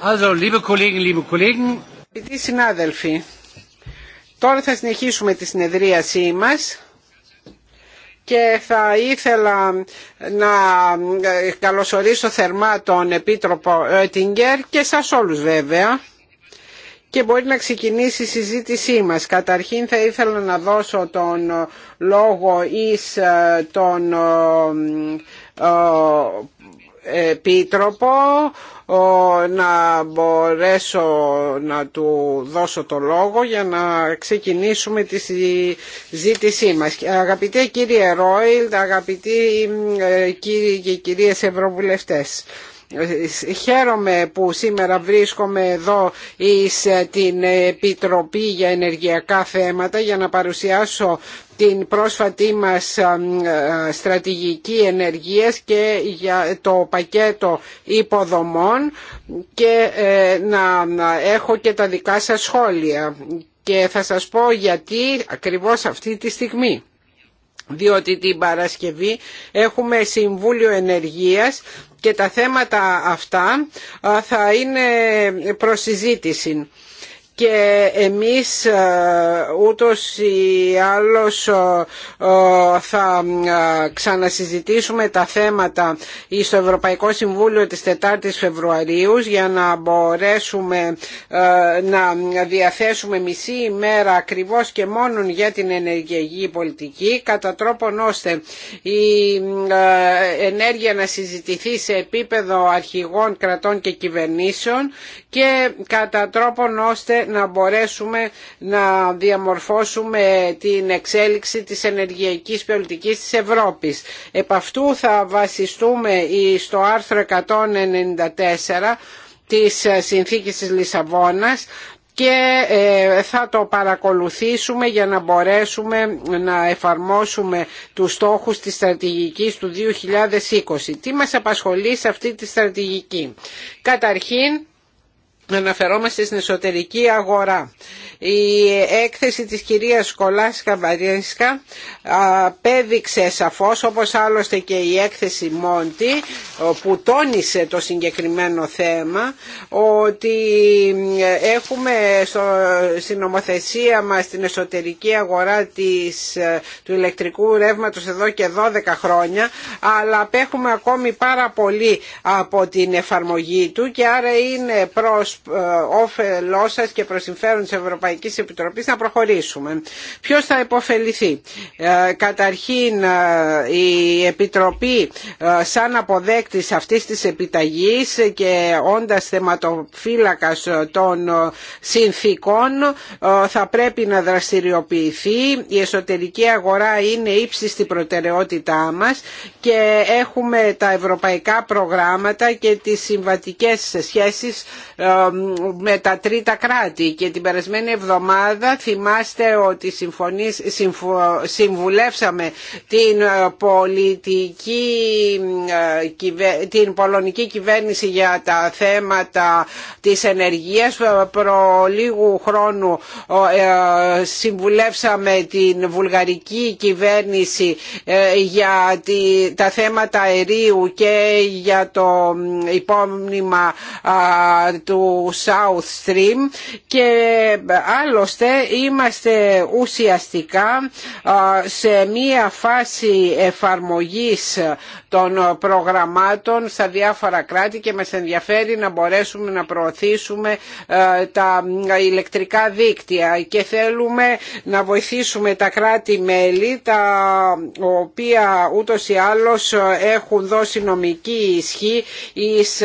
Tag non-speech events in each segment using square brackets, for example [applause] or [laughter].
Also, liebe συνάδελφοι, τώρα θα συνεχίσουμε τη συνεδρίασή μας και θα ήθελα να ε, καλωσορίσω θερμά τον Επίτροπο Τιγκέρ και σας όλους βέβαια και μπορεί να ξεκινήσει η συζήτησή μας. Καταρχήν θα ήθελα να δώσω τον λόγο εις ε, τον ε, επίτροπο να μπορέσω να του δώσω το λόγο για να ξεκινήσουμε τη συζήτησή μας. Αγαπητέ κύριε Ρόιλ, αγαπητοί ε, κύριοι και κυρίες ευρωβουλευτές, ε, χαίρομαι που σήμερα βρίσκομαι εδώ εις ε, την Επιτροπή για Ενεργειακά Θέματα για να παρουσιάσω την πρόσφατή μας ε, στρατηγική ενεργείας και για το πακέτο υποδομών και να έχω και τα δικά σας σχόλια και θα σας πω γιατί ακριβώς αυτή τη στιγμή διότι την Παρασκευή έχουμε Συμβούλιο Ενεργείας και τα θέματα αυτά θα είναι προς και εμείς ε, ούτως ή άλλως ε, ε, θα ξανασυζητήσουμε τα θέματα στο Ευρωπαϊκό Συμβούλιο της 4ης Φεβρουαρίου για να μπορέσουμε να διαθέσουμε μισή ημέρα ακριβώς και μόνον για την ενεργειακή πολιτική κατά τρόπον ώστε η ενέργεια να συζητηθεί σε επίπεδο αρχηγών κρατών και κυβερνήσεων και κατά τρόπον ώστε να μπορέσουμε να διαμορφώσουμε την εξέλιξη της ενεργειακής πολιτικής της Ευρώπης. Επ' αυτού θα βασιστούμε στο άρθρο 194 της συνθήκης της Λισαβόνας και ε, θα το παρακολουθήσουμε για να μπορέσουμε να εφαρμόσουμε τους στόχους της στρατηγικής του 2020. Τι μας απασχολεί σε αυτή τη στρατηγική. Καταρχήν αναφερόμαστε στην εσωτερική αγορά. Η έκθεση της κυρίας Σκολάς Καμπαρίνσκα πέδειξε σαφώς όπως άλλωστε και η έκθεση Μόντι που τόνισε το συγκεκριμένο θέμα ότι έχουμε στο, στην νομοθεσία μας την εσωτερική αγορά της, του ηλεκτρικού ρεύματος εδώ και 12 χρόνια αλλά απέχουμε ακόμη πάρα πολύ από την εφαρμογή του και άρα είναι προς όφελό σα και προ συμφέρον τη Ευρωπαϊκή Επιτροπή να προχωρήσουμε. Ποιο θα υποφεληθεί. Ε, καταρχήν ε, η Επιτροπή ε, σαν αποδέκτης αυτής της επιταγής και όντας θεματοφύλακας των συνθήκων θα πρέπει να δραστηριοποιηθεί. Η εσωτερική αγορά είναι ύψιστη προτεραιότητά μας και έχουμε τα ευρωπαϊκά προγράμματα και τις συμβατικές σχέσει με τα τρίτα κράτη και την περασμένη εβδομάδα θυμάστε ότι συμβουλεύσαμε την, ε, πολιτική, ε, την πολωνική κυβέρνηση για τα θέματα της ενεργείας προ λίγου χρόνου ε, συμβουλεύσαμε την βουλγαρική κυβέρνηση για τα θέματα αερίου και για το υπόμνημα του South Stream και άλλωστε είμαστε ουσιαστικά σε μία φάση εφαρμογής των ε, προγραμμάτων στα διάφορα κράτη και μας ενδιαφέρει να μπορέσουμε να προωθήσουμε ε, τα ε, ηλεκτρικά δίκτυα και θέλουμε να βοηθήσουμε τα κράτη-μέλη τα οποία ούτως ή άλλως έχουν δώσει νομική ισχύ εις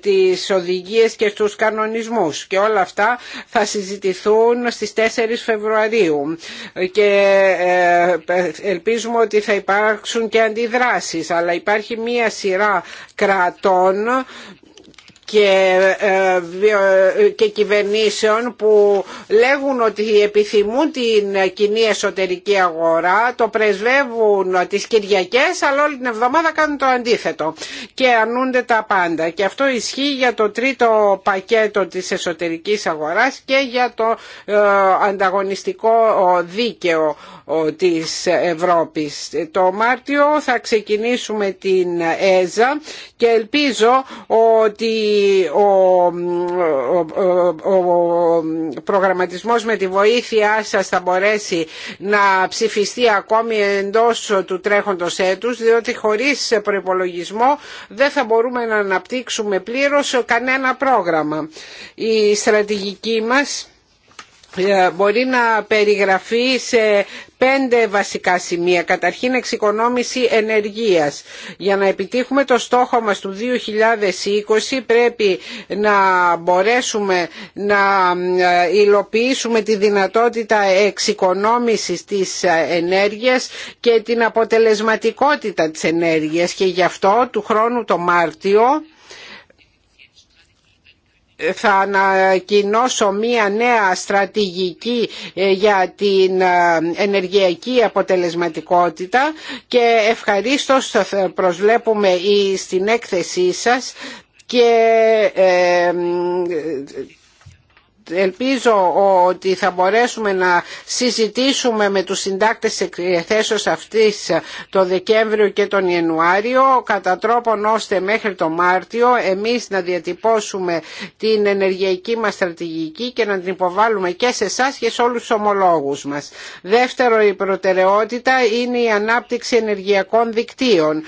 τις οδηγίες και στους κανονισμούς και όλα αυτά θα συζητηθούν στις 4 Φεβρουαρίου και ελπίζουμε ότι θα υπάρξουν και αντιδράσεις αλλά υπάρχει μία σειρά κρατών και, ε, και κυβερνήσεων που λέγουν ότι επιθυμούν την κοινή εσωτερική αγορά, το πρεσβεύουν τις Κυριακές, αλλά όλη την εβδομάδα κάνουν το αντίθετο και αρνούνται τα πάντα. Και αυτό ισχύει για το τρίτο πακέτο της εσωτερικής αγοράς και για το ε, ανταγωνιστικό δίκαιο της Ευρώπης. Το Μάρτιο θα ξεκινήσουμε την ΕΖΑ και ελπίζω ότι ο, ο, προγραμματισμός με τη βοήθειά σας θα μπορέσει να ψηφιστεί ακόμη εντός του τρέχοντος έτους διότι χωρίς προπολογισμό δεν θα μπορούμε να αναπτύξουμε πλήρως κανένα πρόγραμμα. Η στρατηγική μας ε, μπορεί να περιγραφεί σε πέντε βασικά σημεία. Καταρχήν εξοικονόμηση ενεργείας. Για να επιτύχουμε το στόχο μας του 2020 πρέπει να μπορέσουμε να ε, υλοποιήσουμε τη δυνατότητα εξοικονόμησης της ε, ενέργειας και την αποτελεσματικότητα της ενέργειας και γι' αυτό του χρόνου το Μάρτιο θα ανακοινώσω μία νέα στρατηγική ε, για την ε, ενεργειακή αποτελεσματικότητα και ευχαριστώ θα προσβλέπουμε στην έκθεσή σας και ε, ελπίζω ότι θα μπορέσουμε να συζητήσουμε με τους συντάκτες εκθέσεως αυτής το Δεκέμβριο και τον Ιανουάριο κατά τρόπον ώστε μέχρι το Μάρτιο εμείς να διατυπώσουμε την ενεργειακή μας στρατηγική και να την υποβάλουμε και σε εσά και σε όλους τους ομολόγους μας. Δεύτερο η προτεραιότητα είναι η ανάπτυξη ενεργειακών δικτύων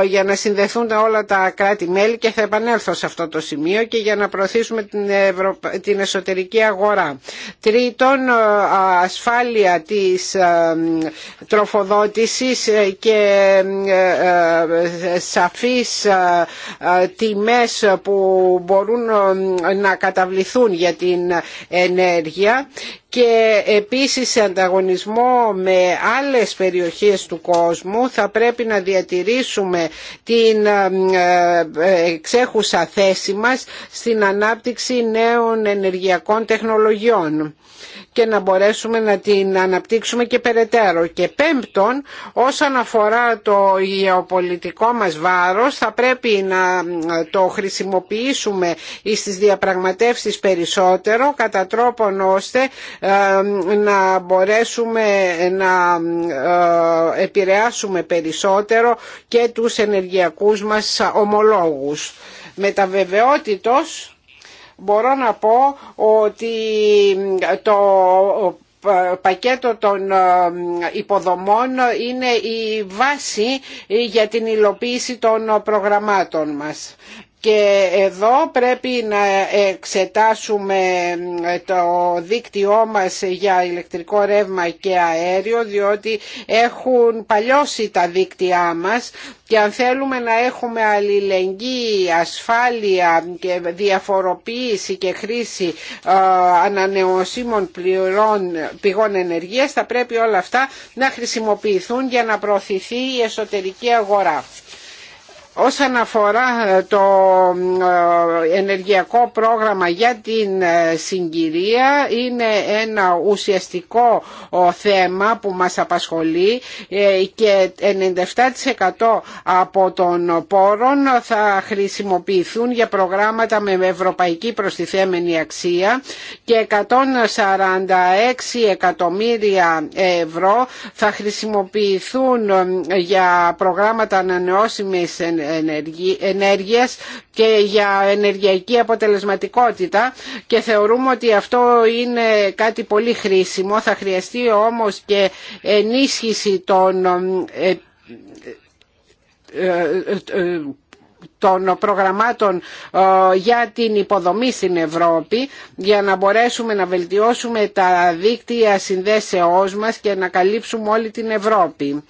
ε, για να συνδεθούν όλα τα κράτη-μέλη και θα επανέλθω σε αυτό το σημείο και για να προωθήσουμε την, την εσωτερική αγορά. Τρίτον, ε, ασφάλεια της ε, τροφοδότησης ε, και σαφείς τιμές που μπορούν να καταβληθούν για την ενέργεια και επίσης σε ανταγωνισμό με άλλες περιοχές του κόσμου θα πρέπει να διατηρήσουμε την ε, ε, εξέχουσα θέση μας στην ανάπτυξη νέων ενεργειακών τεχνολογιών και να μπορέσουμε να την αναπτύξουμε και περαιτέρω. Και πέμπτον, όσον αφορά το γεωπολιτικό μας βάρος, θα πρέπει να ε, το χρησιμοποιήσουμε στις διαπραγματεύσεις περισσότερο, κατά τρόπον ώστε ε, να μπορέσουμε να ε, επηρεάσουμε περισσότερο και τους ενεργειακούς μας ομολόγους. Με τα βεβαιότητος μπορώ να πω ότι το πακέτο των ε, υποδομών είναι η βάση για την υλοποίηση των προγραμμάτων μας. Και εδώ πρέπει να εξετάσουμε το δίκτυό μας για ηλεκτρικό ρεύμα και αέριο διότι έχουν παλιώσει τα δίκτυά μας και αν θέλουμε να έχουμε αλληλεγγύη, ασφάλεια και διαφοροποίηση και χρήση ε, ανανεωσίμων πληρών, πηγών ενεργείας θα πρέπει όλα αυτά να χρησιμοποιηθούν για να προωθηθεί η εσωτερική αγορά. Όσον αφορά ε, το ε, ενεργειακό πρόγραμμα για την ε, συγκυρία είναι ένα ουσιαστικό θέμα που μας απασχολεί και 97% από των πόρων θα χρησιμοποιηθούν για προγράμματα με ευρωπαϊκή προστιθέμενη αξία και 146 εκατομμύρια ευρώ θα χρησιμοποιηθούν για προγράμματα ανανεώσιμης ενέργειας και για ενεργειακή αποτελεσματικότητα και θεωρούμε ότι αυτό είναι κάτι πολύ χρήσιμο. Θα χρειαστεί όμως και ενίσχυση των ε, ε, ε, των προγραμμάτων για την υποδομή στην Ευρώπη για να μπορέσουμε να βελτιώσουμε τα δίκτυα συνδέσεώς μας και να καλύψουμε όλη την Ευρώπη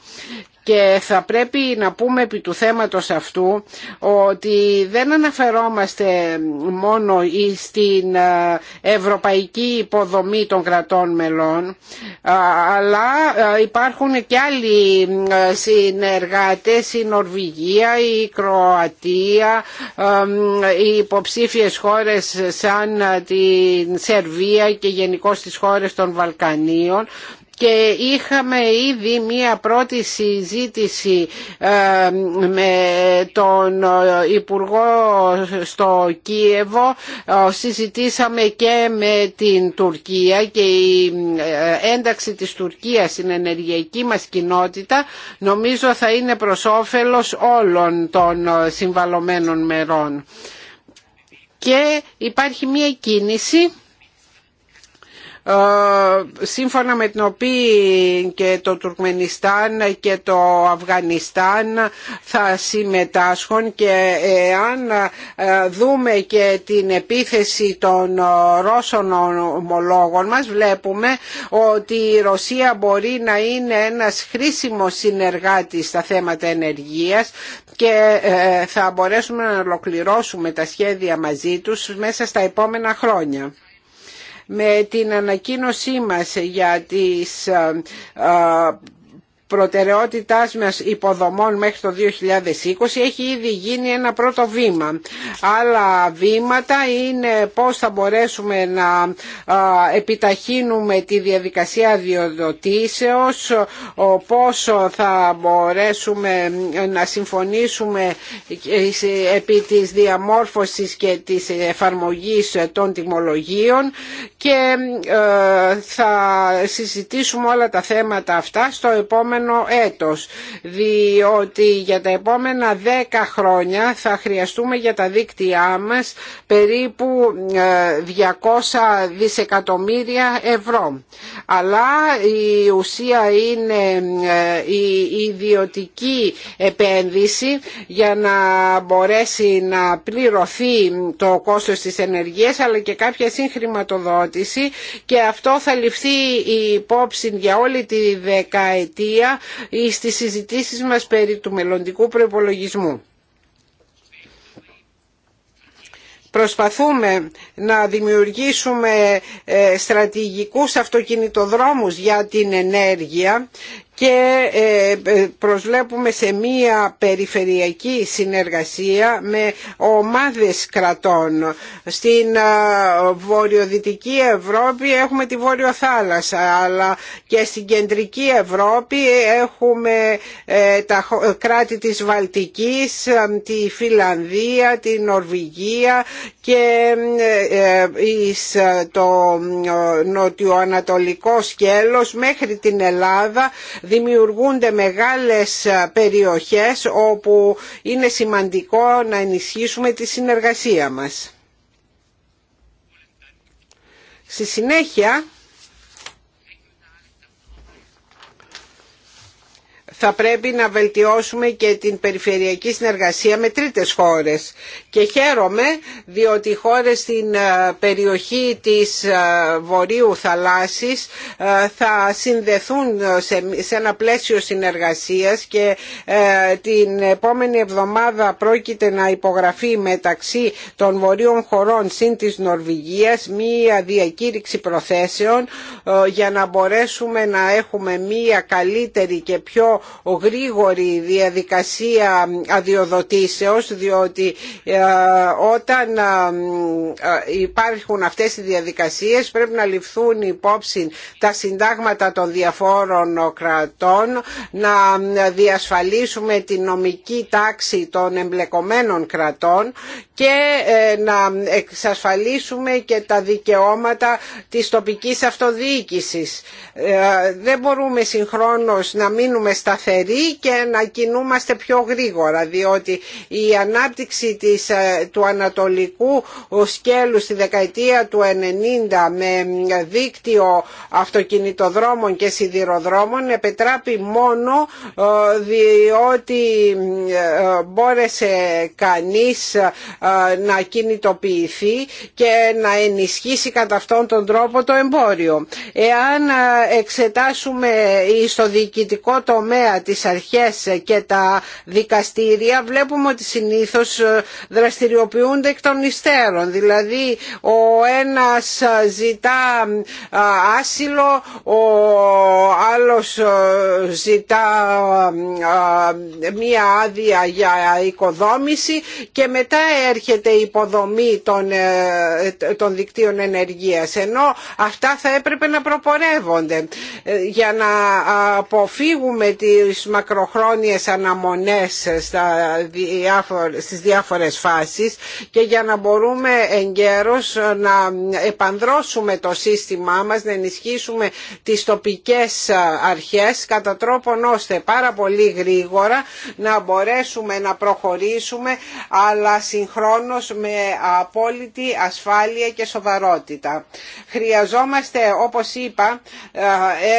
και θα πρέπει να πούμε επί του θέματος αυτού ότι δεν αναφερόμαστε μόνο στην ε, ευρωπαϊκή υποδομή των κρατών μελών αλλά ε, υπάρχουν και άλλοι ε, συνεργάτες η Νορβηγία, η Κροατία οι υποψήφιες χώρες σαν την Σερβία και γενικώ τις χώρες των Βαλκανίων και είχαμε ήδη μία πρώτη συζήτηση ε, με τον ε, Υπουργό στο Κίεβο ε, συζητήσαμε και με την Τουρκία και η ένταξη της Τουρκίας στην ενεργειακή μας κοινότητα νομίζω θα είναι προς όφελος όλων των συμβαλωμένων μερών. Και υπάρχει μία κίνηση ε, σύμφωνα με την οποία και το Τουρκμενιστάν και το Αφγανιστάν θα συμμετάσχουν και αν ε, δούμε και την επίθεση των ε, Ρώσων ομολόγων μας βλέπουμε ότι η Ρωσία μπορεί να είναι ένας χρήσιμος συνεργάτης στα θέματα ενεργείας και θα μπορέσουμε να ολοκληρώσουμε τα σχέδια μαζί τους μέσα στα επόμενα χρόνια με την ανακοίνωσή μας για τις ε, ε, προτεραιότητάς μας υποδομών μέχρι το 2020 έχει ήδη γίνει ένα πρώτο βήμα. Άλλα βήματα είναι πώς θα μπορέσουμε να επιταχύνουμε τη διαδικασία διοδοτήσεως, πόσο θα μπορέσουμε να συμφωνήσουμε επί της διαμόρφωσης και της εφαρμογής των τιμολογίων και ε, θα συζητήσουμε όλα τα θέματα αυτά στο επόμενο έτος διότι για τα επόμενα 10 χρόνια θα χρειαστούμε για τα δίκτυά μας περίπου 200 ε, δισεκατομμύρια ευρώ αλλά η ουσία είναι ε, η ιδιωτική επένδυση για να μπορέσει να πληρωθεί το κόστος της ενεργείας αλλά και κάποια συγχρηματοδότηση και αυτό θα ληφθεί η υπόψη για όλη τη δεκαετία ή στις συζητήσεις μας περί του μελλοντικού προπολογισμού. Προσπαθούμε να δημιουργήσουμε ε, στρατηγικούς αυτοκινητοδρόμους για την ενέργεια και ε, ε, προσβλέπουμε σε μία περιφερειακή συνεργασία με ομάδες κρατών. Στην ε, βορειοδυτική Ευρώπη έχουμε τη Βόρειο Θάλασσα αλλά και στην κεντρική Ευρώπη έχουμε τα κράτη της Βαλτικής, τη Φιλανδία, τη Νορβηγία και το νοτιοανατολικό σκέλος μέχρι την Ελλάδα δημιουργούνται μεγάλες περιοχές όπου είναι σημαντικό να ενισχύσουμε τη συνεργασία μας. Στη συνέχεια θα πρέπει να βελτιώσουμε και την περιφερειακή συνεργασία με τρίτες χώρες. Και χαίρομαι διότι οι χώρες στην ε, περιοχή της ε, Βορείου Θαλάσσης ε, θα συνδεθούν σε ένα πλαίσιο συνεργασίας και την επόμενη εβδομάδα πρόκειται να υπογραφεί μεταξύ των βορείων χωρών συν της Νορβηγίας μία διακήρυξη προθέσεων για να μπορέσουμε να έχουμε μία καλύτερη και πιο γρήγορη διαδικασία αδειοδοτήσεως διότι ε, όταν ε, ε, υπάρχουν αυτές οι διαδικασίες πρέπει να ληφθούν υπόψη τα συντάγματα των διαφόρων κρατών να διασφαλίσουμε την νομική τάξη των εμπλεκομένων κρατών και να εξασφαλίσουμε και τα δικαιώματα της τοπικής αυτοδιοίκησης. Δεν μπορούμε συγχρόνως να μείνουμε στα και να κινούμαστε πιο γρήγορα διότι η ανάπτυξη της, ε, του ανατολικού σκέλου στη δεκαετία του 90 με δίκτυο αυτοκινητοδρόμων και σιδηροδρόμων επετράπει μόνο ε, διότι ε, μπόρεσε κανείς να κινητοποιηθεί και να ενισχύσει κατά αυτόν τον τρόπο το εμπόριο. Εάν εξετάσουμε στο διοικητικό τομέα τι τις αρχές και τα δικαστήρια βλέπουμε ότι συνήθως ε, δραστηριοποιούνται εκ των υστέρων. Δηλαδή ο ένας ζητά ε, άσυλο, ο άλλος ε, ζητά μία άδεια για οικοδόμηση και μετά έρχεται η υποδομή των, των δικτύων ενεργείας ενώ αυτά θα έπρεπε να προπορεύονται για να αποφύγουμε τη τις μακροχρόνιες αναμονές στα διάφορες, στις διάφορες φάσεις και για να μπορούμε εγκαίρως να επανδρώσουμε το σύστημά μας, να ενισχύσουμε τις τοπικές αρχές κατά τρόπον ώστε πάρα πολύ γρήγορα να μπορέσουμε να προχωρήσουμε αλλά συγχρόνως με απόλυτη ασφάλεια και σοβαρότητα. Χρειαζόμαστε όπως είπα ε,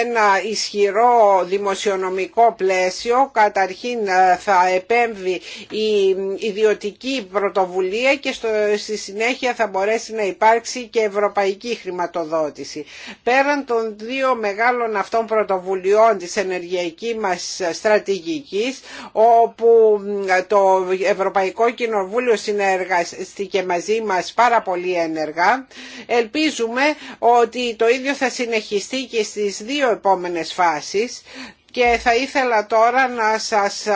ένα ισχυρό δημοσιονομικό πλαίσιο καταρχήν ε, θα επέμβει η ιδιωτική πρωτοβουλία και στο, στη συνέχεια θα μπορέσει να υπάρξει και ευρωπαϊκή χρηματοδότηση. Πέραν των δύο μεγάλων αυτών πρωτοβουλειών της ενεργειακής μας στρατηγικής όπου ε, το Ευρωπαϊκό Κοινοβούλιο συνεργαστήκε μαζί μας πάρα πολύ ενεργά ελπίζουμε ότι το ίδιο θα συνεχιστεί και στις δύο επόμενες φάσεις και θα ήθελα τώρα να σας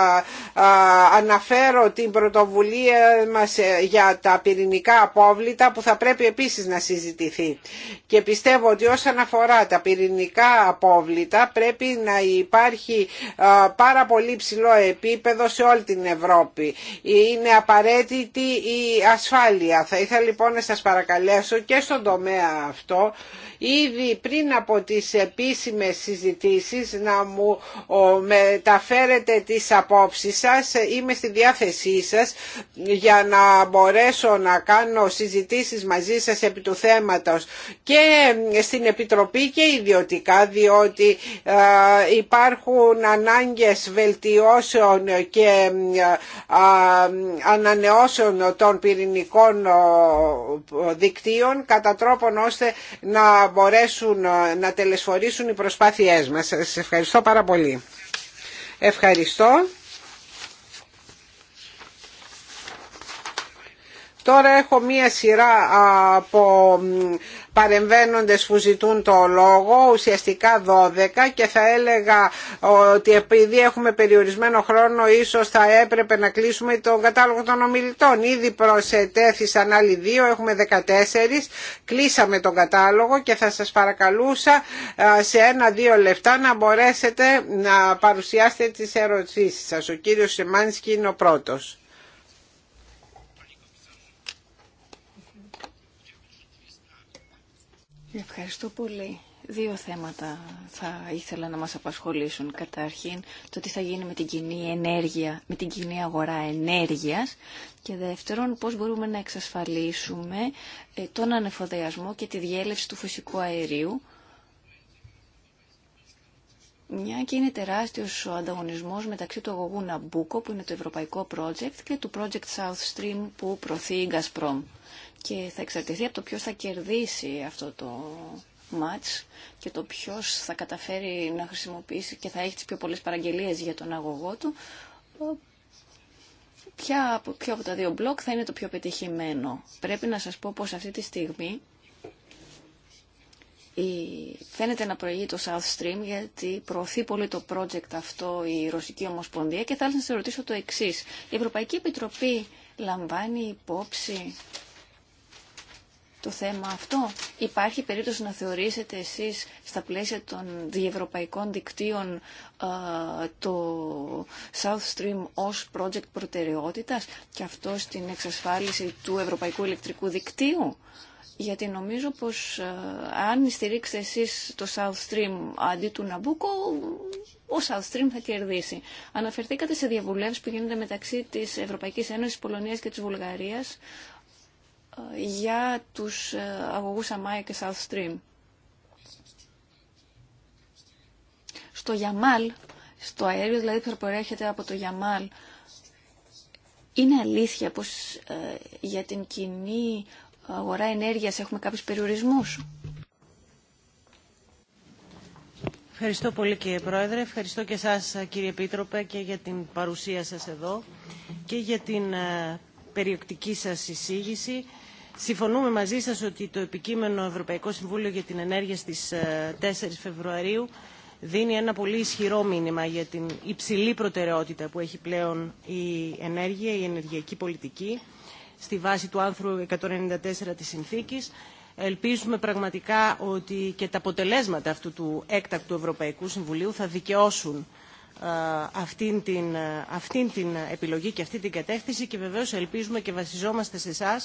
αναφέρω την πρωτοβουλία μας ε, για τα πυρηνικά απόβλητα που θα πρέπει επίσης να συζητηθεί. Και πιστεύω ότι όσον αφορά τα πυρηνικά απόβλητα πρέπει να υπάρχει πάρα πολύ ψηλό επίπεδο σε όλη την Ευρώπη. Είναι απαραίτητη η ασφάλεια. Θα ήθελα λοιπόν να σας παρακαλέσω και στον τομέα αυτό ήδη πριν από τις επίσημες συζητήσεις να μου μεταφέρετε τις απόψεις σας, είμαι στη διάθεσή σας για να μπορέσω να κάνω συζητήσεις μαζί σας επί του θέματος και στην Επιτροπή και ιδιωτικά διότι υπάρχουν ανάγκες βελτιώσεων και ανανεώσεων των πυρηνικών δικτύων κατά τρόπον ώστε να μπορέσουν να τελεσφορήσουν οι προσπάθειές μας. Σας ευχαριστώ πάρα πολύ. Ευχαριστώ. Τώρα έχω μία σειρά από παρεμβαίνοντες που ζητούν το λόγο, ουσιαστικά 12 και θα έλεγα ότι επειδή έχουμε περιορισμένο χρόνο ίσως θα έπρεπε να κλείσουμε τον κατάλογο των ομιλητών. Ήδη προσετέθησαν άλλοι δύο, έχουμε 14, κλείσαμε τον κατάλογο και θα σας παρακαλούσα σε ένα-δύο λεπτά να μπορέσετε να παρουσιάσετε τις ερωτήσεις σας. Ο κύριος Σεμάνσκι είναι ο πρώτος. Ευχαριστώ πολύ. Δύο θέματα θα ήθελα να μας απασχολήσουν. Καταρχήν, το τι θα γίνει με την κοινή, ενέργεια, με την κοινή αγορά ενέργειας και δεύτερον, πώς μπορούμε να εξασφαλίσουμε ε, τον ανεφοδιασμό και τη διέλευση του φυσικού αερίου μια και είναι τεράστιο ο ανταγωνισμός μεταξύ του αγωγού Ναμπούκο που είναι το ευρωπαϊκό project και του project South Stream που προωθεί η Gazprom και θα εξαρτηθεί από το ποιος θα κερδίσει αυτό το μάτς και το ποιος θα καταφέρει να χρησιμοποιήσει και θα έχει τις πιο πολλές παραγγελίες για τον αγωγό του ποια, ποιο από τα δύο μπλοκ θα είναι το πιο πετυχημένο. Πρέπει να σας πω πως αυτή τη στιγμή φαίνεται να προηγεί το South Stream γιατί προωθεί πολύ το project αυτό η Ρωσική Ομοσπονδία και θα ήθελα να σας ρωτήσω το εξής. Η Ευρωπαϊκή Επιτροπή λαμβάνει υπόψη το θέμα αυτό. Υπάρχει περίπτωση να θεωρήσετε εσείς στα πλαίσια των διευρωπαϊκών δικτύων το South Stream ως project προτεραιότητας και αυτό στην εξασφάλιση του ευρωπαϊκού ηλεκτρικού δικτύου. Γιατί νομίζω πως αν στηρίξετε εσείς το South Stream αντί του Ναμπούκο, ο South Stream θα κερδίσει. Αναφερθήκατε σε διαβουλεύσεις που γίνονται μεταξύ της Ευρωπαϊκής Ένωσης, Πολωνίας και της Βουλγαρίας για τους ε, αγωγούς Αμάι και South Stream. Στο Γιαμάλ, στο αέριο δηλαδή που προέρχεται από το Γιαμάλ, είναι αλήθεια πως ε, για την κοινή αγορά ενέργειας έχουμε κάποιους περιορισμούς. Ευχαριστώ πολύ κύριε Πρόεδρε. Ευχαριστώ και σας κύριε Επίτροπε και για την παρουσία σας εδώ και για την ε, περιοκτική σας εισήγηση. Συμφωνούμε μαζί σας ότι το επικείμενο Ευρωπαϊκό Συμβούλιο για την Ενέργεια στις 4 ε, Φεβρουαρίου δίνει ένα πολύ ισχυρό μήνυμα για την υψηλή προτεραιότητα που έχει πλέον η ενέργεια, η ενεργειακή πολιτική στη βάση του άνθρου 194 της Συνθήκης. Ελπίζουμε πραγματικά ότι και τα αποτελέσματα αυτού του έκτακτου Ευρωπαϊκού Συμβουλίου θα δικαιώσουν ε, αυτήν την, ε, την επιλογή και αυτή την κατεύθυνση και βεβαίως ελπίζουμε και βασιζόμαστε σε εσά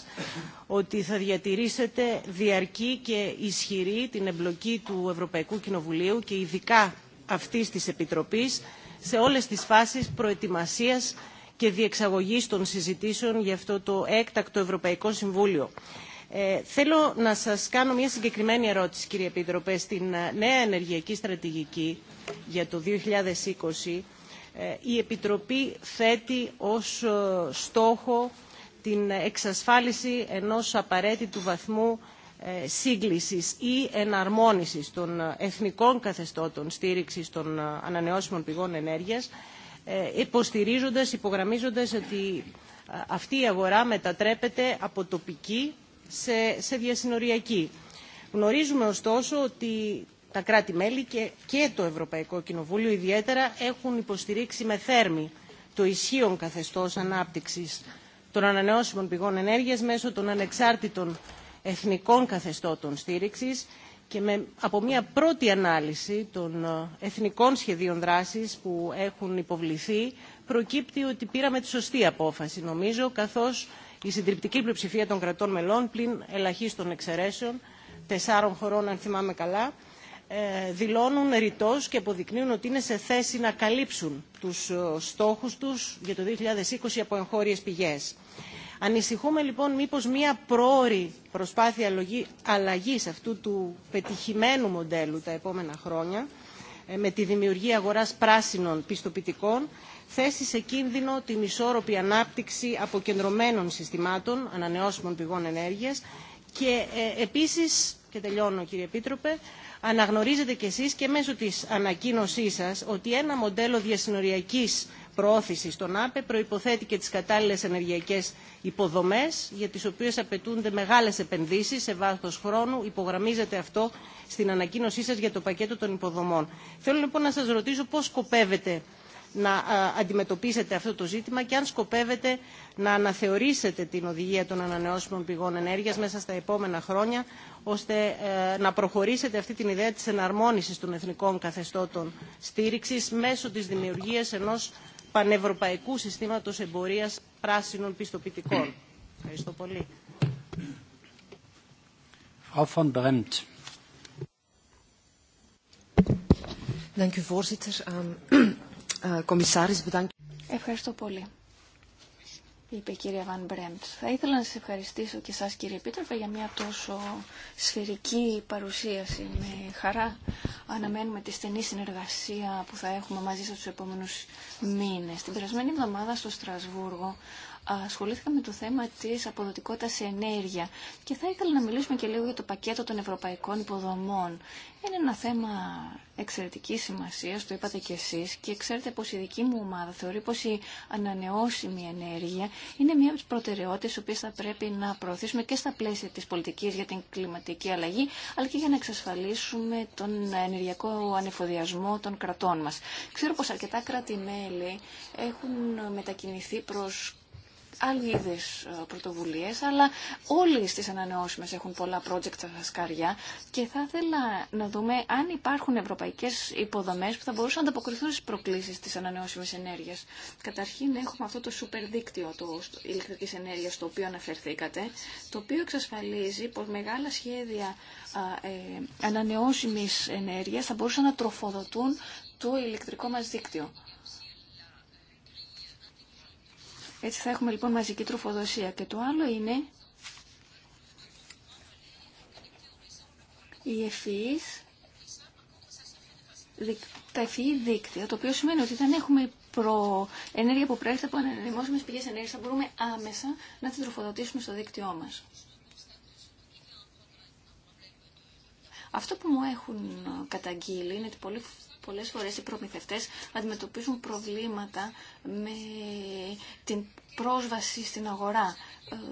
ότι θα διατηρήσετε διαρκή και ισχυρή την εμπλοκή του Ευρωπαϊκού Κοινοβουλίου και ειδικά αυτής της Επιτροπής σε όλες τις φάσεις προετοιμασίας και διεξαγωγής των συζητήσεων για αυτό το έκτακτο Ευρωπαϊκό Συμβούλιο. Ε, θέλω να σας κάνω μια συγκεκριμένη ερώτηση, κύριε Επίτροπε. Στην ε, νέα ενεργειακή στρατηγική για το 2020, ε, η Επιτροπή θέτει ως στόχο την εξασφάλιση ενός απαραίτητου βαθμού σύγκλησης ή εναρμόνισης των εθνικών καθεστώτων στήριξης των ανανεώσιμων πηγών ενέργειας, υποστηρίζοντας, υπογραμμίζοντας ότι αυτή η αγορά μετατρέπεται από τοπική σε, σε διασυνοριακή. Γνωρίζουμε ωστόσο ότι τα κράτη-μέλη και, το Ευρωπαϊκό Κοινοβούλιο ιδιαίτερα έχουν υποστηρίξει με θέρμη το ισχύον καθεστώς ανάπτυξης των ανανεώσιμων πηγών ενέργειας μέσω των ανεξάρτητων εθνικών καθεστώτων στήριξης και με, από μια πρώτη ανάλυση των ε, εθνικών σχεδίων δράσης που έχουν υποβληθεί προκύπτει ότι πήραμε τη σωστή απόφαση νομίζω καθώς η συντριπτική πλειοψηφία των κρατών μελών, πλην ελαχίστων εξαιρέσεων, τεσσάρων χωρών αν θυμάμαι καλά, ε, δηλώνουν ρητός και αποδεικνύουν ότι είναι σε θέση να καλύψουν τους ε, στόχους τους για το 2020 από εγχώριες πηγές. Ανησυχούμε λοιπόν μήπως μία πρόορη προσπάθεια αλλαγής αυτού του πετυχημένου μοντέλου τα επόμενα χρόνια ε, με τη δημιουργία αγοράς πράσινων πιστοποιητικών θέσει σε κίνδυνο την ισόρροπη ανάπτυξη αποκεντρωμένων συστημάτων ανανεώσιμων πηγών ενέργεια. και ε, επίση, και τελειώνω κύριε Επίτροπε, αναγνωρίζετε κι εσεί και μέσω τη ανακοίνωσή σα, ότι ένα μοντέλο διασυνοριακή προώθηση των ΑΠΕ προϋποθέτει και τι κατάλληλε ενεργειακέ υποδομέ, για τι οποίε απαιτούνται μεγάλε επενδύσει σε βάθο χρόνου. Υπογραμμίζεται αυτό στην ανακοίνωσή σα για το πακέτο των υποδομών. Θέλω λοιπόν να σα ρωτήσω πώ σκοπεύετε να ε, αντιμετωπίσετε αυτό το ζήτημα και αν σκοπεύετε να αναθεωρήσετε την οδηγία των ανανεώσιμων πηγών ενέργειας μέσα στα επόμενα χρόνια, ώστε ε, να προχωρήσετε αυτή την ιδέα της εναρμόνισης των εθνικών καθεστώτων στήριξης μέσω της δημιουργίας ενός πανευρωπαϊκού συστήματος εμπορίας πράσινων πιστοποιητικών. Ευχαριστώ πολύ. [clears throat] Ευχαριστώ πολύ, είπε η κυρία Βαν Μπρέμπτ. Θα ήθελα να σας ευχαριστήσω και εσάς κύριε Επίτροπε για μια τόσο σφαιρική παρουσίαση. Με χαρά αναμένουμε τη στενή συνεργασία που θα έχουμε μαζί σας τους επόμενους μήνες. Την περασμένη εβδομάδα στο Στρασβούργο ασχολήθηκα με το θέμα της αποδοτικότητας σε ενέργεια και θα ήθελα να μιλήσουμε και λίγο για το πακέτο των ευρωπαϊκών υποδομών. Είναι ένα θέμα εξαιρετικής σημασίας, το είπατε κι εσεί, και ξέρετε πω η δική μου ομάδα θεωρεί πω η ανανεώσιμη ενέργεια είναι μία από τι προτεραιότητε οι οποίε θα πρέπει να προωθήσουμε και στα πλαίσια τη πολιτική για την κλιματική αλλαγή, αλλά και για να εξασφαλίσουμε τον ενεργειακό ανεφοδιασμό των κρατών μα. Ξέρω πω αρκετά κράτη-μέλη έχουν μετακινηθεί προ άλλοι είδε πρωτοβουλίε, αλλά όλοι στι ανανεώσιμε έχουν πολλά project στα σκαριά και θα ήθελα να δούμε αν υπάρχουν ευρωπαϊκέ υποδομέ που θα μπορούσαν να ανταποκριθούν στι προκλήσει τη ανανεώσιμη ενέργεια. Καταρχήν έχουμε αυτό το σούπερ δίκτυο το ηλεκτρική ενέργεια το οποίο αναφερθήκατε, το οποίο εξασφαλίζει πω μεγάλα σχέδια ε, ανανεώσιμη ενέργεια θα μπορούσαν να τροφοδοτούν το ηλεκτρικό μας δίκτυο. Έτσι θα έχουμε λοιπόν μαζική τροφοδοσία. Και το άλλο είναι η ευφυής τα ευφυή δίκτυα, το οποίο σημαίνει ότι δεν έχουμε προ... ενέργεια που πρέπει από ανανεώσιμες πηγές ενέργειας, θα μπορούμε άμεσα να την τροφοδοτήσουμε στο δίκτυό μας. Αυτό που μου έχουν καταγγείλει είναι ότι πολύ Πολλές φορές οι προμηθευτές αντιμετωπίζουν προβλήματα με την πρόσβαση στην αγορά.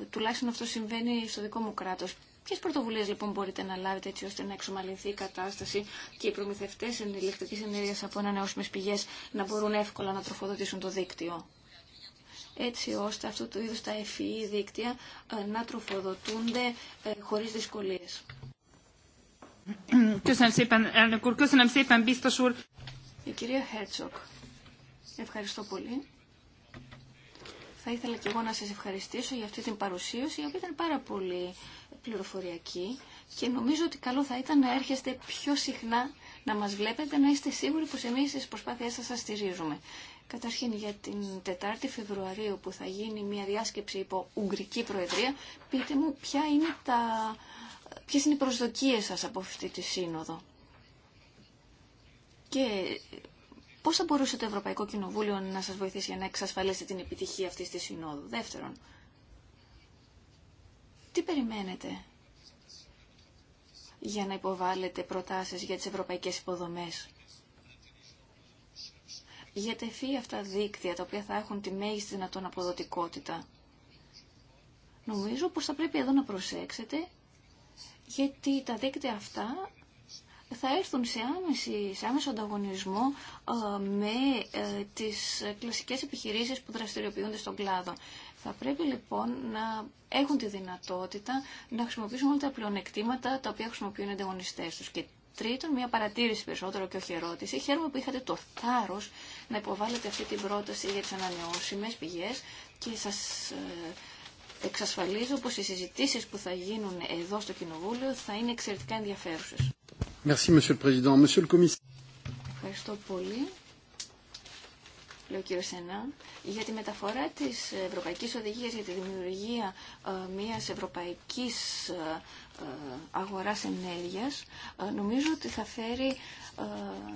Ε, τουλάχιστον αυτό συμβαίνει στο δικό μου κράτος. Ποιε πρωτοβουλίες λοιπόν μπορείτε να λάβετε έτσι ώστε να εξομαλυνθεί η κατάσταση και οι προμηθευτές ηλεκτρικής ενέργεια από ανανεώσιμε πηγές να μπορούν εύκολα να τροφοδοτήσουν το δίκτυο. Έτσι ώστε αυτό το είδο τα FEE δίκτυα ε, να τροφοδοτούνται ε, χωρίς δυσκολίες κυρία Χέρτσοκ, ευχαριστώ πολύ. Θα ήθελα και εγώ να σας ευχαριστήσω για αυτή την παρουσίαση, η οποία ήταν πάρα πολύ πληροφοριακή και νομίζω ότι καλό θα ήταν να έρχεστε πιο συχνά να μας βλέπετε, να είστε σίγουροι πως εμείς στις προσπάθειές σας σας στηρίζουμε. Καταρχήν για την 4η Φεβρουαρίου που θα γίνει μια διάσκεψη υπό Ουγγρική Προεδρία, πείτε μου ποια είναι τα ποιες είναι οι προσδοκίες σας από αυτή τη σύνοδο. Και πώς θα μπορούσε το Ευρωπαϊκό Κοινοβούλιο να σας βοηθήσει για να εξασφαλίσετε την επιτυχία αυτής της συνόδου. Δεύτερον, τι περιμένετε για να υποβάλλετε προτάσεις για τις ευρωπαϊκές υποδομές. Για τεφή αυτά δίκτυα τα οποία θα έχουν τη μέγιστη δυνατόν αποδοτικότητα. Νομίζω πως θα πρέπει εδώ να προσέξετε γιατί τα δίκτυα αυτά θα έρθουν σε, άμεση, σε άμεσο ανταγωνισμό ε, με ε, τις κλασικές επιχειρήσεις που δραστηριοποιούνται στον κλάδο. Θα πρέπει λοιπόν να έχουν τη δυνατότητα να χρησιμοποιήσουν όλα τα πλεονεκτήματα τα οποία χρησιμοποιούν οι ανταγωνιστές τους. Και τρίτον, μια παρατήρηση περισσότερο και όχι ερώτηση. Χαίρομαι που είχατε το θάρρος να υποβάλλετε αυτή την πρόταση για τις ανανεώσιμες πηγές και σας ε, εξασφαλίζω πως οι συζητήσεις που θα γίνουν εδώ στο Κοινοβούλιο θα είναι εξαιρετικά ενδιαφέρουσες. Merci, Monsieur le Président. Monsieur le Commissaire. Ευχαριστώ πολύ, λέει κύριο Σενά, για τη μεταφορά της Ευρωπαϊκής Οδηγίας για τη δημιουργία ε, μιας ευρωπαϊκής ε, ε, αγοράς ενέργειας. νομίζω ότι θα φέρει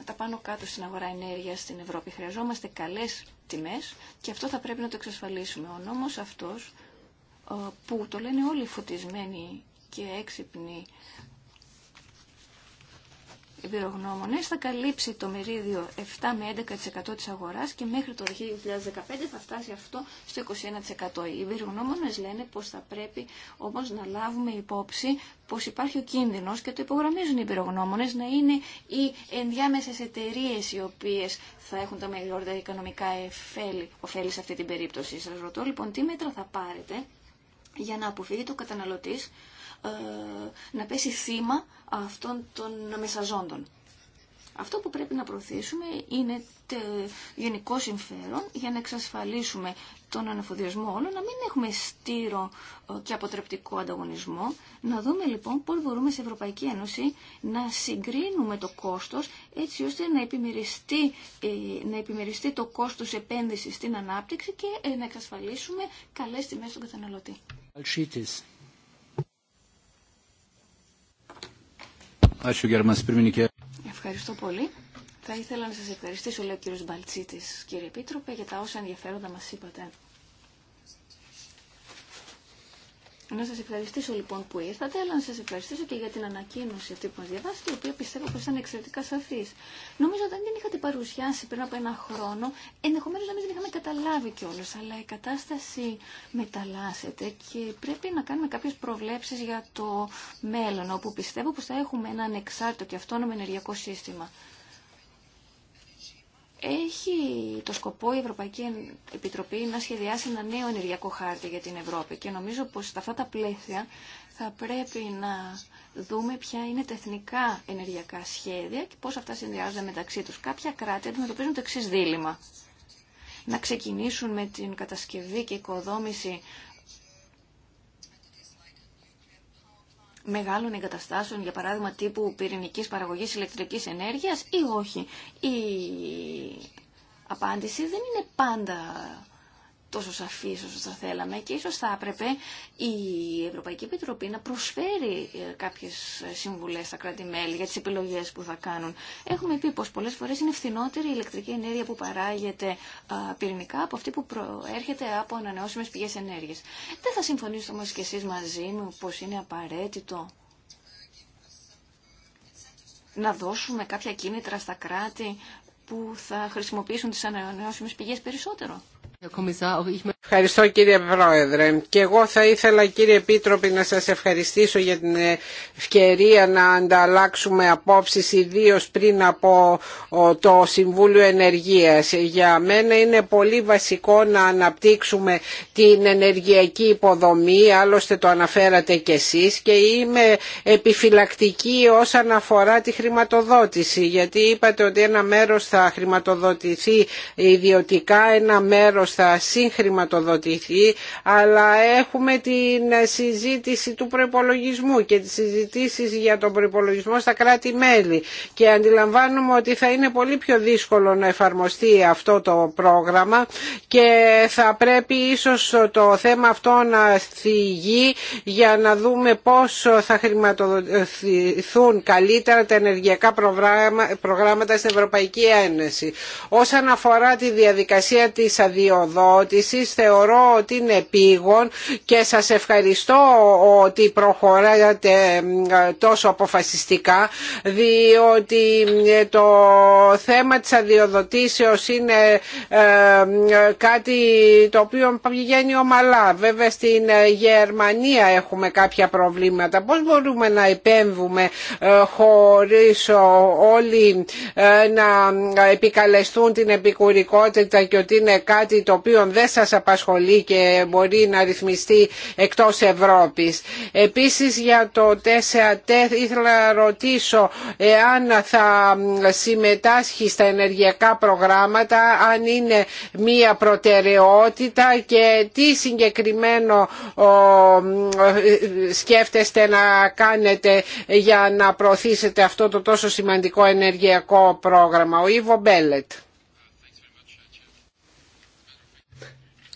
τα πάνω κάτω στην αγορά ενέργειας στην Ευρώπη. Χρειαζόμαστε καλές τιμές και αυτό θα πρέπει να το εξασφαλίσουμε. Ο νόμος αυτός ε, που το λένε όλοι φωτισμένοι και έξυπνοι εμπειρογνώμονες θα καλύψει το μερίδιο 7 με 11% της αγοράς και μέχρι το 2015 θα φτάσει αυτό στο 21%. Οι εμπειρογνώμονες λένε πως θα πρέπει όμως να λάβουμε υπόψη πως υπάρχει ο κίνδυνος και το υπογραμμίζουν οι εμπειρογνώμονες να είναι οι ενδιάμεσες εταιρείε οι οποίες θα έχουν τα μεγαλύτερα οικονομικά ωφέλη σε αυτή την περίπτωση. Σας ρωτώ λοιπόν τι μέτρα θα πάρετε για να αποφύγει το καταναλωτής ε, να πέσει θύμα αυτών των μεσαζόντων. Αυτό που πρέπει να προωθήσουμε είναι το γενικό συμφέρον για να εξασφαλίσουμε τον αναφοδιασμό όλων, να μην έχουμε στήρο ε, και αποτρεπτικό ανταγωνισμό. Να δούμε λοιπόν πώς μπορούμε σε Ευρωπαϊκή Ένωση να συγκρίνουμε το κόστος έτσι ώστε να επιμεριστεί, ε, να επιμεριστεί το κόστος επένδυσης στην ανάπτυξη και ε, να εξασφαλίσουμε καλές τιμές στον καταναλωτή. Ευχαριστώ πολύ. Θα ήθελα να σας ευχαριστήσω, λέει ο κύριος Μπαλτσίτης, κύριε Επίτροπε, για τα όσα ενδιαφέροντα μας είπατε. Να σας ευχαριστήσω λοιπόν που ήρθατε, αλλά να σας ευχαριστήσω και για την ανακοίνωση αυτή που μας διαβάσετε, η οποία πιστεύω πως ήταν εξαιρετικά σαφής. Νομίζω ότι αν την είχατε παρουσιάσει πριν από ένα χρόνο, ενδεχομένως να μην την είχαμε καταλάβει κιόλας, αλλά η κατάσταση μεταλλάσσεται και πρέπει να κάνουμε κάποιες προβλέψεις για το μέλλον, όπου πιστεύω πως θα έχουμε ένα ανεξάρτητο και αυτόνομο ενεργειακό σύστημα έχει το σκοπό η Ευρωπαϊκή Επιτροπή να σχεδιάσει ένα νέο ενεργειακό χάρτη για την Ευρώπη και νομίζω πως σε αυτά τα πλαίσια θα πρέπει να δούμε ποια είναι τα εθνικά ενεργειακά σχέδια και πώς αυτά συνδυάζονται μεταξύ τους. Κάποια κράτη αντιμετωπίζουν το εξή δίλημα. Να ξεκινήσουν με την κατασκευή και οικοδόμηση μεγάλων εγκαταστάσεων, για παράδειγμα τύπου πυρηνικής παραγωγής ηλεκτρικής ενέργειας ή όχι. Η απάντηση δεν είναι πάντα τόσο σαφής όσο θα θέλαμε και ίσως θα έπρεπε η Ευρωπαϊκή Επιτροπή να προσφέρει ε, κάποιες συμβουλές στα κράτη-μέλη για τις επιλογές που θα κάνουν. Έχουμε πει πως πολλές φορές είναι φθηνότερη η ηλεκτρική ενέργεια που παράγεται πυρηνικά από αυτή που προέρχεται από ανανεώσιμες πηγές ενέργειας. Δεν θα συμφωνήσω όμως και εσείς μαζί μου πως είναι απαραίτητο να δώσουμε κάποια κίνητρα στα κράτη που θα χρησιμοποιήσουν τις ανανεώσιμες πηγές περισσότερο herr kommissar auch Ευχαριστώ κύριε Πρόεδρε. Και εγώ θα ήθελα κύριε Επίτροπη να σας ευχαριστήσω για την ευκαιρία να ανταλλάξουμε απόψεις ιδίω πριν από το Συμβούλιο Ενεργείας. Για μένα είναι πολύ βασικό να αναπτύξουμε την ενεργειακή υποδομή, άλλωστε το αναφέρατε κι εσείς και είμαι επιφυλακτική όσον αφορά τη χρηματοδότηση γιατί είπατε ότι ένα μέρος θα χρηματοδοτηθεί ιδιωτικά, ένα μέρος θα συγχρηματοδοτηθεί αλλά έχουμε την συζήτηση του προπολογισμού και τις συζητήσεις για τον προπολογισμό στα κράτη-μέλη και αντιλαμβάνουμε ότι θα είναι πολύ πιο δύσκολο να εφαρμοστεί αυτό το πρόγραμμα και θα πρέπει ίσως το θέμα αυτό να θυγεί για να δούμε πόσο θα χρηματοδοτηθούν καλύτερα τα ενεργειακά προγράμματα στην Ευρωπαϊκή Ένωση. Όσον αφορά τη διαδικασία της αδειοδότησης θεωρώ ότι είναι πήγον και σας ευχαριστώ ότι προχωράτε τόσο αποφασιστικά διότι το θέμα της αδειοδοτήσεως είναι ε, κάτι το οποίο πηγαίνει ομαλά. Βέβαια στην ε, Γερμανία έχουμε κάποια προβλήματα. Πώς μπορούμε να επέμβουμε ε, χωρίς όλοι να επικαλεστούν την επικουρικότητα και ότι είναι κάτι το οποίο δεν σας απασχολεί και μπορεί να ρυθμιστεί εκτός Ευρώπης. Επίσης για το 4T ήθελα να ρωτήσω εάν θα συμμετάσχει στα ενεργειακά προγράμματα, αν είναι μία προτεραιότητα και τι συγκεκριμένο σκέφτεστε να κάνετε για να προωθήσετε αυτό το τόσο σημαντικό ενεργειακό πρόγραμμα. Ο Ιβο Μπέλετ.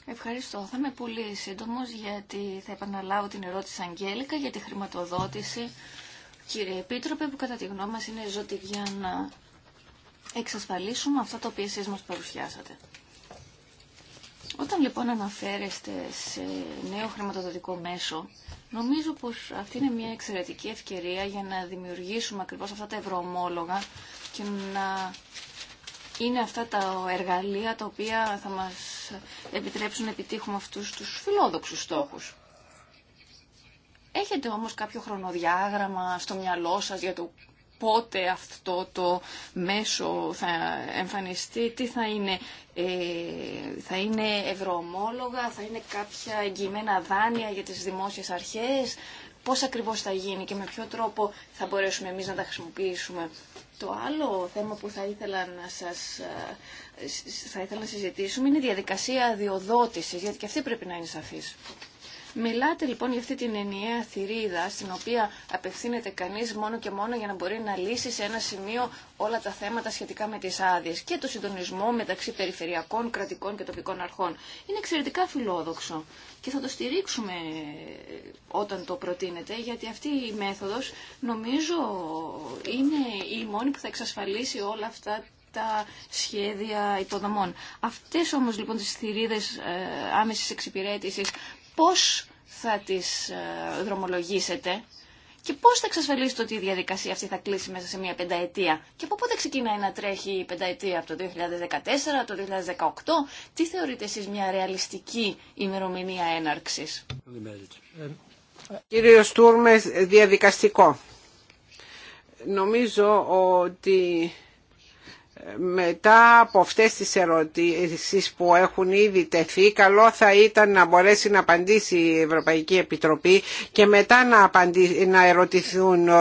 Ευχαριστώ. Θα είμαι πολύ σύντομο γιατί θα επαναλάβω την ερώτηση Αγγέλικα για τη χρηματοδότηση. Κύριε Επίτροπε, που κατά τη γνώμη μας είναι ζωτική για να εξασφαλίσουμε αυτά τα οποία εσείς μας παρουσιάσατε. Όταν λοιπόν αναφέρεστε σε νέο χρηματοδοτικό μέσο, νομίζω πως αυτή είναι μια εξαιρετική ευκαιρία για να δημιουργήσουμε ακριβώς αυτά τα ευρωομόλογα και να είναι αυτά τα εργαλεία τα οποία θα μας επιτρέψουν να επιτύχουμε αυτούς τους φιλόδοξους στόχους. Έχετε όμως κάποιο χρονοδιάγραμμα στο μυαλό σας για το πότε αυτό το μέσο θα εμφανιστεί, τι θα είναι, ε, θα είναι ευρωομόλογα, θα είναι κάποια εγγυημένα δάνεια για τις δημόσιες αρχές, πώς ακριβώς θα γίνει και με ποιο τρόπο θα μπορέσουμε εμείς να τα χρησιμοποιήσουμε. Το άλλο θέμα που θα ήθελα να σας ε, θα ήθελα να συζητήσουμε είναι η διαδικασία διοδότησης, γιατί και αυτή πρέπει να είναι σαφής. Μιλάτε λοιπόν για αυτή την ενιαία θηρίδα στην οποία απευθύνεται κανείς μόνο και μόνο για να μπορεί να λύσει σε ένα σημείο όλα τα θέματα σχετικά με τις άδειε και το συντονισμό μεταξύ περιφερειακών, κρατικών και τοπικών αρχών. Είναι εξαιρετικά φιλόδοξο και θα το στηρίξουμε ε, όταν το προτείνετε γιατί αυτή η μέθοδος νομίζω είναι η μόνη που θα εξασφαλίσει όλα αυτά τα σχέδια υποδομών. Αυτές όμως λοιπόν τις θηρίδες ε, άμεση εξυπηρέτηση πώς θα τις ε, δρομολογήσετε και πώς θα εξασφαλίσετε ότι η διαδικασία αυτή θα κλείσει μέσα σε μια πενταετία και από πότε ξεκινάει να τρέχει η πενταετία, από το 2014, το 2018, τι θεωρείτε εσείς μια ρεαλιστική ημερομηνία έναρξης. Κύριο Στούρμες, διαδικαστικό. Νομίζω ότι μετά από αυτές τις ερωτήσεις που έχουν ήδη τεθεί καλό θα ήταν να μπορέσει να απαντήσει η Ευρωπαϊκή Επιτροπή και μετά να, να ερωτηθούν ε,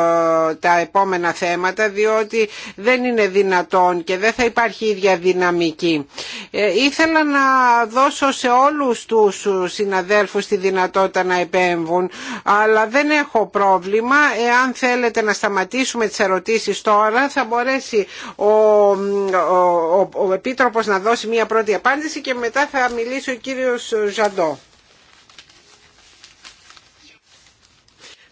τα επόμενα θέματα διότι δεν είναι δυνατόν και δεν θα υπάρχει ίδια δυναμική. Ε, ήθελα να δώσω σε όλους τους συναδέλφους τη δυνατότητα να επέμβουν αλλά δεν έχω πρόβλημα εάν θέλετε να σταματήσουμε τις ερωτήσεις τώρα θα μπορέσει ο ο, ο, Επίτροπος να δώσει μία πρώτη απάντηση και μετά θα μιλήσει ο κύριος Ζαντό.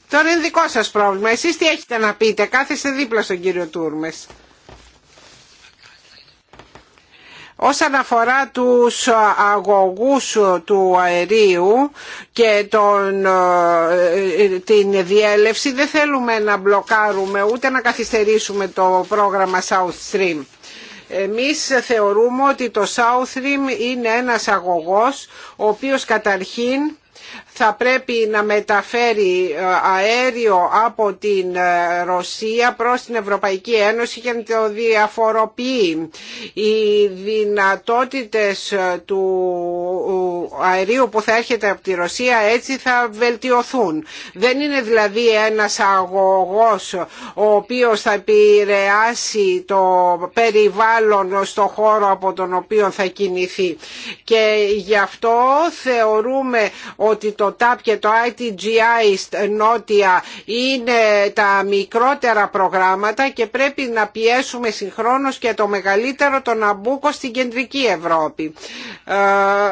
Τώρα είναι δικό σας πρόβλημα. Εσείς τι έχετε να πείτε. Κάθεστε δίπλα στον κύριο Τούρμες. Όσον αφορά τους αγωγούς του αερίου και τον, ε, ε, την διέλευση δεν θέλουμε να μπλοκάρουμε ούτε να καθυστερήσουμε το πρόγραμμα South Stream. Εμείς θεωρούμε ότι το South είναι ένας αγωγός ο οποίος καταρχήν θα πρέπει να μεταφέρει ε, αέριο από την ε, Ρωσία προς την Ευρωπαϊκή Ένωση και να το διαφοροποιεί. Οι δυνατότητες ε, του αερίου που θα έρχεται από τη Ρωσία έτσι θα βελτιωθούν. Δεν είναι δηλαδή ένας αγωγός ο οποίος θα επηρεάσει το περιβάλλον στο χώρο από τον οποίο θα κινηθεί. Και γι' αυτό θεωρούμε ότι το TAP και το ITGI νότια είναι τα μικρότερα προγράμματα και πρέπει να πιέσουμε συγχρόνως και το μεγαλύτερο το Ναμπούκο στην κεντρική Ευρώπη. Ε,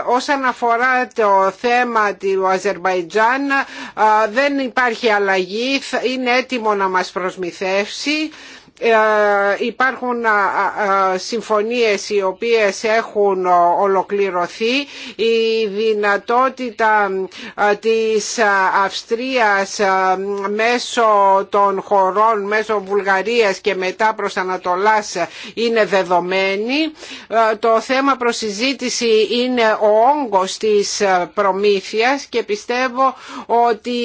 όσον αφορά το θέμα του Αζερβαϊτζάν ε, δεν υπάρχει αλλαγή, είναι έτοιμο να μας προσμηθεύσει. Ε, υπάρχουν συμφωνίες οι οποίες έχουν ολοκληρωθεί η δυνατότητα της Αυστρίας μέσω των χωρών μέσω Βουλγαρίας και μετά προς Ανατολάς είναι δεδομένη ε, το θέμα προς συζήτηση είναι ο όγκος της προμήθειας και πιστεύω ότι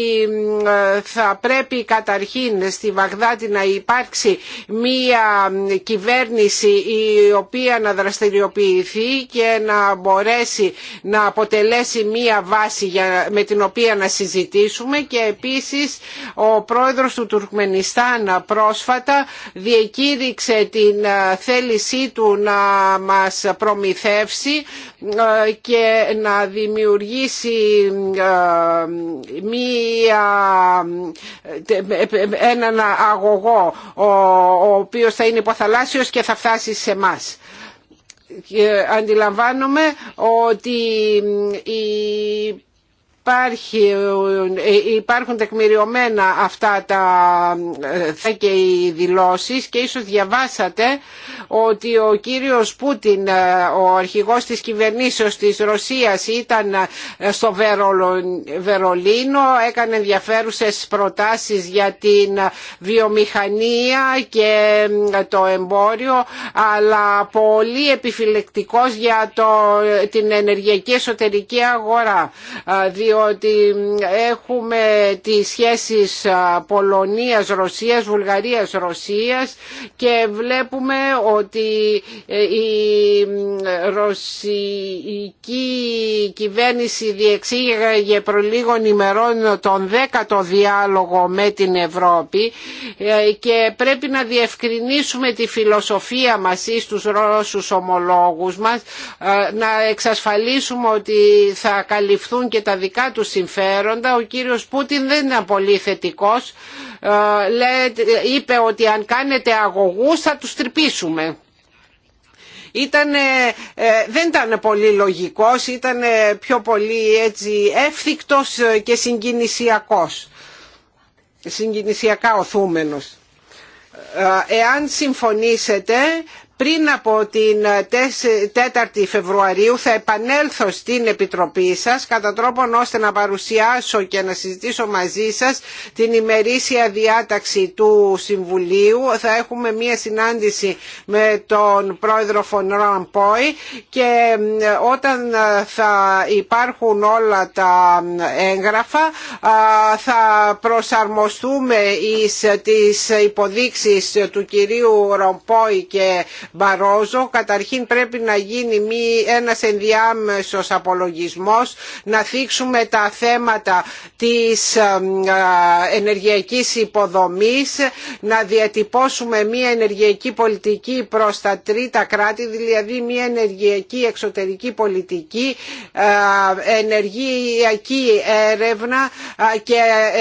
θα πρέπει καταρχήν στη Βαγδάτη να υπάρξει μία κυβέρνηση η οποία να δραστηριοποιηθεί και να μπορέσει να αποτελέσει μία βάση με την οποία να συζητήσουμε και επίσης ο πρόεδρος του Τουρκμενιστάν πρόσφατα διεκήρυξε την θέλησή του να μας προμηθεύσει και να δημιουργήσει μία, ε, ε, έναν αγωγό ο οποίος θα είναι υποθαλάσσιος και θα φτάσει σε μας. Αντιλαμβάνομαι ότι ε, υπάρχουν τεκμηριωμένα αυτά τα ε, και οι δηλώσεις και ίσως διαβάσατε ότι ο κύριος Πούτιν, ε, ο αρχηγός της κυβερνήσεως της Ρωσίας ήταν στο Βερολίνο, έκανε ενδιαφέρουσες προτάσεις για την βιομηχανία και το εμπόριο αλλά πολύ επιφυλεκτικός για το, την ενεργειακή εσωτερική αγορά ότι έχουμε τις σχέσεις Πολωνίας-Ρωσίας, Βουλγαρίας-Ρωσίας και βλέπουμε ότι ε, η ρωσική κυβέρνηση διεξήγαγε προ λίγων ημερών τον δέκατο διάλογο με την Ευρώπη ε, και πρέπει να διευκρινίσουμε τη φιλοσοφία μας ή στους Ρώσους ομολόγους μας ε, να εξασφαλίσουμε ότι θα καλυφθούν και τα δικά του συμφέροντα. Ο κύριος Πούτιν δεν είναι πολύ θετικός. Ε, είπε ότι αν κάνετε αγωγούς θα τους τρυπήσουμε. Ε, δεν ήταν πολύ λογικός, ήταν πιο πολύ έτσι εύθυκτος και συγκινησιακός, συγκινησιακά οθούμενος. Ε, εάν συμφωνήσετε πριν από την 4η ε, ε, Φεβρουαρίου θα επανέλθω στην Επιτροπή σας κατά τρόπον ώστε να παρουσιάσω και να συζητήσω μαζί σας την ημερήσια διάταξη του Συμβουλίου. Θα έχουμε μία συνάντηση με τον πρόεδρο Φων και όταν ε, θα υπάρχουν όλα τα έγγραφα θα προσαρμοστούμε εις τις υποδείξεις του κυρίου Ρομπόη και Μπαρόζο. Καταρχήν πρέπει να γίνει μη ένας ενδιάμεσος απολογισμός, να θίξουμε τα θέματα της ενεργειακής υποδομής, να διατυπώσουμε μια ενεργειακή πολιτική προς τα τρίτα κράτη, δηλαδή μια ενεργειακή εξωτερική πολιτική, ενεργειακή έρευνα και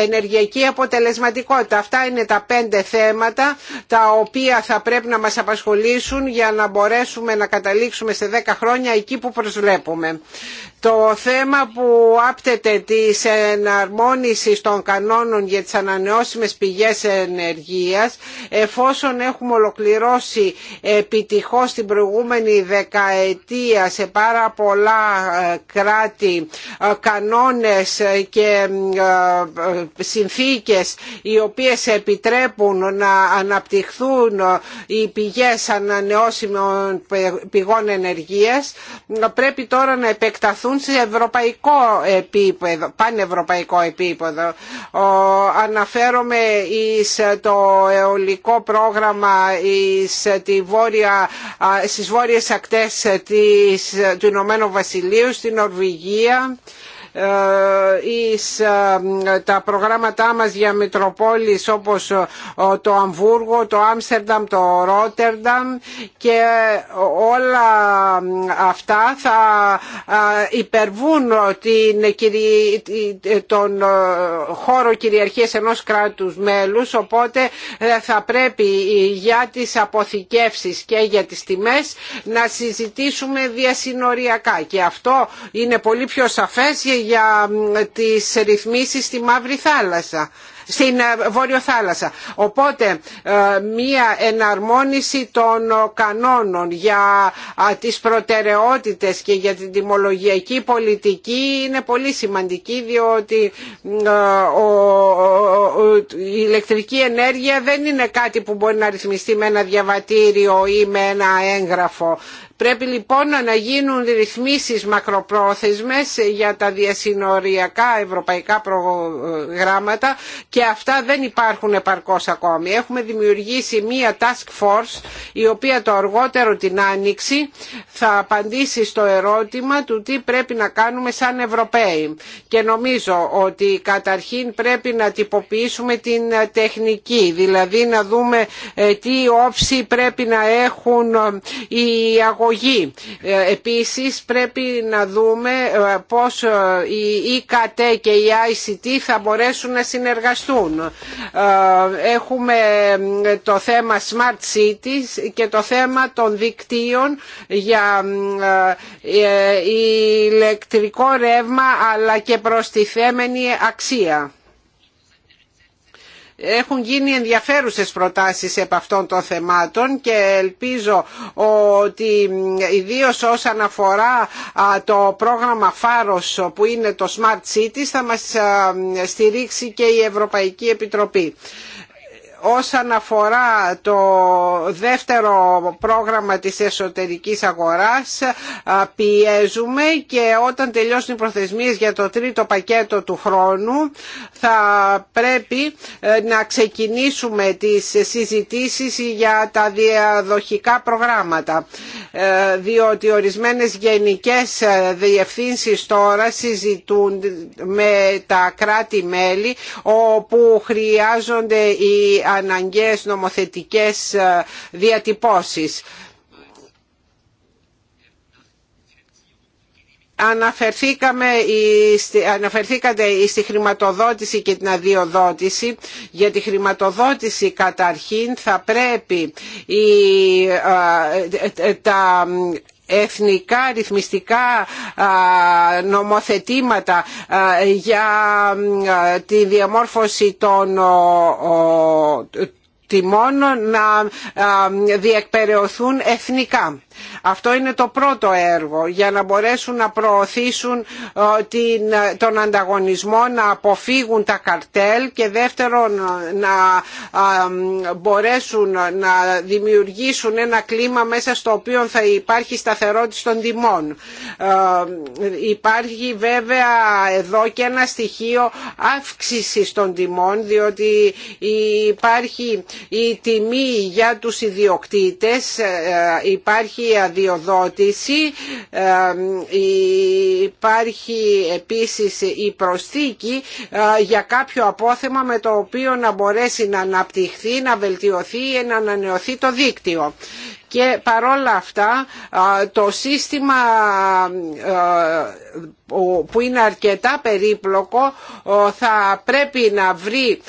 ενεργειακή αποτελεσματικότητα. Αυτά είναι τα πέντε θέματα τα οποία θα πρέπει να μας απασχολήσουν για να μπορέσουμε να καταλήξουμε σε 10 χρόνια εκεί που προσβλέπουμε. Το θέμα που άπτεται της εναρμόνισης των κανόνων για τις ανανεώσιμες πηγές ενεργείας εφόσον έχουμε ολοκληρώσει επιτυχώς την προηγούμενη δεκαετία σε πάρα πολλά ε, κράτη ε, κανόνες και ε, συνθήκες οι οποίες επιτρέπουν να αναπτυχθούν οι πηγές ανανεώσιμων πηγών ενεργείας πρέπει τώρα να επεκταθούν σε ευρωπαϊκό επίπεδο, πανευρωπαϊκό επίπεδο. Αναφέρομαι στο το αιωλικό πρόγραμμα εις τη βόρεια, στις βόρειες ακτές της, του Ηνωμένου Βασιλείου, στην Ορβηγία ε, εις ε, τα προγράμματά μας για Μητροπόλεις όπως ε, το Αμβούργο, το Άμστερνταμ, το Ρότερνταμ και όλα αυτά θα υπερβούν την, τον χώρο κυριαρχίας ενός κράτους μέλους οπότε θα πρέπει για τις αποθηκεύσεις και για τις τιμές να συζητήσουμε διασυνοριακά και αυτό είναι πολύ πιο σαφές για τις ρυθμίσεις στη Μαύρη Θάλασσα στην ε, Βόρειο Θάλασσα. Οπότε ε, μία εναρμόνιση των κανόνων για τις προτεραιότητες και για την τιμολογιακή πολιτική είναι πολύ σημαντική διότι ε, η ηλεκτρική ενέργεια δεν είναι κάτι που μπορεί να ρυθμιστεί με ένα διαβατήριο ή με ένα έγγραφο. Πρέπει λοιπόν να γίνουν ρυθμίσεις μακροπρόθεσμες για τα διασυνοριακά ευρωπαϊκά προγράμματα και αυτά δεν υπάρχουν επαρκώς ακόμη. Έχουμε δημιουργήσει μία task force η οποία το αργότερο την άνοιξη θα απαντήσει στο ερώτημα του τι πρέπει να κάνουμε σαν Ευρωπαίοι. Και νομίζω ότι καταρχήν πρέπει να τυποποιήσουμε την τεχνική, δηλαδή να δούμε ε, τι όψη πρέπει να έχουν ε, οι Επίση, ε, Επίσης πρέπει να δούμε ε, πώς η ε, ΕΚΤ και η ICT θα μπορέσουν να συνεργαστούν. Έχουμε το θέμα Smart Cities και το θέμα των δικτύων για ηλεκτρικό ρεύμα αλλά και προστιθέμενη αξία. Έχουν γίνει ενδιαφέρουσες προτάσεις επ' αυτών των θεμάτων και ελπίζω ότι ιδίω όσον αφορά το πρόγραμμα Φάρος που είναι το Smart Cities θα μας στηρίξει και η Ευρωπαϊκή Επιτροπή όσον αφορά το δεύτερο πρόγραμμα της εσωτερικής αγοράς πιέζουμε και όταν τελειώσουν οι προθεσμίες για το τρίτο πακέτο του χρόνου θα πρέπει ε, να ξεκινήσουμε τις συζητήσεις για τα διαδοχικά προγράμματα ε, διότι ορισμένες γενικές ε, διευθύνσεις τώρα συζητούν με τα κράτη-μέλη όπου χρειάζονται οι αναγκαίες νομοθετικές ε, διατυπώσεις. Αναφερθήκαμε, αναφερθήκατε στη χρηματοδότηση και την αδειοδότηση. Για τη χρηματοδότηση καταρχήν θα πρέπει η, ε, ε, τα εθνικά ρυθμιστικά νομοθετήματα για τη διαμόρφωση των, τιμών να διεκπαιρεωθούν εθνικά. Αυτό είναι το πρώτο έργο για να μπορέσουν να προωθήσουν τον ανταγωνισμό, να αποφύγουν τα καρτέλ και δεύτερον να μπορέσουν να δημιουργήσουν ένα κλίμα μέσα στο οποίο θα υπάρχει σταθερότητα των τιμών. Υπάρχει βέβαια εδώ και ένα στοιχείο αύξησης των τιμών διότι υπάρχει η τιμή για τους ιδιοκτήτες, ε, υπάρχει αδειοδότηση, ε, υπάρχει επίσης η προσθήκη ε, για κάποιο απόθεμα με το οποίο να μπορέσει να αναπτυχθεί, να βελτιωθεί ή να ανανεωθεί το δίκτυο και παρόλα αυτά το σύστημα που είναι αρκετά περίπλοκο θα πρέπει να βρει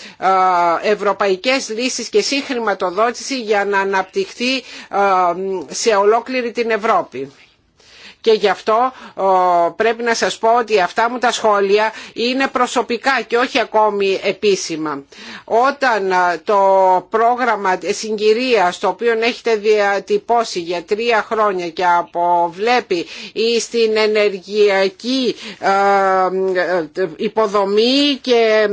ευρωπαϊκές λύσεις και σύγχρηματοδότηση για να αναπτυχθεί σε ολόκληρη την Ευρώπη και γι' αυτό πρέπει να σας πω ότι αυτά μου τα σχόλια είναι προσωπικά και όχι ακόμη επίσημα. Όταν το πρόγραμμα συγκυρίας το οποίο έχετε διατυπώσει για τρία χρόνια και αποβλέπει στην ενεργειακή υποδομή και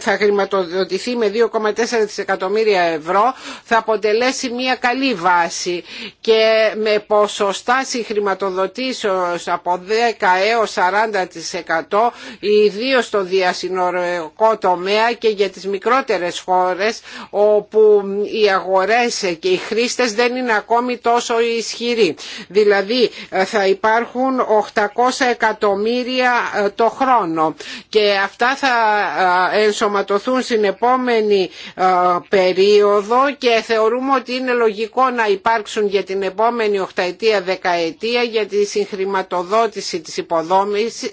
θα χρηματοδοτηθεί με 2,4 δισεκατομμύρια ευρώ θα αποτελέσει μια καλή βάση και με ποσοστά συγχρηματοδοτή από 10 έως 40% ιδίω στο διασυνοριακό τομέα και για τις μικρότερες χώρες όπου οι αγορές και οι χρήστες δεν είναι ακόμη τόσο ισχυροί. Δηλαδή θα υπάρχουν 800 εκατομμύρια ε, το χρόνο και αυτά θα ε, ενσωματωθούν στην επόμενη ε, περίοδο και θεωρούμε ότι είναι λογικό να υπάρξουν για την επόμενη οχταετία, δεκαετία για τις χρηματοδότηση της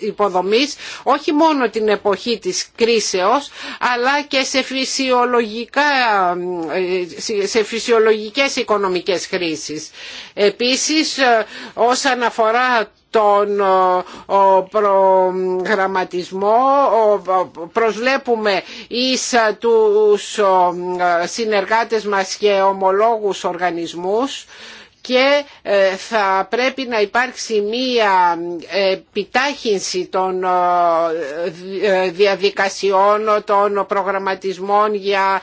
υποδομής, όχι μόνο την εποχή της κρίσεως αλλά και σε, φυσιολογικά, σε φυσιολογικές οικονομικές κρίσεις. Επίσης ε, όσον αφορά τον ε, προγραμματισμό προσβλέπουμε εις ε, τους συνεργάτες μας και ομολόγους οργανισμούς και ε, θα πρέπει να υπάρξει μία ε, επιτάχυνση των ε, διαδικασιών, των προγραμματισμών για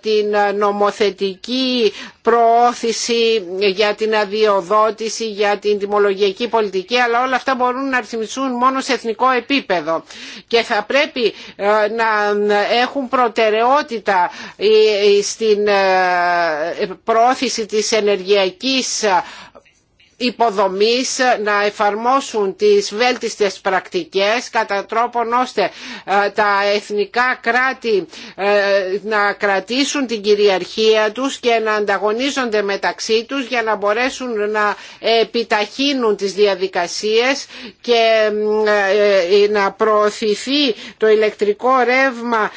την νομοθετική προώθηση, για την αδειοδότηση, για την τιμολογιακή πολιτική, αλλά όλα αυτά μπορούν να ρυθμιστούν μόνο σε εθνικό επίπεδο. Και θα πρέπει να έχουν προτεραιότητα στην προώθηση της ενεργειακής δις υποδομής ε, να εφαρμόσουν τις βέλτιστες πρακτικές κατά τρόπον ώστε ε, τα εθνικά κράτη ε, να κρατήσουν την κυριαρχία τους και να ανταγωνίζονται μεταξύ τους για να μπορέσουν να επιταχύνουν τις διαδικασίες και να προωθηθεί το ηλεκτρικό ρεύμα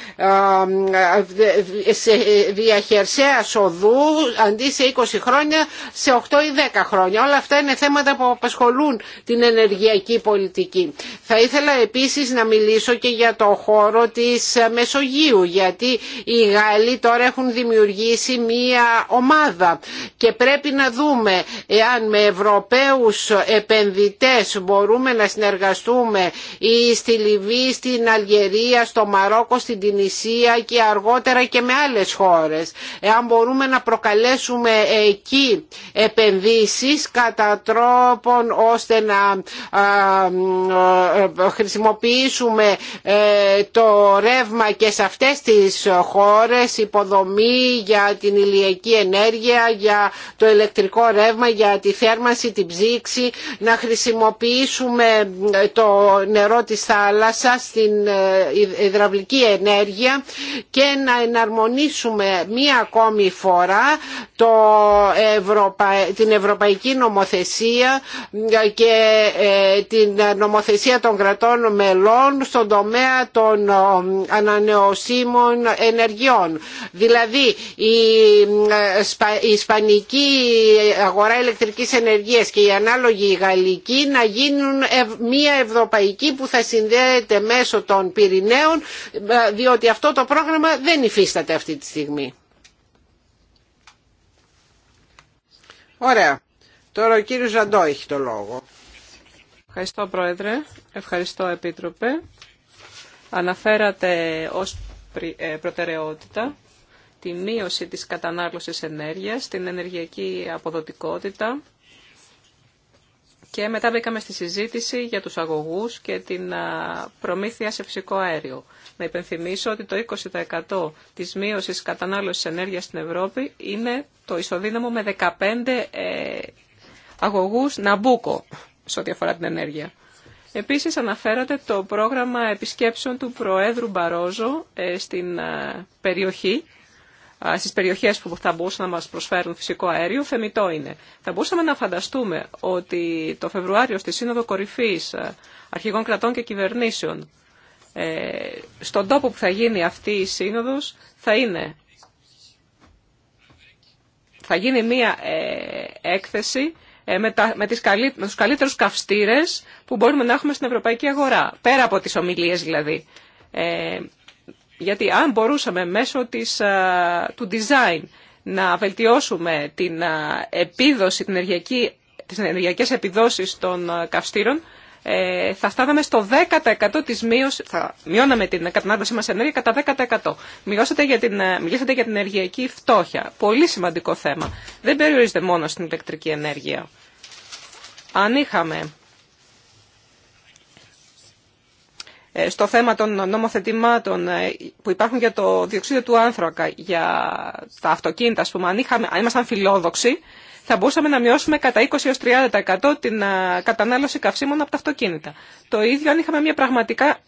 σε διαχερσαία οδού αντί σε 20 χρόνια σε 8 ή 10 χρόνια. Όλα αυτά είναι θέματα που απασχολούν την ενεργειακή πολιτική. Θα ήθελα επίσης να μιλήσω και για το χώρο της Μεσογείου γιατί οι Γάλλοι τώρα έχουν δημιουργήσει μία ομάδα και πρέπει να δούμε εάν με Ευρωπαίους επενδυτές μπορούμε να συνεργαστούμε ή στη Λιβύη, στην Αλγερία, στο Μαρόκο, στην Τινησία και αργότερα και με άλλες χώρες. Εάν μπορούμε να προκαλέσουμε εκεί επενδύσεις κατά κατά τρόπον ώστε να χρησιμοποιήσουμε ε, το ρεύμα και σε αυτές τις χώρες υποδομή για την ηλιακή ενέργεια, για το ηλεκτρικό ρεύμα, για τη θέρμανση, την ψήξη, να χρησιμοποιήσουμε ε, το νερό της θάλασσας, την ε, υδραυλική ενέργεια και να εναρμονίσουμε μία ακόμη φορά το Ευρωπα... την Ευρωπαϊκή Νομοθεσία νομοθεσία και ε, την νομοθεσία των κρατών μελών στον τομέα των ε, ανανεωσίμων ενεργειών. Δηλαδή ε, η ισπανική αγορά ηλεκτρικής ενεργείας και η ανάλογη γαλλική να γίνουν μια ευρωπαϊκή που θα συνδέεται μέσω των πυρηναίων διότι αυτό το πρόγραμμα δεν υφίσταται αυτή τη στιγμή. Ωραία. Τώρα ο κύριος Ζαντό έχει το λόγο. Ευχαριστώ Πρόεδρε, ευχαριστώ Επίτροπε. Αναφέρατε ως ε, προτεραιότητα τη μείωση της κατανάλωσης ενέργειας, την ενεργειακή αποδοτικότητα και μετά μπήκαμε στη συζήτηση για τους αγωγούς και την προμήθεια σε φυσικό αέριο. Να υπενθυμίσω ότι το 20% της μείωσης κατανάλωσης ενέργειας στην Ευρώπη είναι το ισοδύναμο με 15 αγωγούς Ναμπούκο σε ό,τι αφορά την ενέργεια. Επίσης αναφέρατε το πρόγραμμα επισκέψεων του Προέδρου Μπαρόζο ε, στην ε, περιοχή, ε, στις περιοχές που θα μπορούσαν να μας προσφέρουν φυσικό αέριο, θεμητό είναι. Θα μπορούσαμε να φανταστούμε ότι το Φεβρουάριο στη Σύνοδο Κορυφής Αρχηγών Κρατών και Κυβερνήσεων στον τόπο που θα γίνει αυτή η σύνοδο, θα είναι θα γίνει μία έκθεση ε, με, τα, με, τις καλύ, τους καλύτερους καυστήρες που μπορούμε να έχουμε στην ευρωπαϊκή αγορά, πέρα από τις ομιλίες δηλαδή. Ε, γιατί αν μπορούσαμε μέσω της, ε, του design να βελτιώσουμε την επίδοση, την ενεργειακή, τις των καυστήρων, ε, θα φτάσαμε στο 10% της μείωση. θα μειώναμε την κατανάλωσή μας ενέργεια κατά 10%. Μιλήσατε για την, μιλήσατε για την ενεργειακή φτώχεια. Πολύ σημαντικό θέμα. Δεν περιορίζεται μόνο στην ηλεκτρική ενέργεια. Αν είχαμε ε, στο θέμα των νομοθετημάτων ε, που υπάρχουν για το διοξείδιο του άνθρακα, για τα αυτοκίνητα, ας πούμε, αν, είχαμε, αν ήμασταν φιλόδοξοι, θα μπορούσαμε να μειώσουμε κατά 20-30% την κατανάλωση καυσίμων από τα αυτοκίνητα. Το ίδιο αν είχαμε μια,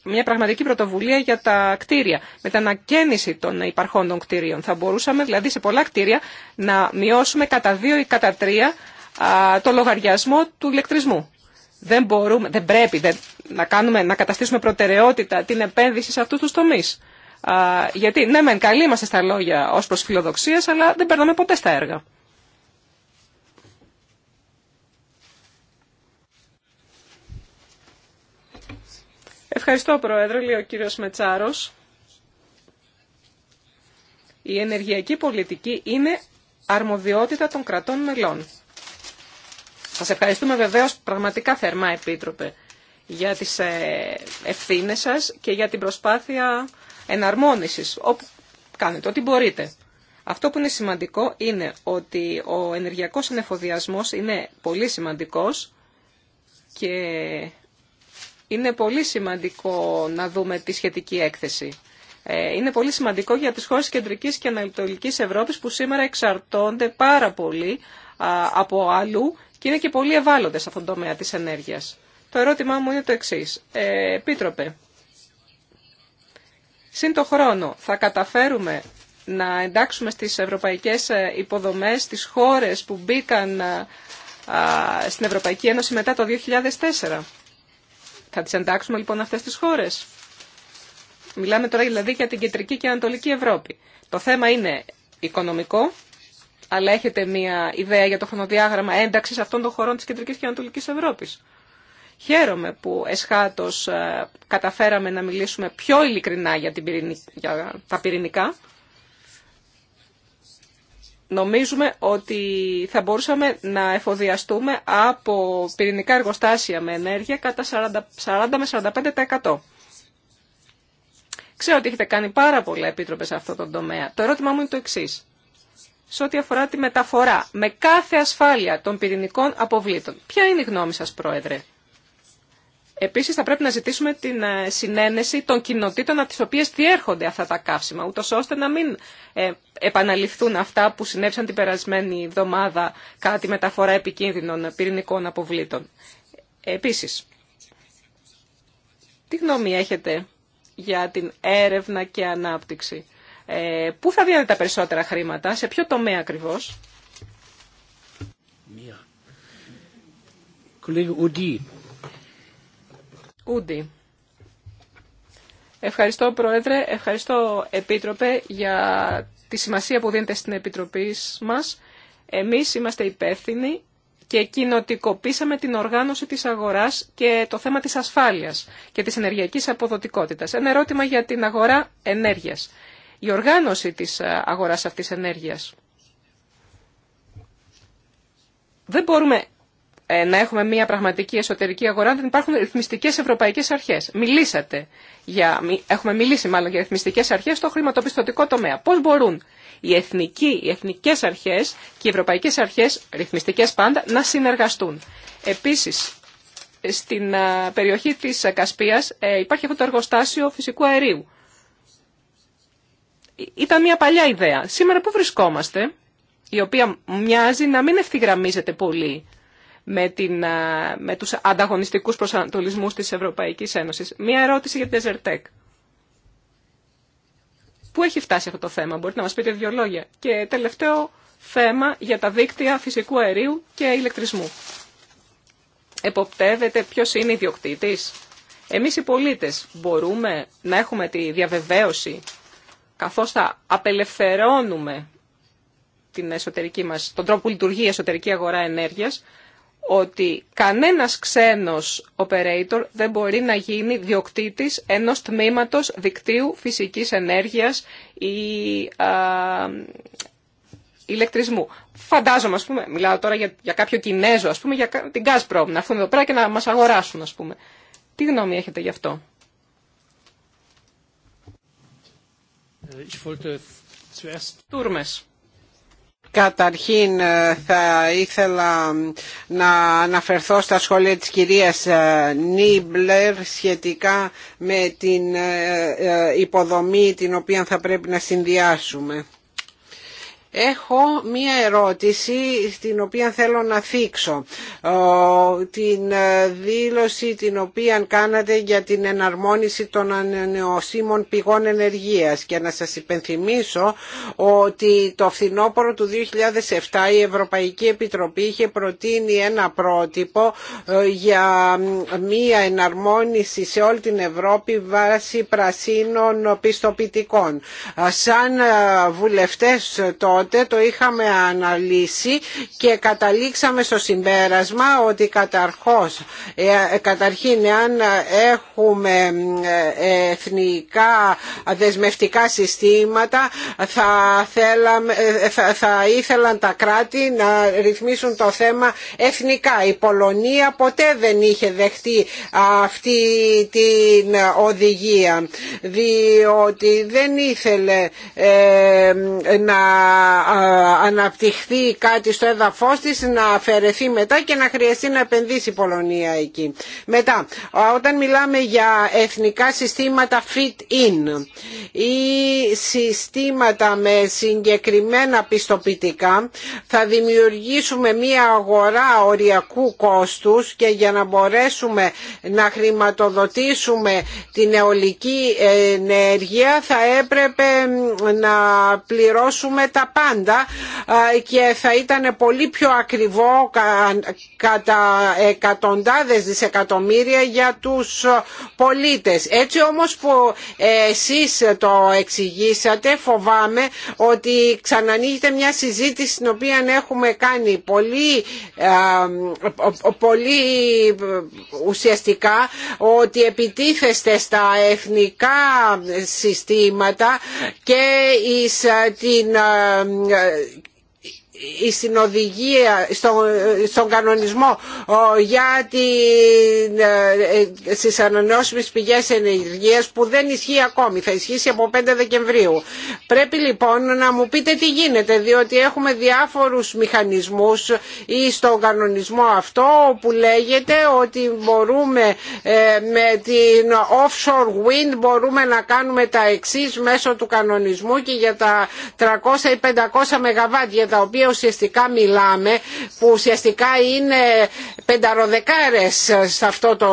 μια πραγματική πρωτοβουλία για τα κτίρια, με την ανακαίνιση των υπαρχών των κτίριων. Θα μπορούσαμε δηλαδή σε πολλά κτίρια να μειώσουμε κατά 2 ή κατά 3 το λογαριασμό του ηλεκτρισμού. Δεν, μπορούμε, δεν πρέπει δεν, να, κάνουμε, να καταστήσουμε προτεραιότητα την επένδυση σε αυτού του τομεί. γιατί ναι μεν καλοί είμαστε στα λόγια ω προ φιλοδοξίες, αλλά δεν περνάμε ποτέ στα έργα. Ευχαριστώ, Πρόεδρε, λέει ο κύριος Μετσάρος. Η ενεργειακή πολιτική είναι αρμοδιότητα των κρατών μελών. Σας ευχαριστούμε βεβαίως πραγματικά θερμά, Επίτροπε, για τις ε, ευθύνες σας και για την προσπάθεια εναρμόνισης, όπου κάνετε ό,τι μπορείτε. Αυτό που είναι σημαντικό είναι ότι ο ενεργειακός ανεφοδιασμός είναι πολύ σημαντικός και είναι πολύ σημαντικό να δούμε τη σχετική έκθεση. Ε, είναι πολύ σημαντικό για τις χώρες κεντρικής και ανατολικής Ευρώπης που σήμερα εξαρτώνται πάρα πολύ από αλλού και είναι και πολύ ευάλωτες σε αυτόν τον τομέα της ενέργειας. Το ερώτημά μου είναι το εξής. Ε, επίτροπε, σύν το χρόνο θα καταφέρουμε να εντάξουμε στις ευρωπαϊκές ε, υποδομές τις χώρες που μπήκαν ε, στην Ευρωπαϊκή Ένωση μετά το 2004. Θα τις εντάξουμε λοιπόν αυτές τις χώρες. Μιλάμε τώρα δηλαδή για την κεντρική και ανατολική Ευρώπη. Το θέμα είναι οικονομικό, αλλά έχετε μια ιδέα για το χρονοδιάγραμμα ένταξης αυτών των χωρών της κεντρικής και ανατολικής Ευρώπης. Χαίρομαι που εσχάτως ε, καταφέραμε να μιλήσουμε πιο ειλικρινά για, την για τα πυρηνικά. Νομίζουμε ότι θα μπορούσαμε να εφοδιαστούμε από πυρηνικά εργοστάσια με ενέργεια κατά 40 με 45%. Ξέρω ότι έχετε κάνει πάρα πολλά επίτροπες σε αυτό το τομέα. Το ερώτημά μου είναι το εξή. Σε ό,τι αφορά τη μεταφορά με κάθε ασφάλεια των πυρηνικών αποβλήτων. Ποια είναι η γνώμη σας, Πρόεδρε. Επίσης θα πρέπει να ζητήσουμε την ε, συνένεση των κοινοτήτων από τις οποίες διέρχονται αυτά τα καύσιμα, ούτω ώστε να μην ε, επαναληφθούν αυτά που συνέβησαν την περασμένη εβδομάδα κατά τη μεταφορά επικίνδυνων ε, πυρηνικών αποβλήτων. Επίσης, τι γνώμη έχετε για την έρευνα και ανάπτυξη. πού θα δίνετε τα περισσότερα χρήματα, σε ποιο τομέα ακριβώ. Μία. Ούντι. Ευχαριστώ Πρόεδρε, ευχαριστώ Επίτροπε για τη σημασία που δίνετε στην Επιτροπή μας. Εμείς είμαστε υπεύθυνοι και κοινοτικοποίησαμε την οργάνωση της αγοράς και το θέμα της ασφάλειας και της ενεργειακής αποδοτικότητας. Ένα ερώτημα για την αγορά ενέργειας. Η οργάνωση της αγοράς αυτής ενέργειας. Δεν μπορούμε ε, να έχουμε μια πραγματική εσωτερική αγορά δεν υπάρχουν ρυθμιστικέ ευρωπαϊκέ αρχέ. Μιλήσατε, για, έχουμε μιλήσει μάλλον για ρυθμιστικέ αρχέ στο χρηματοπιστωτικό τομέα. Πώ μπορούν οι, εθνικοί, οι εθνικές αρχές και οι ευρωπαϊκές αρχές, ρυθμιστικές πάντα, να συνεργαστούν. Επίσης, στην ε, περιοχή της Κασπίας ε, υπάρχει αυτό το εργοστάσιο φυσικού αερίου. Ήταν μια παλιά ιδέα. Σήμερα που βρισκόμαστε, η οποία μοιάζει να μην ευθυγραμμίζεται πολύ με, την, με τους ανταγωνιστικούς προσανατολισμούς της Ευρωπαϊκής Ένωσης. Μία ερώτηση για την Desertec. Πού έχει φτάσει αυτό το θέμα, μπορείτε να μας πείτε δύο λόγια. Και τελευταίο θέμα για τα δίκτυα φυσικού αερίου και ηλεκτρισμού. Εποπτεύεται ποιος είναι ιδιοκτήτης. Εμείς οι πολίτες μπορούμε να έχουμε τη διαβεβαίωση καθώς θα απελευθερώνουμε την εσωτερική μας, τον τρόπο που λειτουργεί η εσωτερική αγορά ενέργειας, ότι κανένας ξένος operator δεν μπορεί να γίνει διοκτήτης ενός τμήματος δικτύου φυσικής ενέργειας ή α, ηλεκτρισμού. Φαντάζομαι, ας πούμε, μιλάω τώρα για, για κάποιο Κινέζο, ας πούμε, για την Gazprom, να έρθουν εδώ πέρα και να μας αγοράσουν, ας πούμε. Τι γνώμη έχετε γι' αυτό. Ε, Τούρμες. Καταρχήν ε, θα ήθελα να αναφερθώ στα σχόλια της κυρίας ε, Νίμπλερ σχετικά με την ε, υποδομή την οποία θα πρέπει να συνδυάσουμε. Έχω μία ερώτηση στην οποία θέλω να θίξω. Την ε, δήλωση την οποία κάνατε για την εναρμόνιση των ανανεωσίμων πηγών ενεργείας και να σας υπενθυμίσω ότι το φθινόπωρο του 2007 η Ευρωπαϊκή Επιτροπή είχε προτείνει ένα πρότυπο ε, για μία εναρμόνιση σε όλη την Ευρώπη βάσει πρασίνων πιστοποιητικών. Σαν ε, βουλευτές τότε τότε το είχαμε αναλύσει και καταλήξαμε στο συμπέρασμα ότι καταρχώς, ε, ε, καταρχήν αν έχουμε ε, εθνικά δεσμευτικά συστήματα θα, θέλαμε, θα ήθελαν τα κράτη να ρυθμίσουν το θέμα εθνικά. Η Πολωνία ποτέ δεν είχε δεχτεί αυτή την οδηγία διότι δεν ήθελε να αναπτυχθεί κάτι στο έδαφος της, να αφαιρεθεί μετά και να χρειαστεί να επενδύσει η Πολωνία εκεί. Μετά, όταν μιλάμε για εθνικά συστήματα fit-in ή συστήματα με συγκεκριμένα πιστοποιητικά, θα δημιουργήσουμε μία αγορά οριακού κόστους και για να μπορέσουμε να χρηματοδοτήσουμε την νεολική ενέργεια θα έπρεπε να πληρώσουμε τα πάντα και θα ήταν πολύ πιο ακριβό κατά εκατοντάδες δισεκατομμύρια για τους πολίτες. Έτσι όμως που ε, εσείς το εξηγήσατε φοβάμαι ότι ξανανοίγεται μια συζήτηση στην οποία έχουμε κάνει πολύ, πολύ ε, ουσιαστικά ότι επιτίθεστε στα εθνικά συστήματα και ε, την για στην οδηγία, στον κανονισμό για ε, ε, τι ανανεώσιμε ανανεώσιμες πηγές ενεργείας που δεν ισχύει ακόμη, θα ισχύσει από 5 Δεκεμβρίου. Πρέπει λοιπόν να μου πείτε τι γίνεται, διότι έχουμε διάφορους μηχανισμούς ή στον κανονισμό αυτό που λέγεται ότι μπορούμε ε, με την offshore wind μπορούμε να κάνουμε τα εξής μέσω του κανονισμού και για τα 300 ή 500 ΜΒ τα οποία ουσιαστικά μιλάμε που ουσιαστικά είναι πενταροδεκάρες σε αυτό το,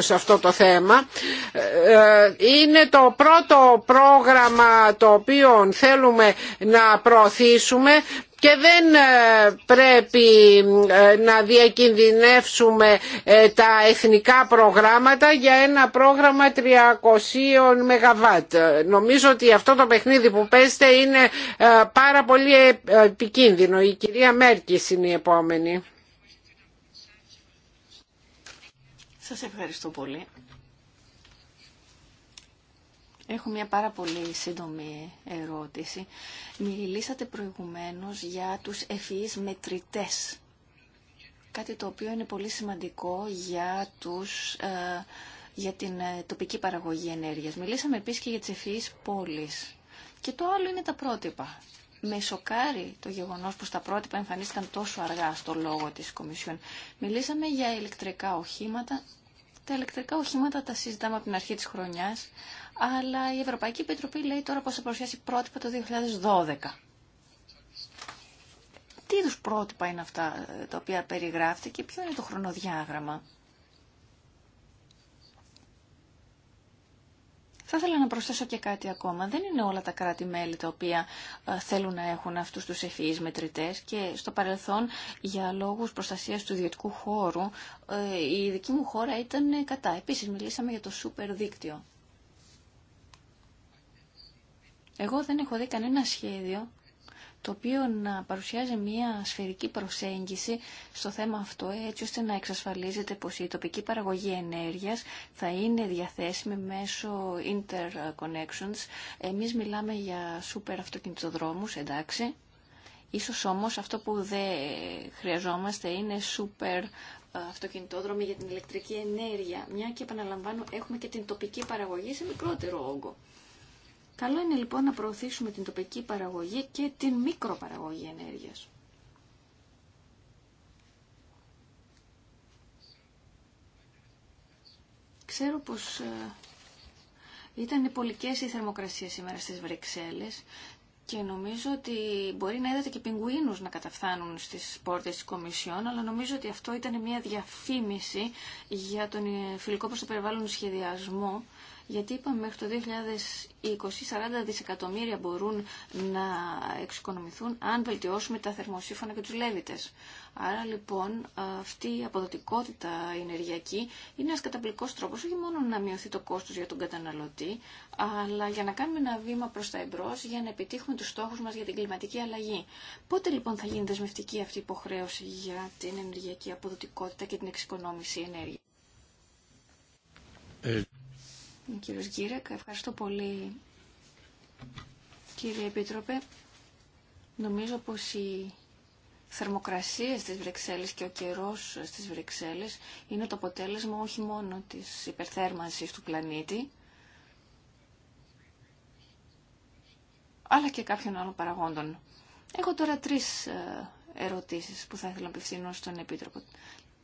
σε αυτό το θέμα. Είναι το πρώτο πρόγραμμα το οποίο θέλουμε να προωθήσουμε και δεν ε, πρέπει ε, να διακινδυνεύσουμε ε, τα εθνικά προγράμματα για ένα πρόγραμμα 300 ΜΒ. Νομίζω ότι αυτό το παιχνίδι που παίζετε είναι πάρα πολύ επικίνδυνο. Η κυρία μέρκη είναι η επόμενη. Σας ευχαριστώ πολύ. Έχω μια πάρα πολύ σύντομη ερώτηση. Μιλήσατε προηγουμένως για τους ευφυείς μετρητές. Κάτι το οποίο είναι πολύ σημαντικό για, τους, ε, για την ε, τοπική παραγωγή ενέργειας. Μιλήσαμε επίσης και για τις ευφυείς πόλεις. Και το άλλο είναι τα πρότυπα. Με σοκάρει το γεγονός πως τα πρότυπα εμφανίστηκαν τόσο αργά στο λόγο της Κομισιόν. Μιλήσαμε για ηλεκτρικά οχήματα, τα ηλεκτρικά οχήματα τα συζητάμε από την αρχή της χρονιάς, αλλά η Ευρωπαϊκή Επιτροπή λέει τώρα πως θα παρουσιάσει πρότυπα το 2012. Τι είδους πρότυπα είναι αυτά τα οποία περιγράφεται και ποιο είναι το χρονοδιάγραμμα. Θα ήθελα να προσθέσω και κάτι ακόμα. Δεν είναι όλα τα κράτη-μέλη τα οποία ε, θέλουν να έχουν αυτούς τους ευφυείς μετρητές και στο παρελθόν για λόγους προστασίας του ιδιωτικού χώρου ε, η δική μου χώρα ήταν κατά. Επίσης μιλήσαμε για το σούπερ δίκτυο. Εγώ δεν έχω δει κανένα σχέδιο το οποίο να παρουσιάζει μια σφαιρική προσέγγιση στο θέμα αυτό έτσι ώστε να εξασφαλίζεται πως η τοπική παραγωγή ενέργειας θα είναι διαθέσιμη μέσω interconnections. Εμείς μιλάμε για σούπερ αυτοκινητοδρόμους, εντάξει. Ίσως όμως αυτό που δεν χρειαζόμαστε είναι σούπερ ε, αυτοκινητόδρομοι για την ηλεκτρική ενέργεια. Μια και επαναλαμβάνω έχουμε και την τοπική παραγωγή σε μικρότερο όγκο. Καλό είναι λοιπόν να προωθήσουμε την τοπική παραγωγή και την μικροπαραγωγή ενέργειας. Ξέρω πως ε, ήταν πολικές οι θερμοκρασίες σήμερα στις Βρυξέλλες και νομίζω ότι μπορεί να είδατε και πιγκουίνους να καταφθάνουν στις πόρτες της Κομισιόν, αλλά νομίζω ότι αυτό ήταν μια διαφήμιση για τον ε, φιλικό προς το περιβάλλον σχεδιασμό γιατί είπαμε μέχρι το 2020 40 δισεκατομμύρια μπορούν να εξοικονομηθούν αν βελτιώσουμε τα θερμοσύφωνα και τους λέβητες. Άρα λοιπόν αυτή η αποδοτικότητα ενεργειακή είναι ένας καταπληκτικό τρόπος όχι μόνο να μειωθεί το κόστος για τον καταναλωτή αλλά για να κάνουμε ένα βήμα προς τα εμπρός για να επιτύχουμε τους στόχους μας για την κλιματική αλλαγή. Πότε λοιπόν θα γίνει δεσμευτική αυτή η υποχρέωση για την ενεργειακή αποδοτικότητα και την εξοικονόμηση ενέργειας. Ε, Κύριος Γκίρεκ, ευχαριστώ πολύ κύριε Επίτροπε. Νομίζω πως οι θερμοκρασία στις Βρυξέλλες και ο καιρός στις Βρυξέλλες είναι το αποτέλεσμα όχι μόνο της υπερθέρμανσης του πλανήτη, αλλά και κάποιων άλλων παραγόντων. Έχω τώρα τρεις ε, ερωτήσεις που θα ήθελα να απευθύνω στον Επίτροπο.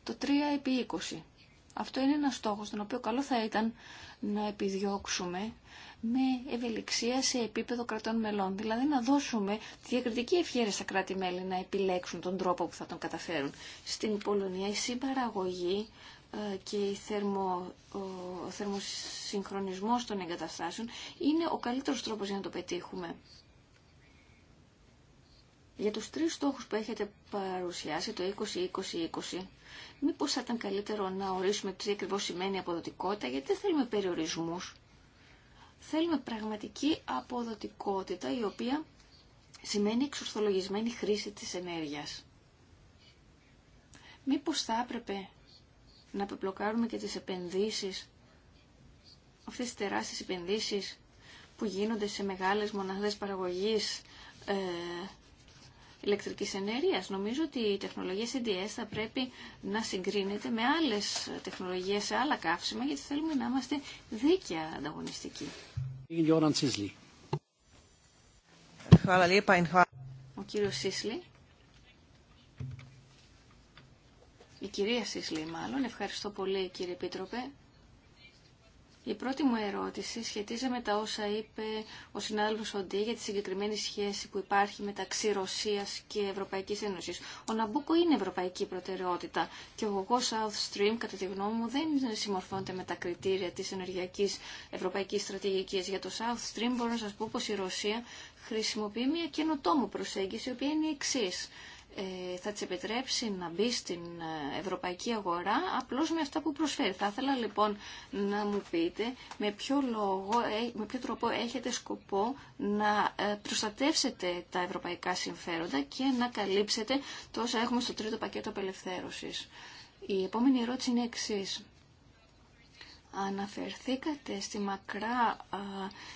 Το 3 επί 20. Αυτό είναι ένα στόχο τον οποίο καλό θα ήταν να επιδιώξουμε με ευελιξία σε επίπεδο κρατών μελών. Δηλαδή να δώσουμε τη διακριτική ευχαίρεια στα κράτη-μέλη να επιλέξουν τον τρόπο που θα τον καταφέρουν. Στην Πολωνία η συμπαραγωγή ε, και θερμο, ο θερμοσυγχρονισμός των εγκαταστάσεων είναι ο καλύτερος τρόπος για να το πετύχουμε. Για τους τρεις στόχους που έχετε παρουσιάσει, το 20-20-20, μήπως θα ήταν καλύτερο να ορίσουμε τι ακριβώς σημαίνει αποδοτικότητα, γιατί δεν θέλουμε περιορισμούς. Θέλουμε πραγματική αποδοτικότητα, η οποία σημαίνει εξορθολογισμένη χρήση της ενέργειας. Μήπως θα έπρεπε να πεπλοκάρουμε και τις επενδύσεις, αυτές τις τεράστιες επενδύσεις που γίνονται σε μεγάλες μοναδές παραγωγής ε, ηλεκτρικής ενέργειας. Νομίζω ότι η τεχνολογία CDS θα πρέπει να συγκρίνεται με άλλες τεχνολογίες σε άλλα καύσιμα γιατί θέλουμε να είμαστε δίκαια ανταγωνιστικοί. Ο κύριος Σίσλι. Η κυρία Σίσλι μάλλον. Ευχαριστώ πολύ κύριε Επίτροπε. Η πρώτη μου ερώτηση σχετίζεται με τα όσα είπε ο συνάδελφος Οντί για τη συγκεκριμένη σχέση που υπάρχει μεταξύ Ρωσίας και Ευρωπαϊκής Ένωσης. Ο Ναμπούκο είναι ευρωπαϊκή προτεραιότητα και ο γογό South Stream, κατά τη γνώμη μου, δεν συμμορφώνεται με τα κριτήρια της ενεργειακής ευρωπαϊκής στρατηγικής. Για το South Stream μπορώ να σα πω πω η Ρωσία χρησιμοποιεί μια καινοτόμο προσέγγιση, η οποία είναι η εξή. Ε, θα τις επιτρέψει να μπει στην ε, ευρωπαϊκή αγορά απλώς με αυτά που προσφέρει. Θα ήθελα λοιπόν να μου πείτε με ποιο, λόγο, ε, με ποιο τρόπο έχετε σκοπό να προστατεύσετε τα ευρωπαϊκά συμφέροντα και να καλύψετε τόσα έχουμε στο τρίτο πακέτο απελευθέρωσης. Η επόμενη ερώτηση είναι εξής. Αναφερθήκατε στη μακρά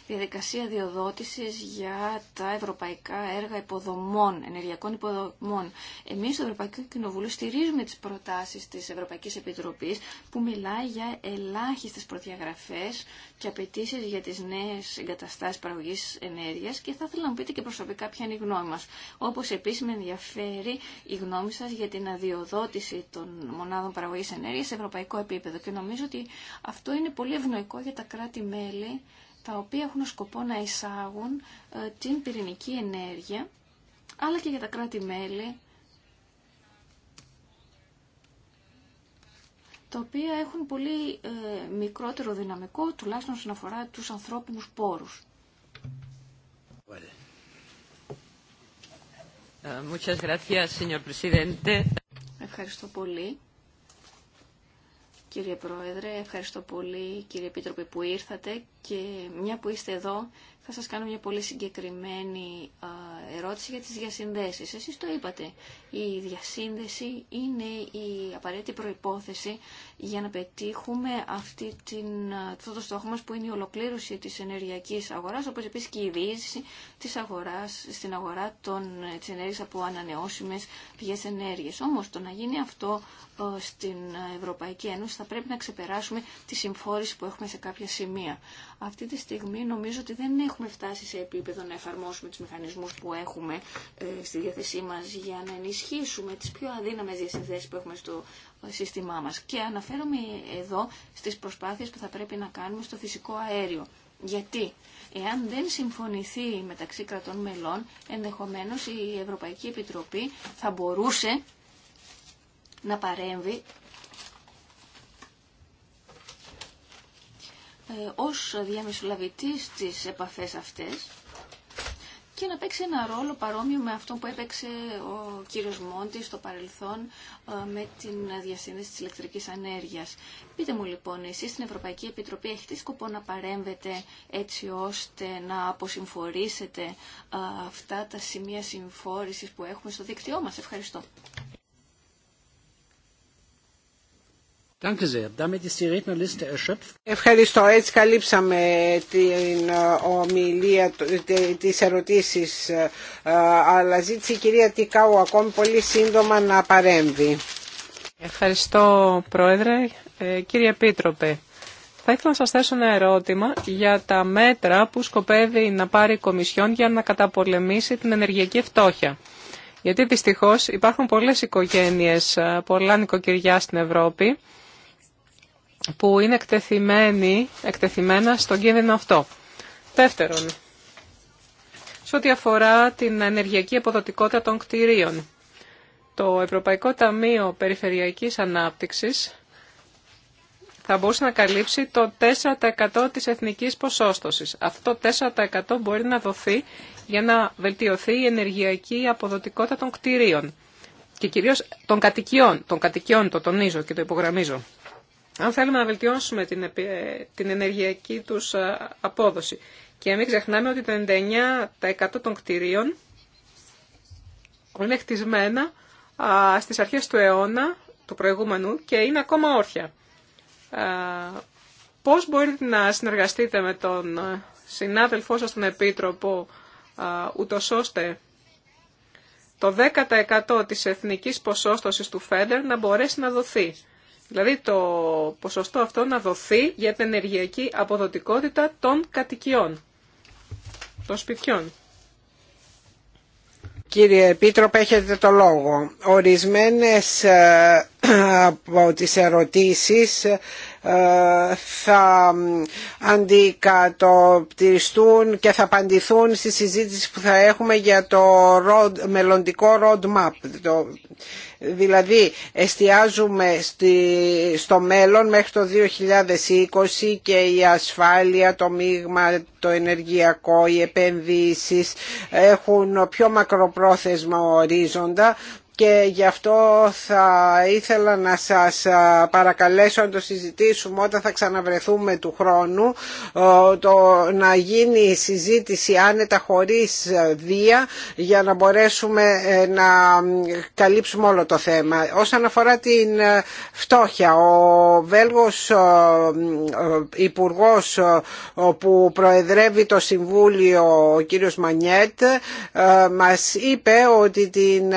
διαδικασία διοδότησης για τα ευρωπαϊκά έργα υποδομών, ενεργειακών υποδομών. Εμείς στο Ευρωπαϊκό Κοινοβούλιο στηρίζουμε τις προτάσεις της Ευρωπαϊκής Επιτροπής που μιλάει για ελάχιστες προδιαγραφές και απαιτήσει για τις νέες εγκαταστάσεις παραγωγής ενέργειας και θα ήθελα να μου πείτε και προσωπικά ποια είναι η γνώμη μας. Όπως επίσης με ενδιαφέρει η γνώμη σας για την αδειοδότηση των μονάδων παραγωγής ενέργειας σε ευρωπαϊκό επίπεδο και νομίζω ότι αυτό είναι πολύ ευνοϊκό για τα κράτη-μέλη τα οποία έχουν σκοπό να εισάγουν ε, την πυρηνική ενέργεια, αλλά και για τα κράτη-μέλη τα οποία έχουν πολύ ε, μικρότερο δυναμικό, τουλάχιστον όσον αφορά τους ανθρώπινους πόρους. Ε, Ευχαριστώ πολύ. Κύριε Πρόεδρε, ευχαριστώ πολύ κύριε Επίτροπε που ήρθατε και μια που είστε εδώ θα σας κάνω μια πολύ συγκεκριμένη ερώτηση για τις διασυνδέσεις. Εσείς το είπατε, η διασύνδεση είναι η απαραίτητη προϋπόθεση για να πετύχουμε αυτή την, αυτό το στόχο μας που είναι η ολοκλήρωση της ενεργειακής αγοράς, όπως επίσης και η διείσδυση της αγοράς, στην αγορά των, ε, της ενέργειας από ανανεώσιμες πηγές ενέργειας. Όμως το να γίνει αυτό ε, στην Ευρωπαϊκή Ένωση θα πρέπει να ξεπεράσουμε τη συμφόρηση που έχουμε σε κάποια σημεία. Αυτή τη στιγμή νομίζω ότι δεν έχουμε φτάσει σε επίπεδο να εφαρμόσουμε τους μηχανισμούς που έχουμε ε, στη διάθεσή μας για να ενισχύσουμε τις πιο αδύναμες διασυνδέσεις που έχουμε στο ε, σύστημά μας. Και αναφέρομαι εδώ στις προσπάθειες που θα πρέπει να κάνουμε στο φυσικό αέριο. Γιατί εάν δεν συμφωνηθεί μεταξύ κρατών μελών, ενδεχομένως η Ευρωπαϊκή Επιτροπή θα μπορούσε να παρέμβει Ε, ως διαμεσολαβητής στις επαφές αυτές και να παίξει ένα ρόλο παρόμοιο με αυτό που έπαιξε ο κύριος Μόντι στο παρελθόν ε, με την διασύνδεση της ηλεκτρικής ανέργειας. Πείτε μου λοιπόν, εσείς στην Ευρωπαϊκή Επιτροπή έχετε σκοπό να παρέμβετε έτσι ώστε να αποσυμφορήσετε ε, αυτά τα σημεία συμφόρησης που έχουμε στο δίκτυό μας. Ευχαριστώ. Ευχαριστώ. Έτσι καλύψαμε την ε, ομιλία, της ερωτήσεις, ε, αλλά ζήτησε η κυρία Τικάου ακόμη πολύ σύντομα να παρέμβει. Ευχαριστώ Πρόεδρε. Ε, κύριε Επίτροπε, θα ήθελα να σας θέσω ένα ερώτημα για τα μέτρα που σκοπεύει να πάρει η Κομισιόν για να καταπολεμήσει την ενεργειακή φτώχεια. Γιατί δυστυχώς υπάρχουν πολλές οικογένειες, πολλά νοικοκυριά στην Ευρώπη, που είναι εκτεθειμένη, εκτεθειμένα στον κίνδυνο αυτό. Δεύτερον, σε ό,τι αφορά την ενεργειακή αποδοτικότητα των κτηρίων. Το Ευρωπαϊκό Ταμείο Περιφερειακής Ανάπτυξης θα μπορούσε να καλύψει το 4% της εθνικής ποσόστοσης. Αυτό το 4% μπορεί να δοθεί για να βελτιωθεί η ενεργειακή αποδοτικότητα των κτηρίων και κυρίως των κατοικιών. Των κατοικιών το τονίζω και το υπογραμμίζω αν θέλουμε να βελτιώσουμε την, την ενεργειακή τους ε, απόδοση. Και μην ξεχνάμε ότι το 99% των κτηρίων είναι χτισμένα στις αρχές του αιώνα, του προηγούμενου, και είναι ακόμα όρθια. Ε, πώς μπορείτε να συνεργαστείτε με τον ε, συνάδελφό σας τον Επίτροπο, ούτω ώστε το 10% της εθνικής ποσόστοσης του ΦΕΝΤΕΡ να μπορέσει να δοθεί Δηλαδή το ποσοστό αυτό να δοθεί για την ενεργειακή αποδοτικότητα των κατοικιών, των σπιτιών. Κύριε Επίτροπε, έχετε το λόγο. Ορισμένες ε, [clears throat] από τις ερωτήσεις ε, θα αντικατοπτριστούν και θα απαντηθούν στη συζήτηση που θα έχουμε για το road, μελλοντικό roadmap. Το, δηλαδή εστιάζουμε στη, στο μέλλον μέχρι το 2020 και η ασφάλεια, το μείγμα, το ενεργειακό, οι επενδύσεις έχουν πιο μακροπρόθεσμα ορίζοντα και γι' αυτό θα ήθελα να σας παρακαλέσω να το συζητήσουμε όταν θα ξαναβρεθούμε του χρόνου το να γίνει συζήτηση άνετα χωρίς δία για να μπορέσουμε ε, να καλύψουμε όλο το θέμα. Όσον αφορά την ε, φτώχεια, ο Βέλγος ε, Υπουργός που προεδρεύει το Συμβούλιο, ο κύριος Μανιέτ, μας είπε ότι την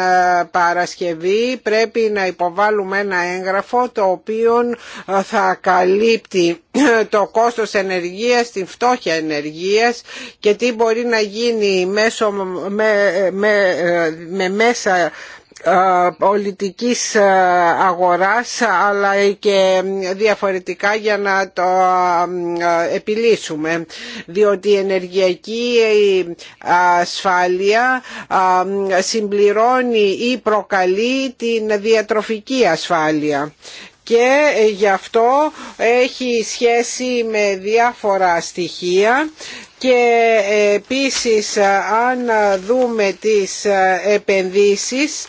Παρασκευή πρέπει να υποβάλουμε ένα έγγραφο το οποίο ε, θα καλύπτει ε, το κόστος ενεργείας, την φτώχεια ενεργείας και τι μπορεί να γίνει μέσω, με, με, ε, με μέσα πολιτικής αγοράς αλλά και διαφορετικά για να το επιλύσουμε διότι η ενεργειακή ε, ασφάλεια συμπληρώνει ή προκαλεί την διατροφική ασφάλεια και ε, γι' αυτό έχει σχέση με διάφορα στοιχεία και ε, επίσης ε, αν δούμε τις ε, επενδύσεις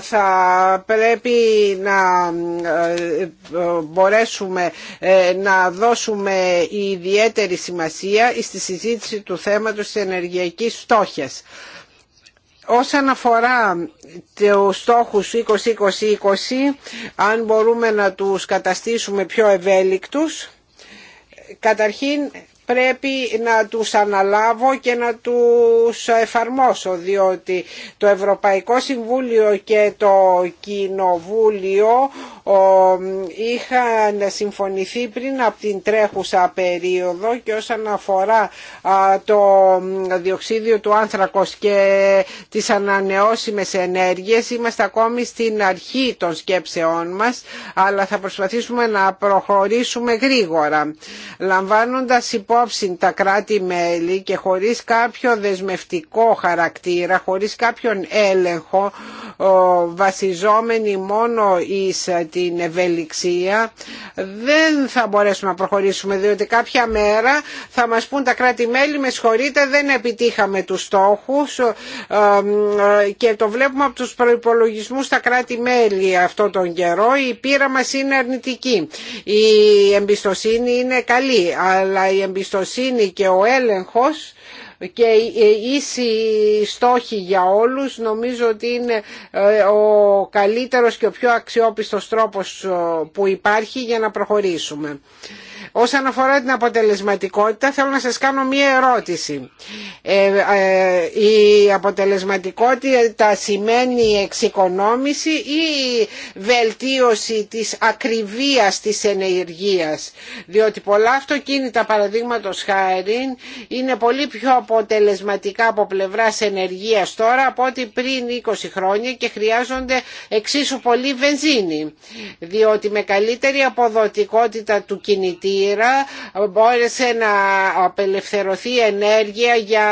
θα πρέπει να μπορέσουμε να δώσουμε ιδιαίτερη σημασία στη συζήτηση του θέματος της ενεργειακής στόχιας. Όσον αφορά τους στόχους 2020-2020, αν μπορούμε να τους καταστήσουμε πιο ευέλικτους, καταρχήν πρέπει να τους αναλάβω και να τους εφαρμόσω διότι το Ευρωπαϊκό Συμβούλιο και το Κοινοβούλιο είχαν συμφωνηθεί πριν από την τρέχουσα περίοδο και όσον αφορά το διοξίδιο του άνθρακος και τις ανανεώσιμες ενέργειες είμαστε ακόμη στην αρχή των σκέψεών μας αλλά θα προσπαθήσουμε να προχωρήσουμε γρήγορα λαμβάνοντας υπόψη τα κράτη-μέλη και χωρίς κάποιο δεσμευτικό χαρακτήρα, χωρίς κάποιον έλεγχο βασιζόμενοι μόνο εις την ευελιξία δεν θα μπορέσουμε να προχωρήσουμε διότι κάποια μέρα θα μας πούν τα κράτη-μέλη με συγχωρείτε δεν επιτύχαμε τους στόχους ε, ε, και το βλέπουμε από τους προϋπολογισμούς στα κράτη-μέλη αυτόν τον καιρό η πείρα μας είναι αρνητική η εμπιστοσύνη είναι καλή αλλά η εμπιστοσύνη και ο έλεγχος και ε, ίση στόχοι για όλους νομίζω ότι είναι ε, ο καλύτερος και ο πιο αξιόπιστος τρόπος ε, που υπάρχει για να προχωρήσουμε. Όσον αφορά την αποτελεσματικότητα θέλω να σας κάνω μία ερώτηση. Ε, ε, η αποτελεσματικότητα σημαίνει εξοικονόμηση ή βελτίωση της ακριβίας της ενεργείας. Διότι πολλά αυτοκίνητα παραδείγματο χάρη είναι πολύ πιο αποτελεσματικά από πλευράς ενεργείας τώρα από ό,τι πριν 20 χρόνια και χρειάζονται εξίσου πολύ βενζίνη. Διότι με καλύτερη αποδοτικότητα του κινητή μπόρεσε να απελευθερωθεί ενέργεια για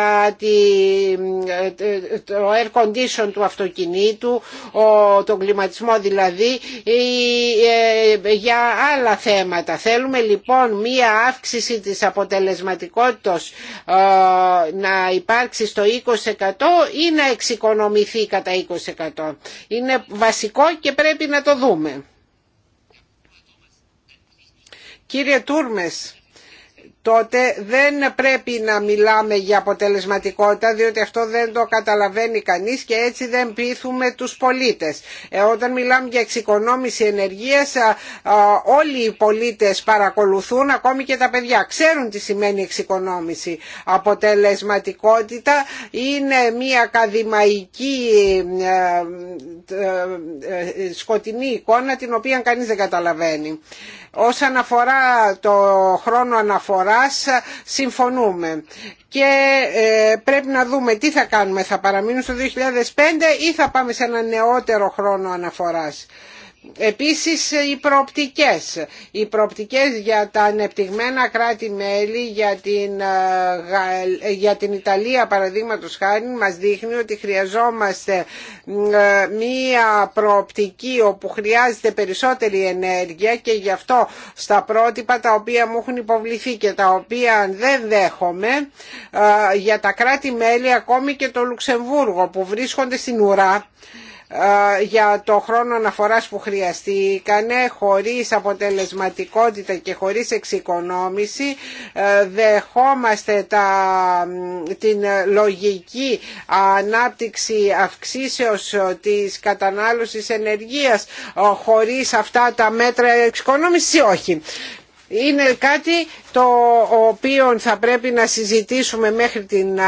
το air condition του αυτοκινήτου, τον κλιματισμό δηλαδή, ε, για άλλα θέματα. Θέλουμε λοιπόν μία αύξηση της αποτελεσματικότητας ε, να υπάρξει στο 20% ή να εξοικονομηθεί κατά 20%. Είναι βασικό και πρέπει να το δούμε. Κύριε Τούρμες, τότε δεν πρέπει να μιλάμε για αποτελεσματικότητα διότι αυτό δεν το καταλαβαίνει κανείς και έτσι δεν πείθουμε τους πολίτες. Ε, όταν μιλάμε για εξοικονόμηση ενεργείας όλοι οι πολίτες παρακολουθούν ακόμη και τα παιδιά ξέρουν τι σημαίνει εξοικονόμηση. Αποτελεσματικότητα είναι μια ακαδημαϊκή ε, ε, σκοτεινή εικόνα την οποία κανείς δεν καταλαβαίνει. Όσον αφορά το χρόνο αναφορά σας συμφωνούμε και ε, πρέπει να δούμε τι θα κάνουμε, θα παραμείνουμε στο 2005 ή θα πάμε σε ένα νεότερο χρόνο αναφοράς. Επίσης οι προοπτικές, οι προοπτικές για τα ανεπτυγμένα κράτη-μέλη, για την, ε, ε, για την Ιταλία παραδείγματος χάρη μας δείχνει ότι χρειαζόμαστε ε, μία προοπτική όπου χρειάζεται περισσότερη ενέργεια και γι' αυτό στα πρότυπα τα οποία μου έχουν υποβληθεί και τα οποία δεν δέχομαι για τα κράτη-μέλη ακόμη και το Λουξεμβούργο που βρίσκονται στην ουρά για το χρόνο αναφοράς που χρειαστήκανε χωρίς αποτελεσματικότητα και χωρίς εξοικονόμηση ε, δεχόμαστε τα, την λογική ανάπτυξη αυξήσεως ε, της κατανάλωσης ενεργείας ε, χωρίς αυτά τα μέτρα εξοικονόμησης ή όχι είναι κάτι το οποίο θα πρέπει να συζητήσουμε μέχρι την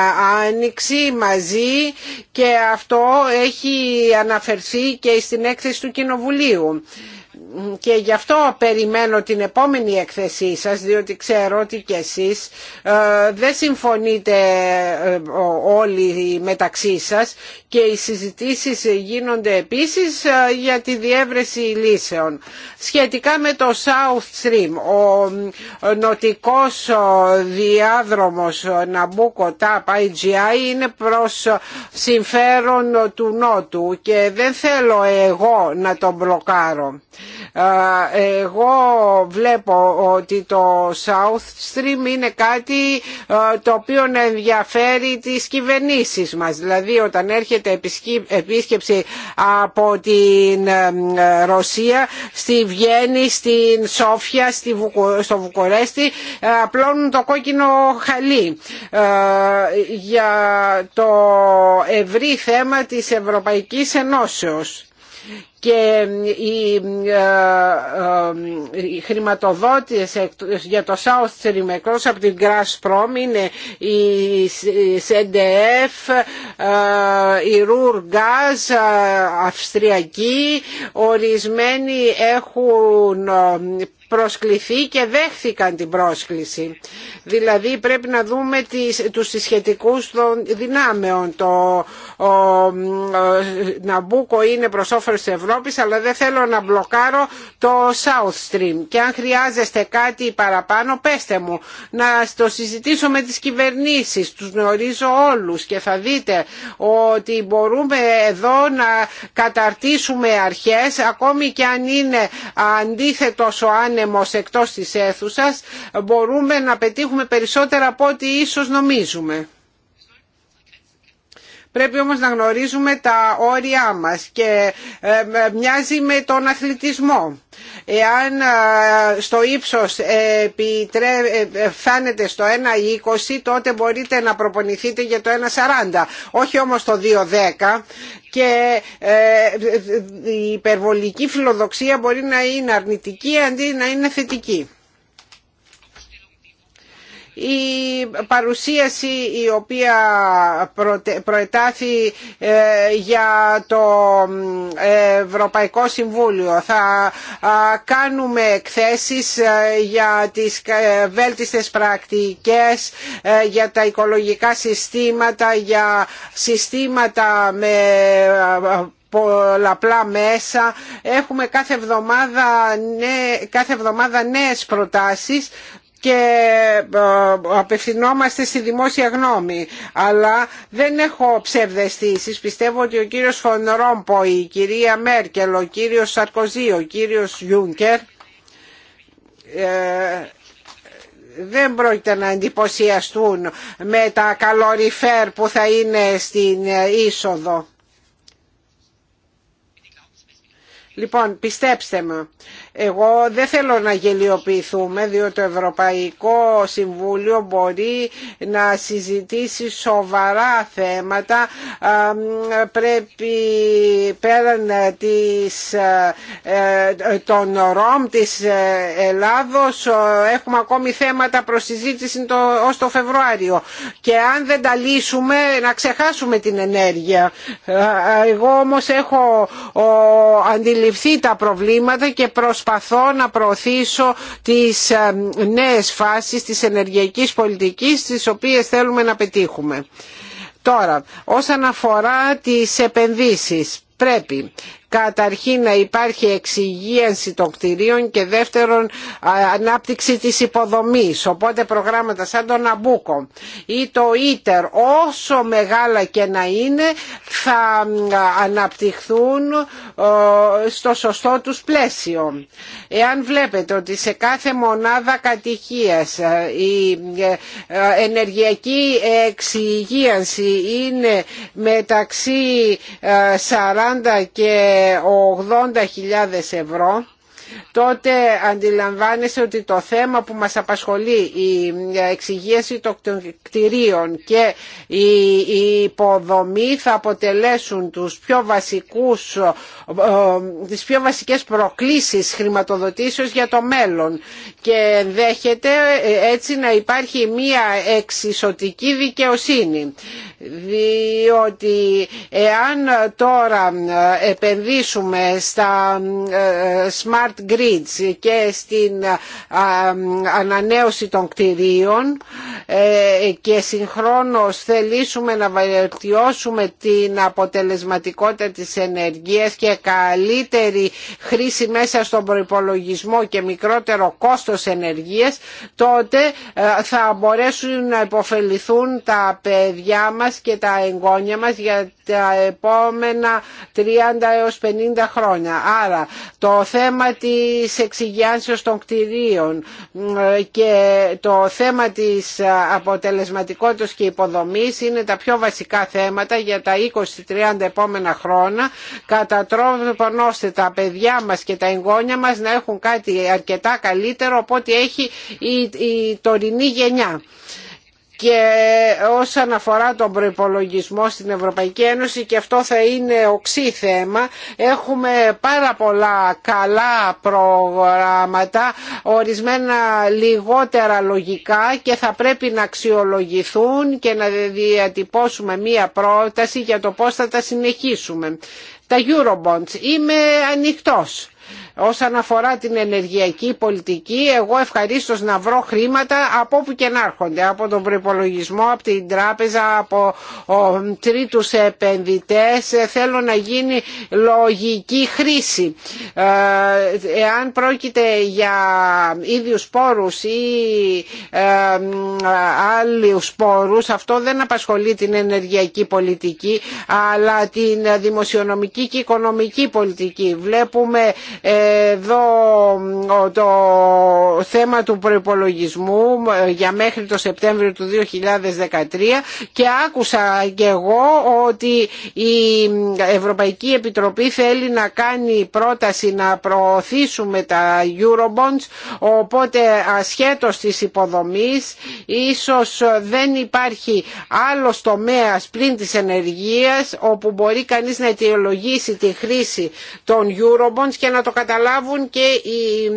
Άνοιξη μαζί και αυτό έχει αναφερθεί και στην έκθεση του Κοινοβουλίου και γι' αυτό περιμένω την επόμενη εκθεσή σας διότι ξέρω ότι και εσείς ε, δεν συμφωνείτε ε, όλοι μεταξύ σας και οι συζητήσεις γίνονται επίσης ε, για τη διεύρεση λύσεων. Σχετικά με το South Stream, ο νοτικός διάδρομος Ναμπούκο Τάπ IGI είναι προς συμφέρον του Νότου και δεν θέλω εγώ να τον μπλοκάρω. Εγώ βλέπω ότι το South Stream είναι κάτι το οποίο ενδιαφέρει τις κυβερνήσεις μας. Δηλαδή όταν έρχεται επίσκεψη από την ε, ε, Ρωσία στη Βιέννη, στην Σόφια, στο Βουκορέστι ε, απλώνουν το κόκκινο χαλί. Για το ευρύ θέμα της Ευρωπαϊκής Ενώσεως και οι ε, ε, χρηματοδότηση για το South Stream εκτός από την Gazprom είναι η SNDF, ε, η Ruhr Gas, Αυστριακή, ορισμένοι έχουν προσκληθεί και δέχθηκαν την πρόσκληση. Δηλαδή πρέπει να δούμε τις, τους συσχετικούς των δυνάμεων. Το ο, ο, Ναμπούκο είναι προς όφελος της Ευρώπης αλλά δεν θέλω να μπλοκάρω το South Stream. Και αν χρειάζεστε κάτι παραπάνω πέστε μου να το συζητήσω με τις κυβερνήσεις. Τους γνωρίζω όλους και θα δείτε ότι μπορούμε εδώ να καταρτήσουμε αρχές ακόμη και αν είναι αντίθετος ο άνεμος εκτός της αίθουσας μπορούμε να πετύχουμε περισσότερα από ό,τι ίσως νομίζουμε. Πρέπει όμως να γνωρίζουμε τα όρια μας και ε, μοιάζει με τον αθλητισμό. Εάν στο ύψος ε, ε, φάνεται στο 1,20 τότε μπορείτε να προπονηθείτε για το 1,40. Όχι όμως το 2,10 και ε, η υπερβολική φιλοδοξία μπορεί να είναι αρνητική αντί να είναι θετική η παρουσίαση η οποία προετάθη ε, για το Ευρωπαϊκό Συμβούλιο. Θα κάνουμε εκθέσεις ε, για τις ε, βέλτιστες πρακτικές, για τα οικολογικά συστήματα, για συστήματα με πολλαπλά μέσα. Έχουμε κάθε εβδομάδα, νέ, κάθε εβδομάδα νέες προτάσεις και ε, απευθυνόμαστε στη δημόσια γνώμη. Αλλά δεν έχω ψευδεστήσεις. Πιστεύω ότι ο κύριος Φον Ρόμπο, η κυρία Μέρκελ, ο κύριος Σαρκοζή, ο κύριος Γιούνκερ ε, δεν πρόκειται να εντυπωσιαστούν με τα καλοριφέρ που θα είναι στην ε, είσοδο. Λοιπόν, πιστέψτε με, εγώ δεν θέλω να γελιοποιηθούμε διότι το Ευρωπαϊκό Συμβούλιο μπορεί να συζητήσει σοβαρά θέματα. Πρέπει πέραν της, ε, ε, των ΡΟΜ της ε, Ελλάδος έχουμε ακόμη θέματα προς συζήτηση το, ως το Φεβρουάριο και αν δεν τα λύσουμε να ξεχάσουμε την ενέργεια. Εγώ όμως έχω αντιληφθεί τα προβλήματα και προς προσπαθώ να προωθήσω τις ε, νέες φάσεις της ενεργειακής πολιτικής τις οποίες θέλουμε να πετύχουμε. Τώρα, όσον αφορά τις επενδύσεις, πρέπει καταρχήν να υπάρχει εξυγίανση των κτηρίων και δεύτερον ανάπτυξη της υποδομής. Οπότε προγράμματα σαν τον Αμπούκο ή το Ίτερ όσο μεγάλα και να είναι θα αναπτυχθούν στο σωστό τους πλαίσιο. Εάν βλέπετε ότι σε κάθε μονάδα κατοικίας ε, η ε, ε, ενεργειακή εξυγίανση είναι μεταξύ 40 και 80.000 ε, ευρώ τότε αντιλαμβάνεσαι ότι το θέμα που μας απασχολεί η εξυγίαση των κτηρίων και η υποδομή θα αποτελέσουν τους πιο βασικούς, ε, τις πιο βασικές προκλήσεις χρηματοδοτήσεως για το μέλλον και δέχεται ε, έτσι να υπάρχει μία εξισωτική δικαιοσύνη διότι εάν τώρα επενδύσουμε στα ε, smart και στην ανανέωση των κτηρίων ε, και συγχρόνως θελήσουμε να βελτιώσουμε την αποτελεσματικότητα της ενεργείας και καλύτερη χρήση μέσα στον προϋπολογισμό και μικρότερο κόστος ενεργείας, τότε ε, θα μπορέσουν να υποφεληθούν τα παιδιά μας και τα εγγόνια μας για τα επόμενα 30 έως 50 χρόνια. Άρα το θέμα της εξηγιάνσεως των κτηρίων και το θέμα της αποτελεσματικότητας και υποδομής είναι τα πιο βασικά θέματα για τα 20-30 επόμενα χρόνια κατά τρόπον ώστε τα παιδιά μας και τα εγγόνια μας να έχουν κάτι αρκετά καλύτερο από ό,τι έχει η, η τωρινή γενιά και όσον αφορά τον προϋπολογισμό στην Ευρωπαϊκή Ένωση και αυτό θα είναι οξύ θέμα έχουμε πάρα πολλά καλά προγράμματα ορισμένα λιγότερα λογικά και θα πρέπει να αξιολογηθούν και να διατυπώσουμε μία πρόταση για το πώς θα τα συνεχίσουμε τα Eurobonds είμαι ανοιχτός Όσον αφορά την ενεργειακή πολιτική, εγώ ευχαρίστως να βρω χρήματα από όπου και να έρχονται, από τον προπολογισμό, από την τράπεζα, από τρίτους επενδυτές. Ε, θέλω να γίνει λογική χρήση. Ε, εάν πρόκειται για ίδιους πόρους ή ε, άλλους πόρους, αυτό δεν απασχολεί την ενεργειακή πολιτική, αλλά την δημοσιονομική και οικονομική πολιτική. Βλέπουμε εδώ το θέμα του προϋπολογισμού ε, για μέχρι το Σεπτέμβριο του 2013 και άκουσα και εγώ ότι η Ευρωπαϊκή Επιτροπή θέλει να κάνει πρόταση να προωθήσουμε τα Eurobonds οπότε ασχέτως της υποδομής ίσως δεν υπάρχει άλλος τομέας πλην της ενεργείας όπου μπορεί κανείς να αιτιολογήσει τη χρήση των Eurobonds και να το καταλάβει καταλάβουν και οι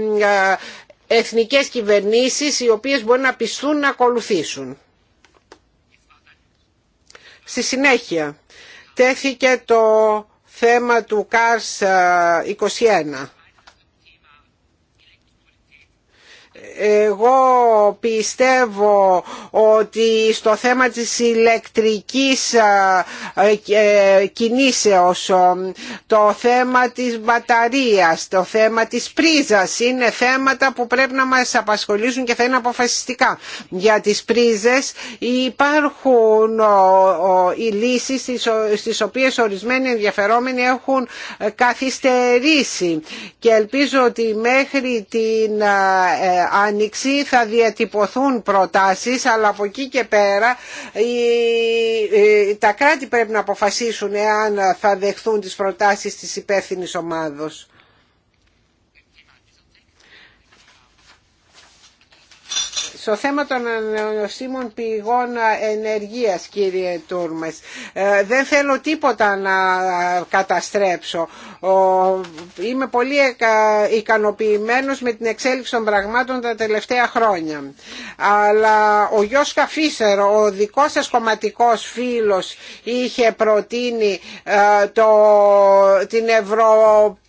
εθνικές κυβερνήσεις οι οποίες μπορεί να πιστούν να ακολουθήσουν. Στη συνέχεια τέθηκε το θέμα του ΚΑΡΣ 21 εγώ πιστεύω ότι στο θέμα της ηλεκτρικής ε, ε, κινήσεως, το θέμα της μπαταρίας, το θέμα της πρίζας είναι θέματα που πρέπει να μας απασχολήσουν και θα είναι αποφασιστικά. Για τις πρίζες υπάρχουν οι λύσεις στις οποίες ορισμένοι ενδιαφερόμενοι έχουν ε, καθυστερήσει και ελπίζω ότι μέχρι την Άνοιξη θα διατυπωθούν προτάσεις αλλά από εκεί και πέρα ε, τα κράτη πρέπει να αποφασίσουν εάν θα δεχθούν τις προτάσεις της υπεύθυνη ομάδος. Στο θέμα των ανανεωσίμων πηγών ενεργείας κύριε Τούρμες ε, δεν θέλω τίποτα να καταστρέψω. Είμαι πολύ ικανοποιημένος με την εξέλιξη των πραγμάτων τα τελευταία χρόνια. Αλλά ο Γιος Καφίσερο, ο δικός σας κομματικός φίλος είχε προτείνει ε, το, την Ευρωπαϊκή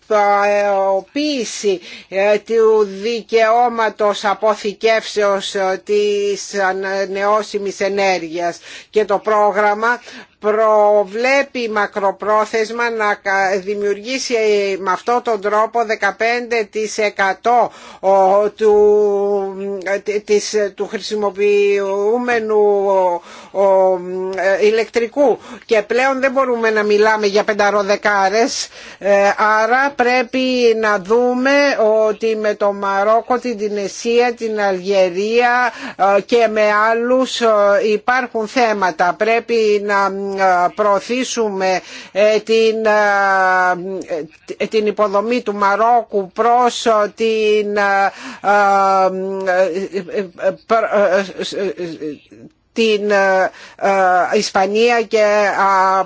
ε, του δικαιώματος αποθηκεύσεως ε, της ανανεώσιμης ενέργειας και το πρόγραμμα προβλέπει μακροπρόθεσμα να δημιουργήσει ε, με αυτόν τον τρόπο 15% του, της, του χρησιμοποιούμενου ηλεκτρικού και πλέον δεν μπορούμε να μιλάμε για πενταροδεκάρες άρα πρέπει να δούμε ότι με το Μαρόκο, την Τινεσία, την Αλγερία και με άλλους υπάρχουν θέματα. Πρέπει να προωθήσουμε την, την υποδομή του Μαρόκου προς την την ε, ε, Ισπανία και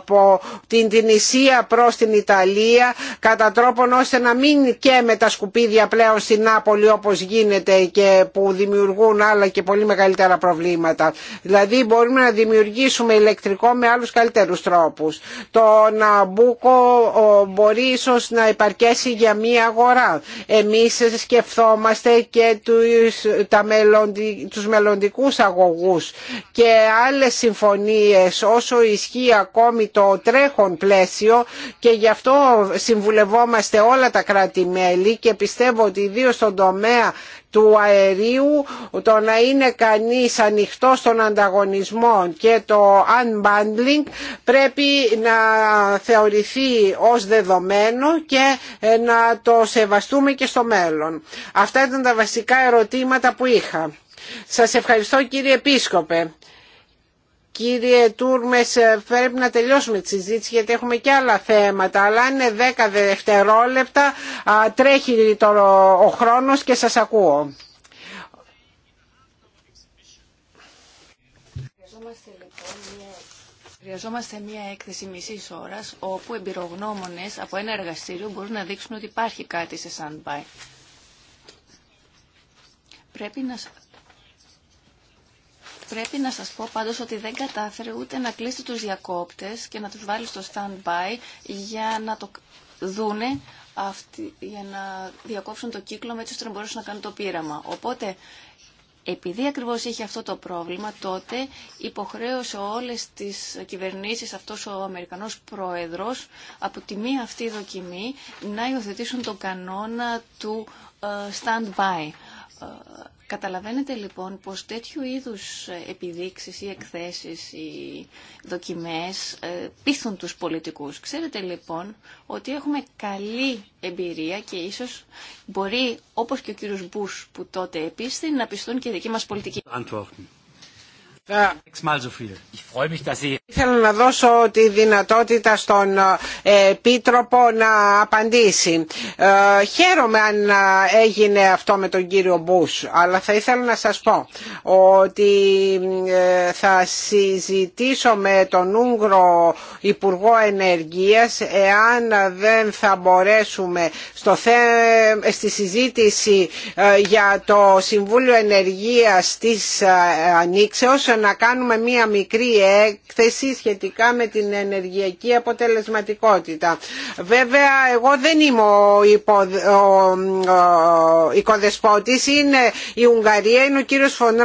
από την Τινησία προς την Ιταλία κατά τρόπον ώστε να μην και με τα σκουπίδια πλέον στην Νάπολη όπως γίνεται και που δημιουργούν άλλα και πολύ μεγαλύτερα προβλήματα. Δηλαδή μπορούμε να δημιουργήσουμε ηλεκτρικό με άλλους καλύτερους τρόπους. Το Ναμπούκο μπορεί ίσως να υπαρκέσει για μία αγορά. Εμείς σκεφτόμαστε και τους, τα μελλοντι, τους μελλοντικούς αγωγούς και άλλες συμφωνίες όσο ισχύει ακόμη το τρέχον πλαίσιο και γι' αυτό συμβουλευόμαστε όλα τα κράτη-μέλη και πιστεύω ότι ιδίως στον τομέα του αερίου το να είναι κανείς ανοιχτό στον ανταγωνισμό και το unbundling πρέπει να θεωρηθεί ως δεδομένο και να το σεβαστούμε και στο μέλλον. Αυτά ήταν τα βασικά ερωτήματα που είχα. Σας ευχαριστώ κύριε Επίσκοπε. Κύριε Τούρμες, ε, πρέπει να τελειώσουμε τη συζήτηση γιατί έχουμε και άλλα θέματα, αλλά είναι δέκα δευτερόλεπτα, τρέχει το, ο χρόνος και σας ακούω. Χρειαζόμαστε λοιπόν, μια... έκθεση μισή ώρα όπου εμπειρογνώμονε από ένα εργαστήριο μπορούν να δείξουν ότι υπάρχει κάτι σε Σάντμπαϊ. Πρέπει να Πρέπει να σας πω πάντως ότι δεν κατάφερε ούτε να κλείσει τους διακόπτες και να τους βάλει στο stand-by για να το δούνε για να διακόψουν το κύκλο έτσι ώστε να μπορέσουν να κάνουν το πείραμα. Οπότε επειδή ακριβώς είχε αυτό το πρόβλημα, τότε υποχρέωσε όλες τις κυβερνήσεις αυτός ο Αμερικανός Πρόεδρος από τη μία αυτή δοκιμή να υιοθετήσουν τον κανόνα του ε, stand-by. Ε, Καταλαβαίνετε λοιπόν πως τέτοιου είδους επιδείξεις ή εκθέσεις ή δοκιμές ε, πείθουν τους πολιτικούς. Ξέρετε λοιπόν ότι έχουμε καλή εμπειρία και ίσως μπορεί όπως και ο κύριος Μπούς που τότε επίστη να πιστούν και οι δικοί μας πολιτικοί. Ήθελα να δώσω τη δυνατότητα στον ε, Επίτροπο να απαντήσει. Ε, χαίρομαι αν ε, έγινε αυτό με τον κύριο Μπούς, αλλά θα ήθελα να σας πω ότι θα συζητήσω με τον Ούγγρο Υπουργό Ενεργείας εάν δεν θα μπορέσουμε στο θέ... στη συζήτηση για το Συμβούλιο Ενεργείας της Ανοίξεως να κάνουμε μία μικρή έκθεση σχετικά με την ενεργειακή αποτελεσματικότητα. Βέβαια εγώ δεν είμαι ο, υπο, είναι η Ουγγαρία, είναι ο κύριος Φων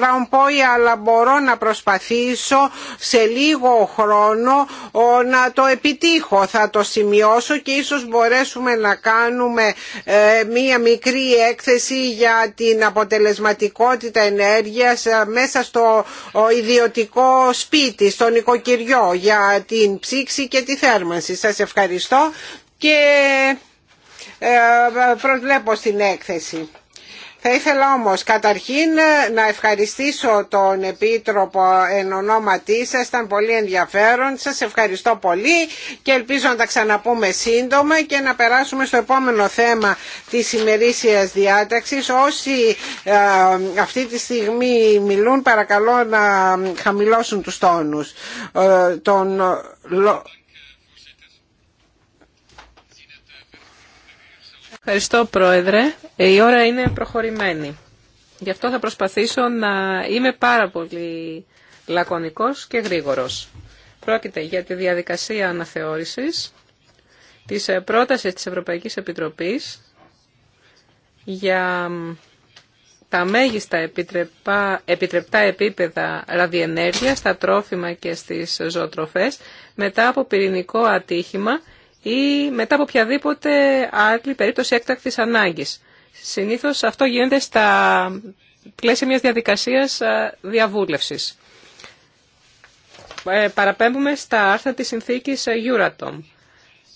αλλά μπορώ να προσπαθήσω σε λίγο χρόνο να το επιτύχω. Θα το σημειώσω και ίσως μπορέσουμε να κάνουμε ε, μία μικρή έκθεση για την αποτελεσματικότητα ενέργειας ε, μέσα στο ιδιωτικό σπίτι, στον νοικοκυριό για την ψήξη και τη θέρμανση. Σας ευχαριστώ και ε, προσβλέπω στην έκθεση. Θα ήθελα όμως καταρχήν ε, να ευχαριστήσω τον Επίτροπο εν ονόματί σας, ήταν πολύ ενδιαφέρον. Σας ευχαριστώ πολύ και ελπίζω να τα ξαναπούμε σύντομα και να περάσουμε στο επόμενο θέμα της ημερήσιας διάταξης. Όσοι ε, αυτή τη στιγμή μιλούν παρακαλώ να χαμηλώσουν τους τόνους. Ε, τον... Ευχαριστώ, Πρόεδρε. Ε, η ώρα είναι προχωρημένη. Γι' αυτό θα προσπαθήσω να είμαι πάρα πολύ λακωνικός και γρήγορος. Πρόκειται για τη διαδικασία αναθεώρησης της ε, πρότασης της Ευρωπαϊκής Επιτροπής για τα μέγιστα επιτρεπά, επιτρεπτά επίπεδα ραδιενέργειας στα τρόφιμα και στις ζωοτροφές μετά από πυρηνικό ατύχημα ή μετά από οποιαδήποτε άλλη περίπτωση έκτακτης ανάγκης. Συνήθως αυτό γίνεται στα πλαίσια μιας διαδικασίας διαβούλευσης. Ε, παραπέμπουμε στα άρθρα της συνθήκης ε, Euratom.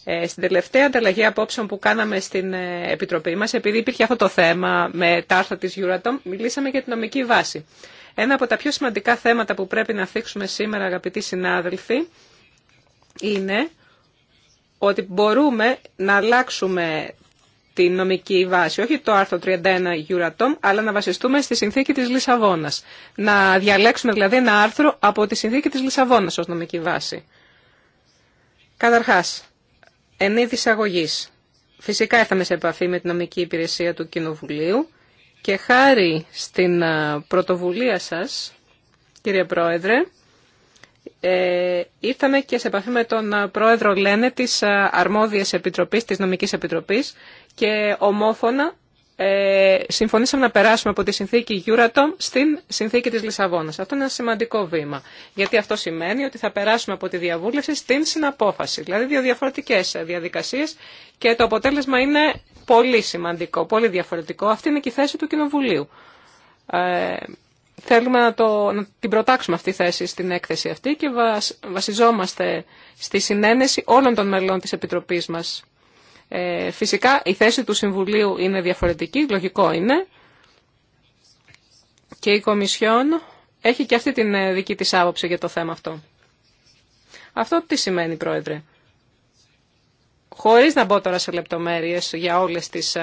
Ε, στην τελευταία ανταλλαγή απόψεων που κάναμε στην Επιτροπή μας, επειδή υπήρχε αυτό το θέμα με τα άρθρα της Euratom, μιλήσαμε για την νομική βάση. Ένα από τα πιο σημαντικά θέματα που πρέπει να θίξουμε σήμερα, αγαπητοί συνάδελφοι, είναι ότι μπορούμε να αλλάξουμε τη νομική βάση, όχι το άρθρο 31 Euratom, αλλά να βασιστούμε στη συνθήκη της Λισαβόνας. Να διαλέξουμε δηλαδή ένα άρθρο από τη συνθήκη της Λισαβόνας ως νομική βάση. Καταρχάς, εν Φυσικά ήρθαμε σε επαφή με την νομική υπηρεσία του Κοινοβουλίου και χάρη στην ε, πρωτοβουλία σας, κύριε Πρόεδρε, ε, ήρθαμε και σε επαφή με τον ε, πρόεδρο Λένε της ε, αρμόδιας επιτροπής, της νομικής επιτροπής και ομόφωνα ε, συμφωνήσαμε να περάσουμε από τη συνθήκη Euratom στην συνθήκη της Λισαβόνας. Αυτό είναι ένα σημαντικό βήμα, γιατί αυτό σημαίνει ότι θα περάσουμε από τη διαβούλευση στην συναπόφαση, δηλαδή δύο διαφορετικές διαδικασίες και το αποτέλεσμα είναι πολύ σημαντικό, πολύ διαφορετικό. Αυτή είναι και η θέση του Κοινοβουλίου. Ε, θέλουμε να, το, να την προτάξουμε αυτή η θέση στην έκθεση αυτή και βασιζόμαστε στη συνένεση όλων των μελών της Επιτροπής μας. Ε, φυσικά η θέση του Συμβουλίου είναι διαφορετική, λογικό είναι. Και η Κομισιόν έχει και αυτή την ε, δική της άποψη για το θέμα αυτό. Αυτό τι σημαίνει, Πρόεδρε. Χωρί να μπω τώρα σε λεπτομέρειε για όλε τι ε,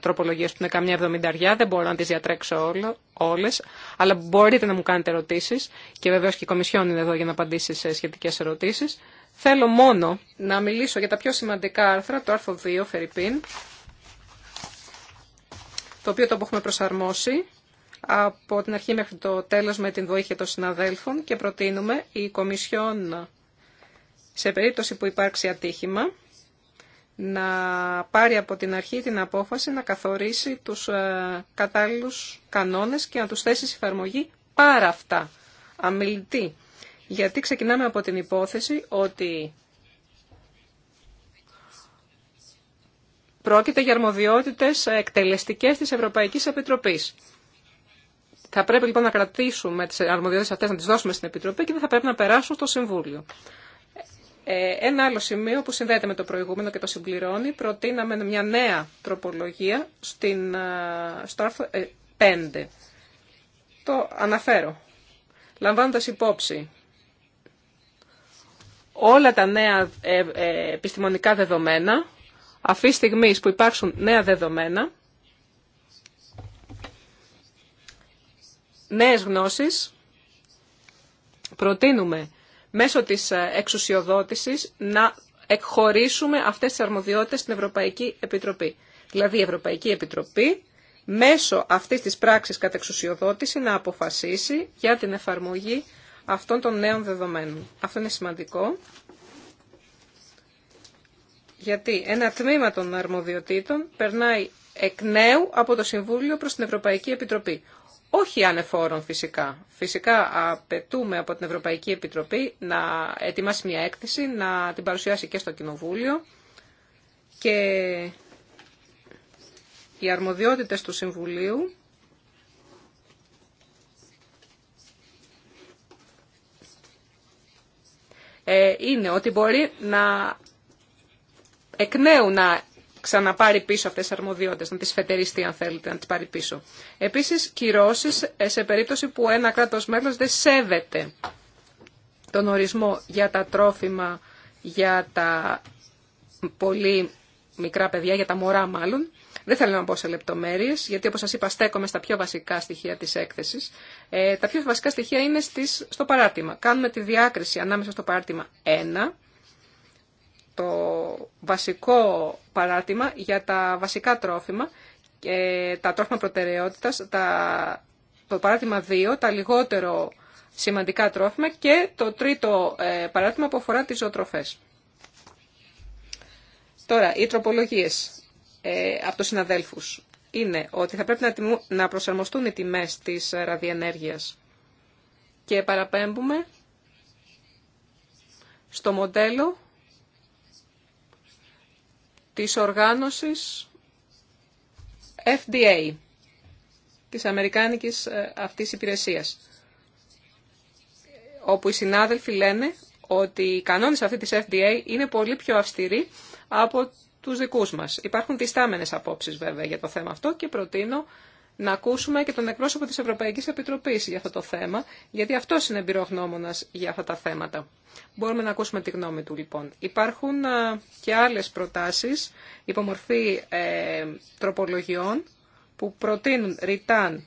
τροπολογίε που είναι καμιά εβδομηνταριά, δεν μπορώ να τι διατρέξω όλε, αλλά μπορείτε να μου κάνετε ερωτήσει και βεβαίω και η Κομισιόν είναι εδώ για να απαντήσει σε σχετικέ ερωτήσεις. Θέλω μόνο να μιλήσω για τα πιο σημαντικά άρθρα, το άρθρο 2, Φερρυπίν, το οποίο το έχουμε προσαρμόσει από την αρχή μέχρι το τέλος με την βοήθεια των συναδέλφων και προτείνουμε η Κομισιόν σε περίπτωση που υπάρξει ατύχημα να πάρει από την αρχή την απόφαση να καθορίσει τους ε, κατάλληλους κανόνες και να τους θέσει σε εφαρμογή πάρα αυτά, αμιλητή. Γιατί ξεκινάμε από την υπόθεση ότι πρόκειται για αρμοδιότητες εκτελεστικές της Ευρωπαϊκής Επιτροπής. Θα πρέπει λοιπόν να κρατήσουμε τις αρμοδιότητες αυτές, να τις δώσουμε στην Επιτροπή και δεν θα πρέπει να περάσουν στο Συμβούλιο. Ε, ένα άλλο σημείο που συνδέεται με το προηγούμενο και το συμπληρώνει, προτείναμε μια νέα τροπολογία στην, ε, στο άρθρο 5. Ε, το αναφέρω. Λαμβάνοντας υπόψη όλα τα νέα επιστημονικά δεδομένα, αυτή στιγμή που υπάρξουν νέα δεδομένα, νέες γνώσεις, προτείνουμε μέσω της ε, εξουσιοδότησης να εκχωρήσουμε αυτές τις αρμοδιότητες στην Ευρωπαϊκή Επιτροπή. Δηλαδή η Ευρωπαϊκή Επιτροπή μέσω αυτής της πράξης κατά εξουσιοδότηση να αποφασίσει για την εφαρμογή αυτών των νέων δεδομένων. Αυτό είναι σημαντικό γιατί ένα τμήμα των αρμοδιοτήτων περνάει εκ νέου από το Συμβούλιο προς την Ευρωπαϊκή Επιτροπή όχι ανεφόρων φυσικά. Φυσικά απαιτούμε από την Ευρωπαϊκή Επιτροπή να ετοιμάσει μια έκθεση, να την παρουσιάσει και στο Κοινοβούλιο και οι αρμοδιότητες του Συμβουλίου ε, είναι ότι μπορεί να εκ νέου να ξαναπάρει πίσω αυτές τις αρμοδιότητες, να τις φετεριστεί αν θέλετε, να τις πάρει πίσω. Επίσης, κυρώσεις σε περίπτωση που ένα κράτος μέλος δεν σέβεται τον ορισμό για τα τρόφιμα, για τα πολύ μικρά παιδιά, για τα μωρά μάλλον. Δεν θέλω να μπω σε λεπτομέρειες, γιατί όπως σας είπα στέκομαι στα πιο βασικά στοιχεία της έκθεσης. Ε, τα πιο βασικά στοιχεία είναι στις, στο παράρτημα. Κάνουμε τη διάκριση ανάμεσα στο παράρτημα 1, το βασικό παράτημα για τα βασικά τρόφιμα, και τα τρόφιμα προτεραιότητας, τα, το παράρτημα 2, τα λιγότερο σημαντικά τρόφιμα και το τρίτο ε, παράτημα που αφορά τις ζωοτροφές. Τώρα, οι τροπολογίες ε, από τους συναδέλφους είναι ότι θα πρέπει να προσαρμοστούν οι τιμές της ραδιενέργειας και παραπέμπουμε στο μοντέλο της οργάνωσης FDA, της Αμερικάνικης ε, αυτής υπηρεσίας, όπου οι συνάδελφοι λένε ότι οι κανόνες αυτή της FDA είναι πολύ πιο αυστηροί από τους δικούς μας. Υπάρχουν διστάμενες απόψεις βέβαια για το θέμα αυτό και προτείνω να ακούσουμε και τον εκπρόσωπο της Ευρωπαϊκής Επιτροπής για αυτό το θέμα, γιατί αυτό είναι εμπειρογνώμονας για αυτά τα θέματα. Μπορούμε να ακούσουμε τη γνώμη του λοιπόν. Υπάρχουν ε, και άλλες προτάσεις υπομορφή ε, τροπολογιών που προτείνουν ρητάν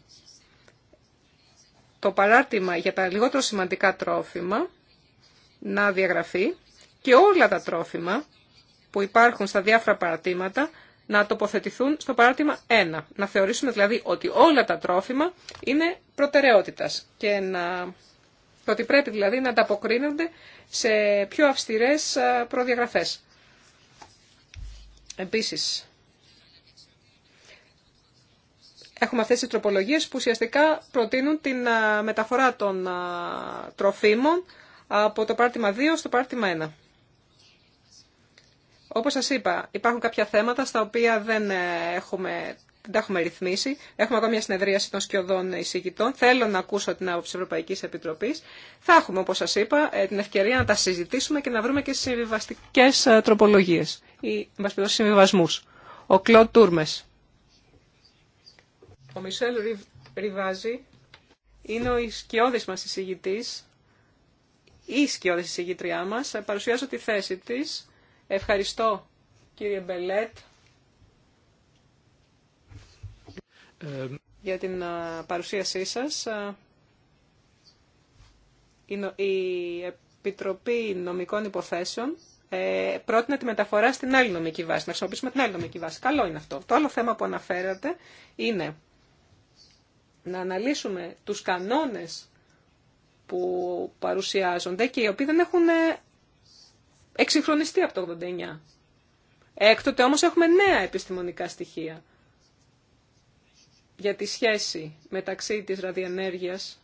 το παράρτημα για τα λιγότερο σημαντικά τρόφιμα να διαγραφεί και όλα τα τρόφιμα που υπάρχουν στα διάφορα παρατήματα να τοποθετηθούν στο παράρτημα 1. Να θεωρήσουμε δηλαδή ότι όλα τα τρόφιμα είναι προτεραιότητας και να... ότι πρέπει δηλαδή να ανταποκρίνονται σε πιο αυστηρές προδιαγραφές. Επίσης, έχουμε αυτές τις τροπολογίες που ουσιαστικά προτείνουν την μεταφορά των τροφίμων από το πάρτιμα 2 στο πάρτιμα 1. Όπως σας είπα, υπάρχουν κάποια θέματα στα οποία δεν, ε, έχουμε, δεν τα έχουμε ρυθμίσει. Έχουμε ακόμα μια συνεδρίαση των σκιωδών εισηγητών. Θέλω να ακούσω την άποψη Ευρωπαϊκής Επιτροπής. Θα έχουμε, όπως σας είπα, ε, την ευκαιρία να τα συζητήσουμε και να βρούμε και συμβιβαστικές ε, τροπολογίες ή συμβιβασμούς. Ο Κλοντ Τούρμες. Ο Μισελ Ριβάζη είναι ο σκιώδης μας εισηγητής ή σκιώδης εισηγητριά μας. Παρουσιάζω τη θέση της Ευχαριστώ, κύριε Μπελέτ, για την παρουσίασή σας. Η Επιτροπή Νομικών Υποθέσεων ε, πρότεινε τη μεταφορά στην άλλη νομική βάση, να χρησιμοποιήσουμε την άλλη νομική βάση. Καλό είναι αυτό. Το άλλο θέμα που αναφέρατε είναι να αναλύσουμε τους κανόνες που παρουσιάζονται και οι οποίοι δεν έχουν ε, εξυγχρονιστεί από το 89. Έκτοτε όμως έχουμε νέα επιστημονικά στοιχεία για τη σχέση μεταξύ της ραδιενέργειας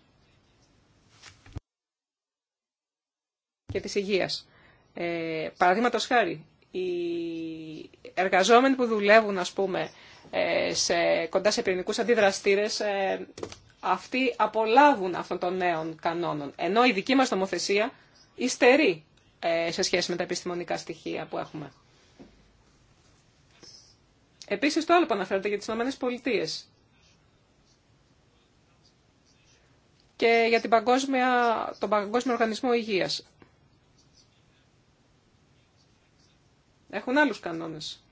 και της υγείας. Ε, Παραδείγματο χάρη, οι εργαζόμενοι που δουλεύουν, ας πούμε, ε, σε, κοντά σε πυρηνικούς αντιδραστήρες, ε, αυτοί απολάβουν αυτών των νέων κανόνων, ενώ η δική μας νομοθεσία υστερεί ε, σε σχέση με τα επιστημονικά στοιχεία που έχουμε. Επίσης το άλλο που αναφέρατε για τις ΗΠΑ Πολιτείες και για την παγκόσμια, τον Παγκόσμιο Οργανισμό Υγείας. Έχουν άλλους κανόνες.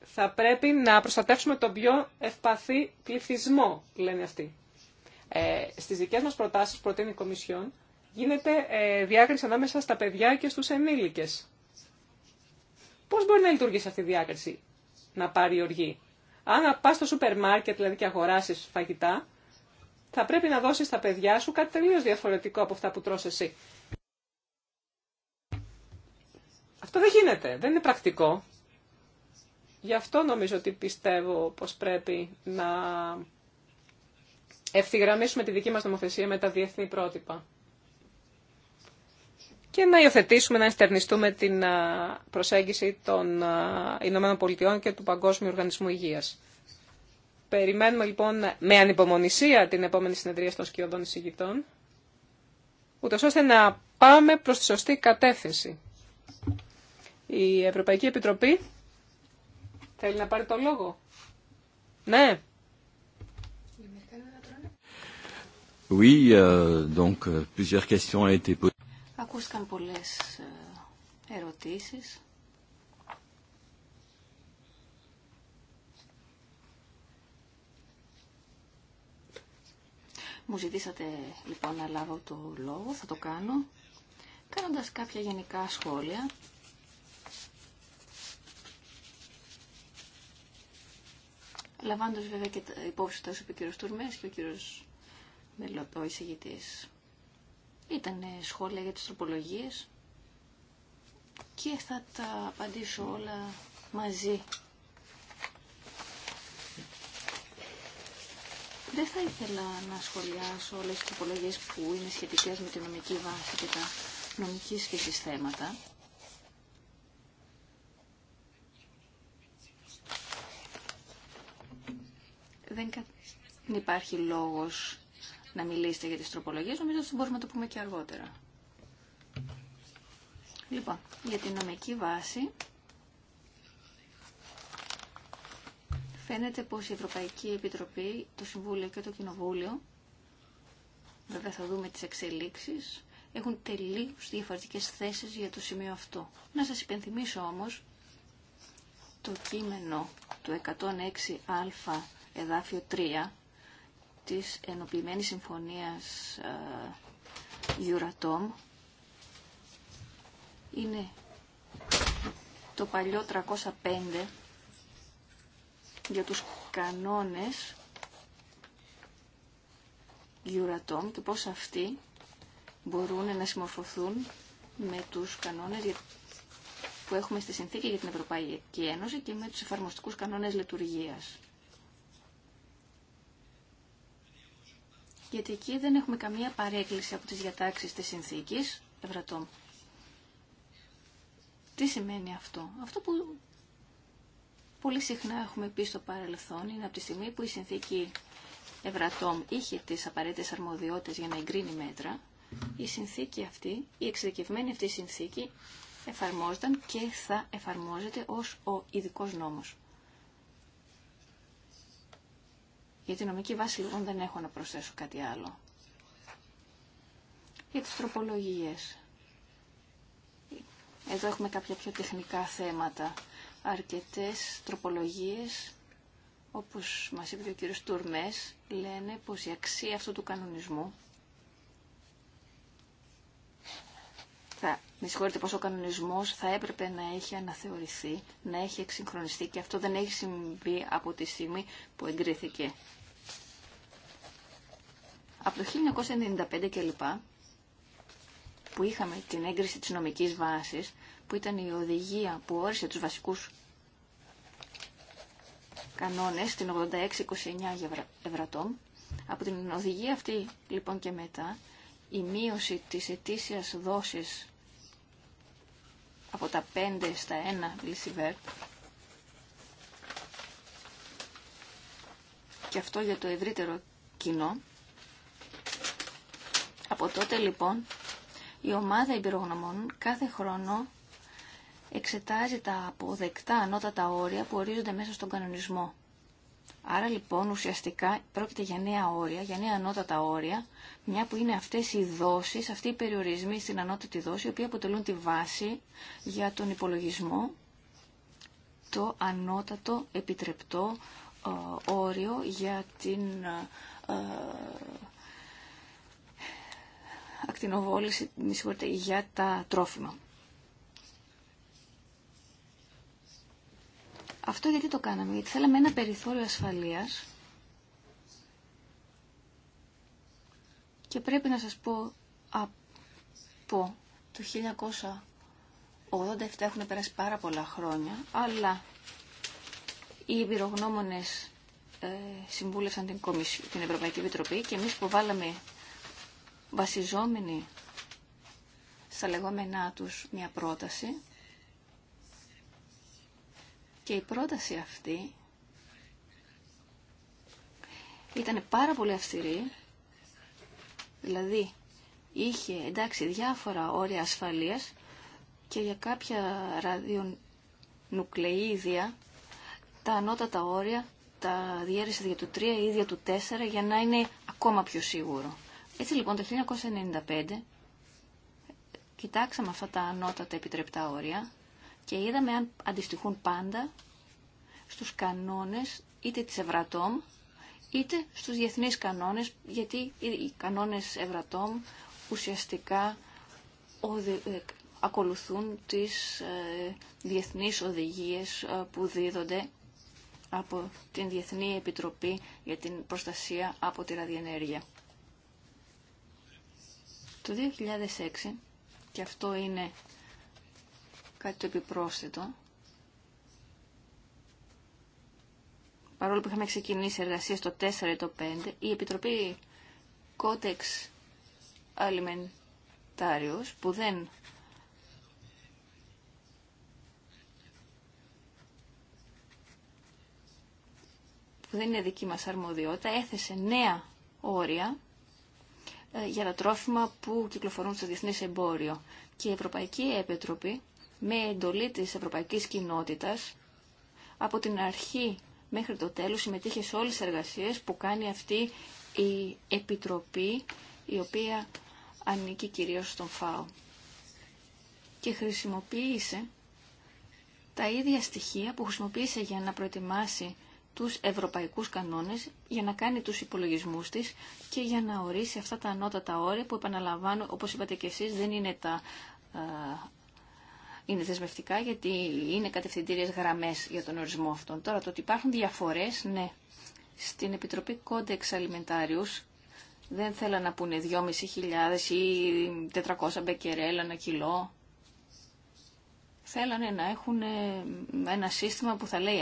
Θα πρέπει να προστατεύσουμε τον πιο ευπαθή πληθυσμό, λένε αυτοί. Ε, στις δικές μας προτάσεις προτείνει η Κομισιόν γίνεται ε, διάκριση ανάμεσα στα παιδιά και στους ενήλικες. Πώς μπορεί να λειτουργήσει αυτή η διάκριση, να πάρει οργή. Αν πας στο σούπερ μάρκετ δηλαδή και αγοράσεις φαγητά, θα πρέπει να δώσεις στα παιδιά σου κάτι τελείως διαφορετικό από αυτά που τρως εσύ. Αυτό δεν γίνεται, δεν είναι πρακτικό. Γι' αυτό νομίζω ότι πιστεύω πως πρέπει να ευθυγραμμίσουμε τη δική μας νομοθεσία με τα διεθνή πρότυπα και να υιοθετήσουμε, να ενστερνιστούμε την προσέγγιση των Ηνωμένων Πολιτειών και του Παγκόσμιου Οργανισμού Υγείας. Περιμένουμε λοιπόν με ανυπομονησία την επόμενη συνεδρία των σκιωδών εισηγητών, ούτω ώστε να πάμε προς τη σωστή κατεύθυνση. Η Ευρωπαϊκή Επιτροπή θέλει να πάρει το λόγο. Ναι. Oui, euh, donc euh, plusieurs Ακούστηκαν πολλές ε, ερωτήσεις. Μου ζητήσατε λοιπόν να λάβω το λόγο, θα το κάνω, κάνοντας κάποια γενικά σχόλια. Λαμβάνοντας βέβαια και υπόψη τα είπε ο κύριος Τουρμές και ο κύριος Μελωτό εισηγητής. Ήταν σχόλια για τις τροπολογίες και θα τα απαντήσω όλα μαζί. Δεν θα ήθελα να σχολιάσω όλες τις τροπολογίες που είναι σχετικές με τη νομική βάση και τα νομική σχέση θέματα. Δεν υπάρχει λόγος να μιλήσετε για τις τροπολογίες. Νομίζω ότι μπορούμε να το πούμε και αργότερα. Λοιπόν, για την νομική βάση φαίνεται πως η Ευρωπαϊκή Επιτροπή, το Συμβούλιο και το Κοινοβούλιο βέβαια θα δούμε τις εξελίξεις έχουν τελείως διαφορετικές θέσεις για το σημείο αυτό. Να σας υπενθυμίσω όμως το κείμενο του 106α εδάφιο 3 της Ενοποιημένης Συμφωνίας ε, Euratom είναι το παλιό 305 για τους κανόνες Euratom και πώς αυτοί μπορούν να συμμορφωθούν με τους κανόνες που έχουμε στη Συνθήκη για την Ευρωπαϊκή Ένωση και με τους εφαρμοστικούς κανόνες λειτουργίας. γιατί εκεί δεν έχουμε καμία παρέκκληση από τις διατάξεις της συνθήκης Ευρατών. Τι σημαίνει αυτό. Αυτό που πολύ συχνά έχουμε πει στο παρελθόν είναι από τη στιγμή που η συνθήκη Ευρατόμ είχε τις απαραίτητες αρμοδιότητες για να εγκρίνει μέτρα, η συνθήκη αυτή, η εξειδικευμένη αυτή συνθήκη εφαρμόζονταν και θα εφαρμόζεται ως ο ειδικό νόμος. Για την νομική βάση λοιπόν δεν έχω να προσθέσω κάτι άλλο. Για τις τροπολογίες. Εδώ έχουμε κάποια πιο τεχνικά θέματα. Αρκετές τροπολογίες, όπως μας είπε ο κύριος Τουρμές, λένε πως η αξία αυτού του κανονισμού θα με συγχωρείτε πως ο κανονισμός θα έπρεπε να έχει αναθεωρηθεί, να έχει εξυγχρονιστεί και αυτό δεν έχει συμβεί από τη στιγμή που εγκρίθηκε. Από το 1995 λοιπά που είχαμε την έγκριση της νομικής βάσης, που ήταν η οδηγία που όρισε τους βασικούς κανόνες, την 86-29 ευρατών από την οδηγία αυτή λοιπόν και μετά, η μείωση της ετήσιας δόσης από τα 5 στα 1 λυσιβέρ. Και αυτό για το ευρύτερο κοινό. Από τότε λοιπόν η ομάδα εμπειρογνωμών κάθε χρόνο εξετάζει τα αποδεκτά ανώτατα όρια που ορίζονται μέσα στον κανονισμό. Άρα λοιπόν ουσιαστικά πρόκειται για νέα όρια, για νέα ανώτατα όρια, μια που είναι αυτές οι δόσεις, αυτοί οι περιορισμοί στην ανώτατη δόση, οι οποίοι αποτελούν τη βάση για τον υπολογισμό το ανώτατο επιτρεπτό ε, όριο για την ε, ε ακτινοβόληση, για τα τρόφιμα. Αυτό γιατί το κάναμε, γιατί θέλαμε ένα περιθώριο ασφαλείας και πρέπει να σας πω από το 1987 έχουν περάσει πάρα πολλά χρόνια, αλλά οι εμπειρογνώμονες ε, συμβούλευσαν την, την Ευρωπαϊκή Επιτροπή και εμείς βάλαμε βασιζόμενοι στα λεγόμενά τους μια πρόταση και η πρόταση αυτή ήταν πάρα πολύ αυστηρή, δηλαδή είχε εντάξει διάφορα όρια ασφαλείας και για κάποια ραδιονουκλεΐδια τα ανώτατα όρια τα διέρεσε για το 3 ή για το 4 για να είναι ακόμα πιο σίγουρο. Έτσι λοιπόν το 1995 κοιτάξαμε αυτά τα ανώτατα επιτρεπτά όρια και είδαμε αν αντιστοιχούν πάντα στους κανόνες είτε της Ευρατόμ είτε στους διεθνείς κανόνες, γιατί οι κανόνες Ευρατόμ ουσιαστικά ε, ακολουθούν τις ε, διεθνείς οδηγίες ε, που δίδονται από την Διεθνή Επιτροπή για την Προστασία από τη Ραδιενέργεια. Το 2006, και αυτό είναι κάτι το επιπρόσθετο. Παρόλο που είχαμε ξεκινήσει εργασία στο 4 ή το 5, η Επιτροπή Κότεξ Αλιμεντάριος, που δεν που δεν είναι δική μας αρμοδιότητα, έθεσε νέα όρια ε, για τα τρόφιμα που κυκλοφορούν στο διεθνές εμπόριο. Και η Ευρωπαϊκή Επιτροπή με εντολή της Ευρωπαϊκής Κοινότητας από την αρχή μέχρι το τέλος συμμετείχε σε όλες τις εργασίες που κάνει αυτή η Επιτροπή η οποία ανήκει κυρίως στον ΦΑΟ και χρησιμοποίησε τα ίδια στοιχεία που χρησιμοποίησε για να προετοιμάσει τους ευρωπαϊκούς κανόνες για να κάνει τους υπολογισμούς της και για να ορίσει αυτά τα ανώτατα όρια που επαναλαμβάνω όπως είπατε και εσείς δεν είναι τα ε, είναι δεσμευτικά γιατί είναι κατευθυντήριες γραμμές για τον ορισμό αυτών. Τώρα το ότι υπάρχουν διαφορές, ναι. Στην Επιτροπή Κόντεξ Αλιμεντάριους δεν θέλανε να πούνε 2.500 ή 400 μπεκερέλ ένα κιλό. Θέλανε να έχουν ε, ένα σύστημα που θα λέει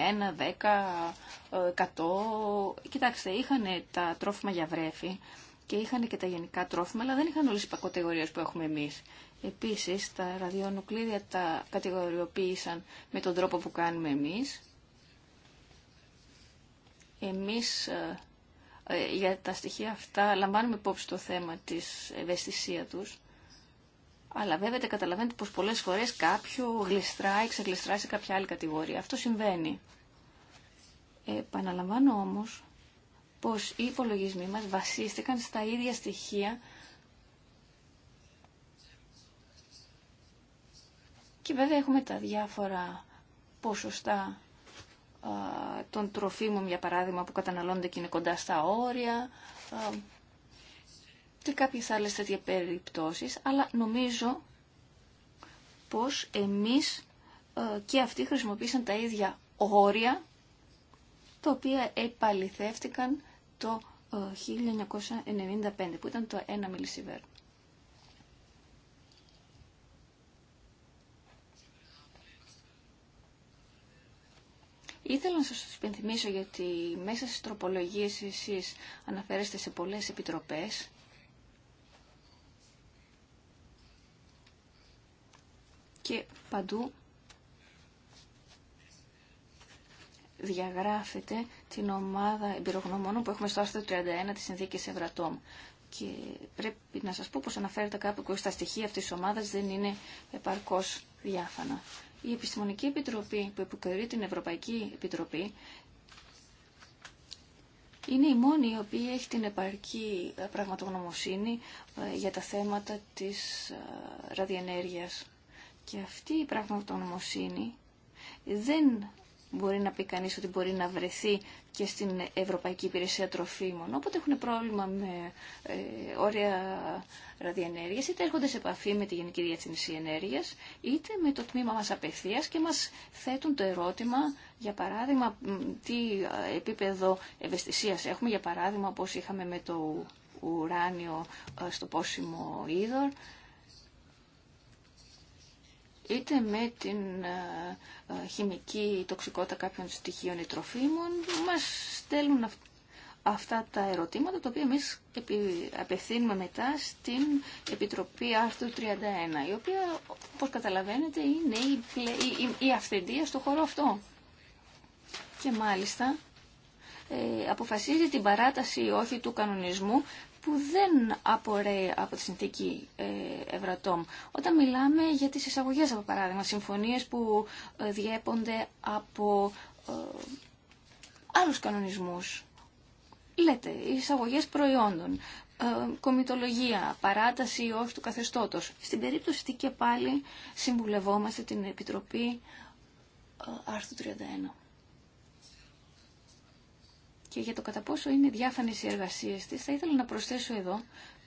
1, 10, 100. Κοιτάξτε, είχαν τα τρόφιμα για βρέφη και είχαν και τα γενικά τρόφιμα, αλλά δεν είχαν όλες τις κατηγορίες που έχουμε εμείς. Επίσης, τα ραδιονουκλίδια τα κατηγοριοποίησαν με τον τρόπο που κάνουμε εμείς. Εμείς ε, ε, για τα στοιχεία αυτά λαμβάνουμε υπόψη το θέμα της ευαισθησία τους. Αλλά βέβαια καταλαβαίνετε πως πολλές φορές κάποιο γλιστράει, ξεγλιστράει σε κάποια άλλη κατηγορία. Αυτό συμβαίνει. Ε, επαναλαμβάνω όμως πως οι υπολογισμοί μας βασίστηκαν στα ίδια στοιχεία Και βέβαια έχουμε τα διάφορα ποσοστά των τροφίμων, για παράδειγμα, που καταναλώνται και είναι κοντά στα όρια και κάποιες άλλες τέτοια περιπτώσεις, αλλά νομίζω πως εμείς και αυτοί χρησιμοποίησαν τα ίδια όρια, τα οποία επαληθεύτηκαν το 1995, που ήταν το 1 μιλισιβέρ. Ήθελα να σας υπενθυμίσω γιατί μέσα στις τροπολογίες εσείς αναφέρεστε σε πολλές επιτροπές και παντού διαγράφεται την ομάδα εμπειρογνωμόνων που έχουμε στο άρθρο 31 της Συνθήκης Ευρατόμ. Και πρέπει να σας πω πως αναφέρεται κάπου και στα στοιχεία αυτής της ομάδας δεν είναι επαρκώς διάφανα. Η Επιστημονική Επιτροπή που επικαιρεί την Ευρωπαϊκή Επιτροπή είναι η μόνη η οποία έχει την επαρκή ε, πραγματογνωμοσύνη ε, για τα θέματα της ε, ραδιενέργειας. Και αυτή η πραγματογνωμοσύνη δεν μπορεί να πει κανείς ότι μπορεί να βρεθεί και στην Ευρωπαϊκή Υπηρεσία Τροφίμων. Όποτε έχουν πρόβλημα με ε, όρια ραδιενέργειας, είτε έρχονται σε επαφή με τη Γενική Διεύθυνση Ενέργειας, είτε με το τμήμα μας απευθείας και μας θέτουν το ερώτημα, για παράδειγμα, τι επίπεδο ευαισθησίας έχουμε, για παράδειγμα, όπως είχαμε με το ουράνιο στο πόσιμο είδωρ, είτε με την ε, ε, χημική τοξικότητα κάποιων στοιχείων ή τροφίμων, μας στέλνουν αυτά τα ερωτήματα, τα οποία εμείς απευθύνουμε μετά στην Επιτροπή Άρθρου 31, η οποία, όπως καταλαβαίνετε, είναι η, η, η αυθεντία στο χώρο αυτό. Και μάλιστα ε, αποφασίζει την παράταση ή όχι του κανονισμού που δεν απορρέει από τη συνθήκη ε, Ευρατόμ. Όταν μιλάμε για τις εισαγωγές, από παράδειγμα, συμφωνίες που ε, διέπονται από ε, άλλους κανονισμούς. Λέτε, εισαγωγές προϊόντων, κομιτολογία, παράταση ή όχι του καθεστώτος. Στην περίπτωση τι και πάλι συμβουλευόμαστε την Επιτροπή άρθρου 31 και για το κατά πόσο είναι διάφανες οι εργασίες της, θα ήθελα να προσθέσω εδώ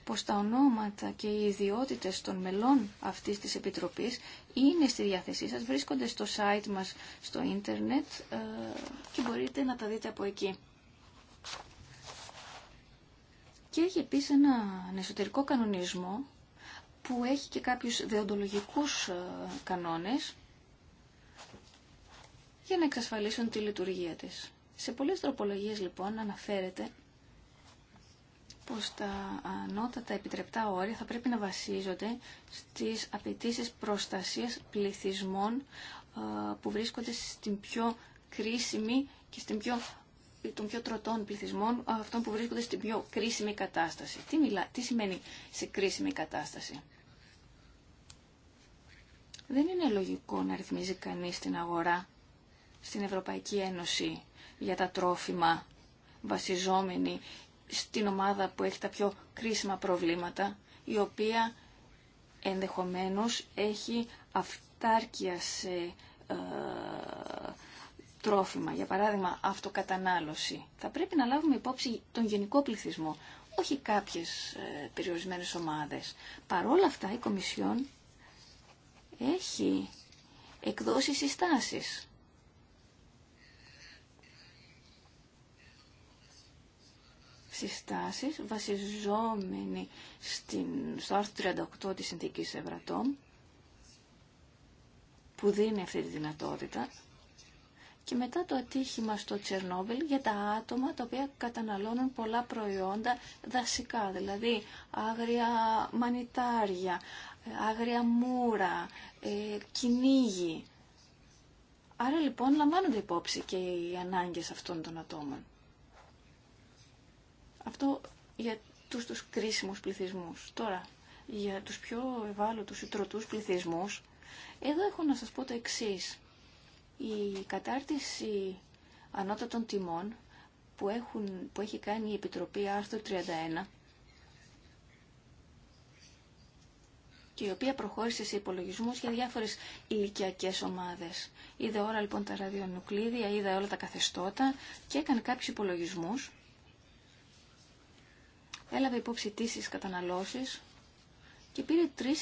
πως τα ονόματα και οι ιδιότητες των μελών αυτής της Επιτροπής είναι στη διάθεσή σας, βρίσκονται στο site μας στο ίντερνετ ε, και μπορείτε να τα δείτε από εκεί. Και έχει επίσης ένα εσωτερικό κανονισμό που έχει και κάποιους δεοντολογικούς ε, κανόνες για να εξασφαλίσουν τη λειτουργία της. Σε πολλές τροπολογίες λοιπόν αναφέρεται πως τα ανώτατα επιτρεπτά όρια θα πρέπει να βασίζονται στις απαιτήσει προστασίας πληθυσμών ε, που βρίσκονται στην πιο κρίσιμη και στην πιο, των πιο τροτών πληθυσμών, ε, αυτών που βρίσκονται στην πιο κρίσιμη κατάσταση. Τι, μιλά, τι σημαίνει σε κρίσιμη κατάσταση. Δεν είναι λογικό να ρυθμίζει κανείς την αγορά στην Ευρωπαϊκή Ένωση για τα τρόφιμα βασιζόμενοι στην ομάδα που έχει τα πιο κρίσιμα προβλήματα, η οποία ενδεχομένως έχει αυτάρκεια σε ε, τρόφιμα, για παράδειγμα αυτοκατανάλωση. Θα πρέπει να λάβουμε υπόψη τον γενικό πληθυσμό, όχι κάποιες ε, περιορισμένες ομάδες. Παρόλα αυτά η Κομισιόν έχει εκδώσει συστάσεις συστάσεις βασιζόμενοι στην, στο άρθρο 38 της Συνθήκης Ευρατών που δίνει αυτή τη δυνατότητα και μετά το ατύχημα στο Τσερνόβιλ για τα άτομα τα οποία καταναλώνουν πολλά προϊόντα δασικά, δηλαδή άγρια μανιτάρια, άγρια μούρα, ε, κυνήγι. Άρα λοιπόν λαμβάνονται υπόψη και οι ανάγκες αυτών των ατόμων. Αυτό για τους, τους κρίσιμους πληθυσμούς. Τώρα, για τους πιο ευάλωτους ή τροτούς πληθυσμούς, εδώ έχω να σας πω το εξής. Η κατάρτιση ανώτατων τιμών που, έχουν, που έχει κάνει η Επιτροπή άρθρο 31 και η οποία προχώρησε σε υπολογισμούς για διάφορες ηλικιακέ ομάδες. Είδα όλα λοιπόν τα ραδιονουκλίδια, είδα όλα τα καθεστώτα και έκανε κάποιους υπολογισμούς έλαβε υπόψη τις καταναλώσεις και πήρε τρεις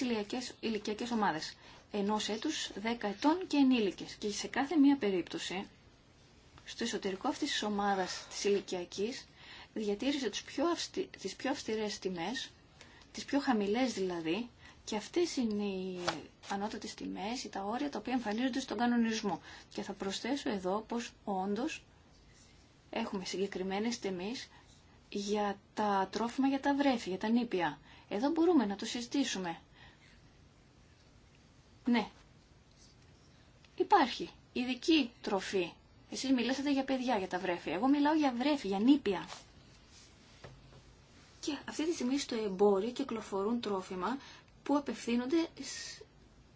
ηλικιακέ ομάδες. Ενό έτου, δέκα ετών και ενήλικέ. Και σε κάθε μία περίπτωση, στο εσωτερικό αυτής της ομάδας της ηλικιακή διατήρησε τι πιο αυστη... τις πιο αυστηρές τιμές, τις πιο χαμηλές δηλαδή, και αυτές είναι οι ανώτατες τιμές ή τα όρια τα οποία εμφανίζονται στον κανονισμό. Και θα προσθέσω εδώ πω όντω έχουμε συγκεκριμένες τιμές για τα τρόφιμα για τα βρέφη, για τα νήπια. Εδώ μπορούμε να το συζητήσουμε. Ναι. Υπάρχει ειδική τροφή. Εσείς μιλήσατε για παιδιά, για τα βρέφη. Εγώ μιλάω για βρέφη, για νήπια. Και αυτή τη στιγμή στο εμπόριο κυκλοφορούν τρόφιμα που απευθύνονται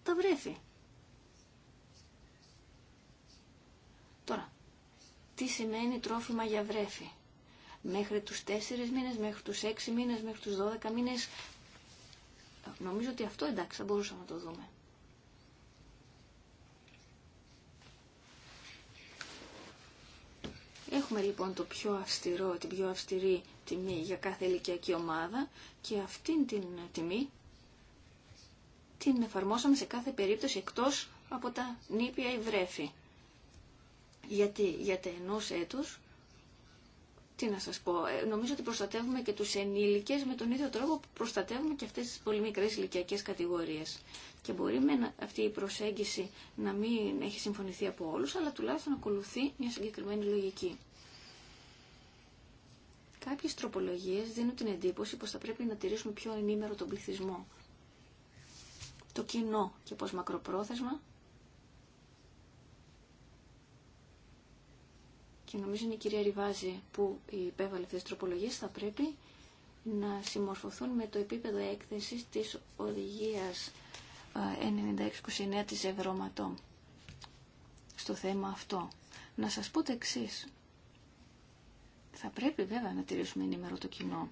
στα βρέφη. Τώρα, τι σημαίνει τρόφιμα για βρέφη μέχρι τους 4 μήνες, μέχρι τους 6 μήνες, μέχρι τους 12 μήνες. Νομίζω ότι αυτό εντάξει θα μπορούσαμε να το δούμε. Έχουμε λοιπόν το πιο αυστηρό, την πιο αυστηρή τιμή για κάθε ηλικιακή ομάδα και αυτήν την τιμή την εφαρμόσαμε σε κάθε περίπτωση εκτός από τα νήπια ή βρέφη. Γιατί για τα ενός τι να σας πω, ε, νομίζω ότι προστατεύουμε και τους ενήλικες με τον ίδιο τρόπο που προστατεύουμε και αυτές τις πολύ μικρές ηλικιακές κατηγορίες. Και μπορεί με αυτή η προσέγγιση να μην έχει συμφωνηθεί από όλους, αλλά τουλάχιστον ακολουθεί μια συγκεκριμένη λογική. Κάποιες τροπολογίες δίνουν την εντύπωση πως θα πρέπει να τηρήσουμε πιο ενήμερο τον πληθυσμό, το κοινό και πως μακροπρόθεσμα και νομίζω είναι η κυρία Ριβάζη που υπέβαλε αυτές τις τροπολογίες, θα πρέπει να συμμορφωθούν με το επίπεδο έκθεσης της οδηγίας 9629 ε, της Ευρωματό στο θέμα αυτό. Να σας πω το εξή. Θα πρέπει βέβαια να τηρήσουμε ενήμερο το κοινό.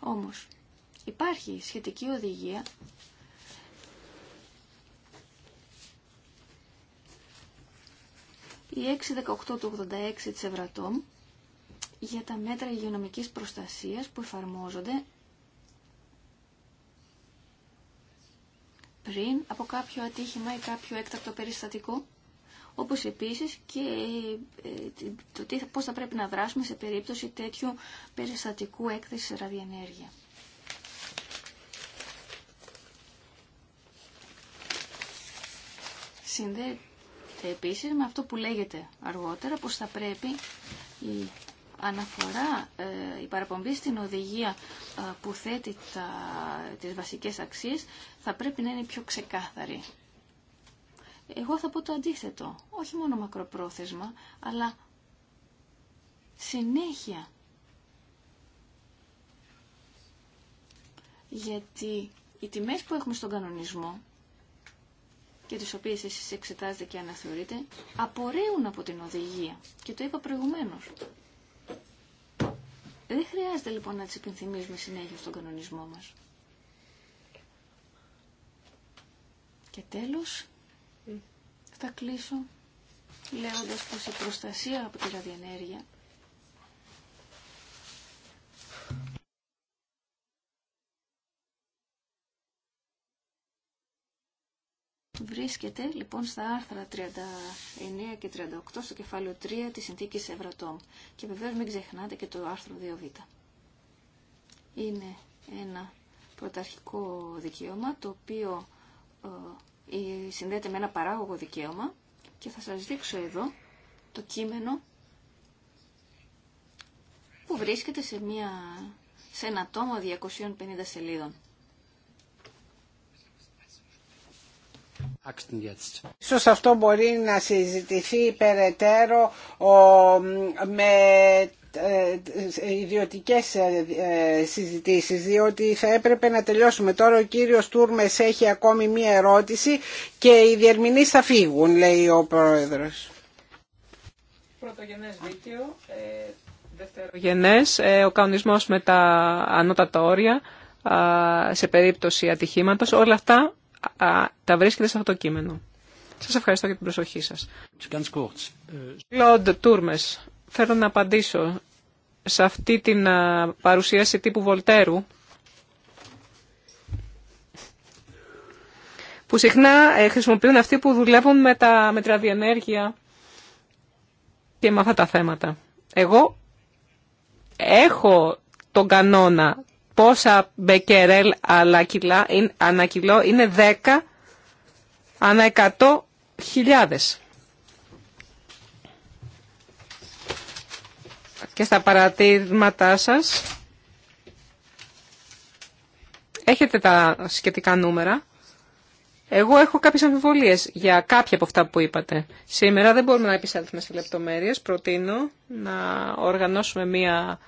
Όμως υπάρχει σχετική οδηγία η 618 του 86 της Ευρατόμ για τα μέτρα υγειονομικής προστασίας που εφαρμόζονται πριν από κάποιο ατύχημα ή κάποιο έκτακτο περιστατικό, όπως επίσης και ε, το τι, πώς θα πρέπει να δράσουμε σε περίπτωση τέτοιου περιστατικού έκθεσης ραδιενέργεια. Συνδέεται επίσης με αυτό που λέγεται αργότερα, πως θα πρέπει η αναφορά, ε, η παραπομπή στην οδηγία ε, που θέτει τα, τις βασικές αξίες θα πρέπει να είναι πιο ξεκάθαρη. Εγώ θα πω το αντίθετο, όχι μόνο μακροπρόθεσμα, αλλά συνέχεια. Γιατί οι τιμές που έχουμε στον κανονισμό και τις οποίες εσείς εξετάζετε και αναθεωρείτε, απορρέουν από την οδηγία. Και το είπα προηγουμένως. Δεν χρειάζεται λοιπόν να τις υπενθυμίζουμε συνέχεια στον κανονισμό μας. Και τέλος, θα κλείσω λέγοντας πως η προστασία από τη ραδιενέργεια βρίσκεται λοιπόν στα άρθρα 39 και 38 στο κεφάλαιο 3 της συνθήκης Ευρωτόμ, Και βεβαίως μην ξεχνάτε και το άρθρο 2β. Είναι ένα πρωταρχικό δικαίωμα το οποίο ε, συνδέεται με ένα παράγωγο δικαίωμα και θα σας δείξω εδώ το κείμενο που βρίσκεται σε, μια, σε ένα τόμο 250 σελίδων. Ίσως αυτό μπορεί να συζητηθεί περαιτέρω με ε, ε, ιδιωτικές ε, συζητήσεις διότι θα έπρεπε να τελειώσουμε τώρα ο κύριος Τούρμες έχει ακόμη μία ερώτηση και οι διερμηνείς θα φύγουν λέει ο πρόεδρος Πρωτογενές δίκαιο ε, δευτερογενές ο κανονισμός με τα ανώτατα όρια σε περίπτωση ατυχήματος όλα αυτά τα βρίσκεται σε αυτό το κείμενο. Σας ευχαριστώ για την προσοχή σας. Λόντ Τούρμες, θέλω να απαντήσω σε αυτή την παρουσίαση τύπου Βολτέρου που συχνά ε, χρησιμοποιούν αυτοί που δουλεύουν με, τα, μετρα και με αυτά τα θέματα. Εγώ έχω τον κανόνα πόσα μπεκερέλ ανά είναι 10 ανά 100 χιλιάδες. Και στα παρατήρηματά σας έχετε τα σχετικά νούμερα. Εγώ έχω κάποιες αμφιβολίες για κάποια από αυτά που είπατε. Σήμερα δεν μπορούμε να επισέλθουμε σε λεπτομέρειες. Προτείνω να οργανώσουμε μία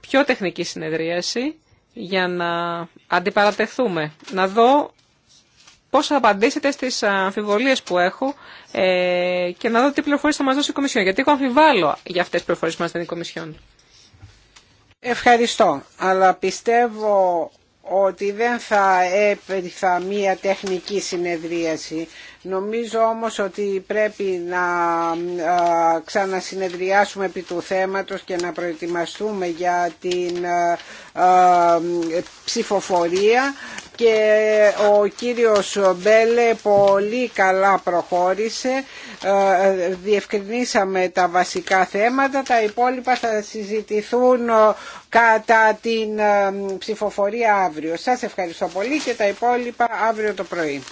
πιο τεχνική συνεδρίαση για να αντιπαρατεθούμε. Να δω πώς θα απαντήσετε στις αμφιβολίες που έχω ε, και να δω τι πληροφορίες θα μας δώσει η Κομισιόν. Γιατί εγώ αμφιβάλλω για αυτές τις πληροφορίες που μας δίνει η Κομισιόν. Ευχαριστώ, αλλά πιστεύω ότι δεν θα έπρεπε μία τεχνική συνεδρίαση. Νομίζω όμως ότι πρέπει να ξανασυνεδριάσουμε επί του θέματος και να προετοιμαστούμε για την ψηφοφορία και ο κύριος Μπέλε πολύ καλά προχώρησε ε, ε, διευκρινίσαμε τα βασικά θέματα, τα υπόλοιπα θα συζητηθούν ε, κατά την ψηφοφορία αύριο. Σας ευχαριστώ πολύ και τα υπόλοιπα αύριο το πρωί.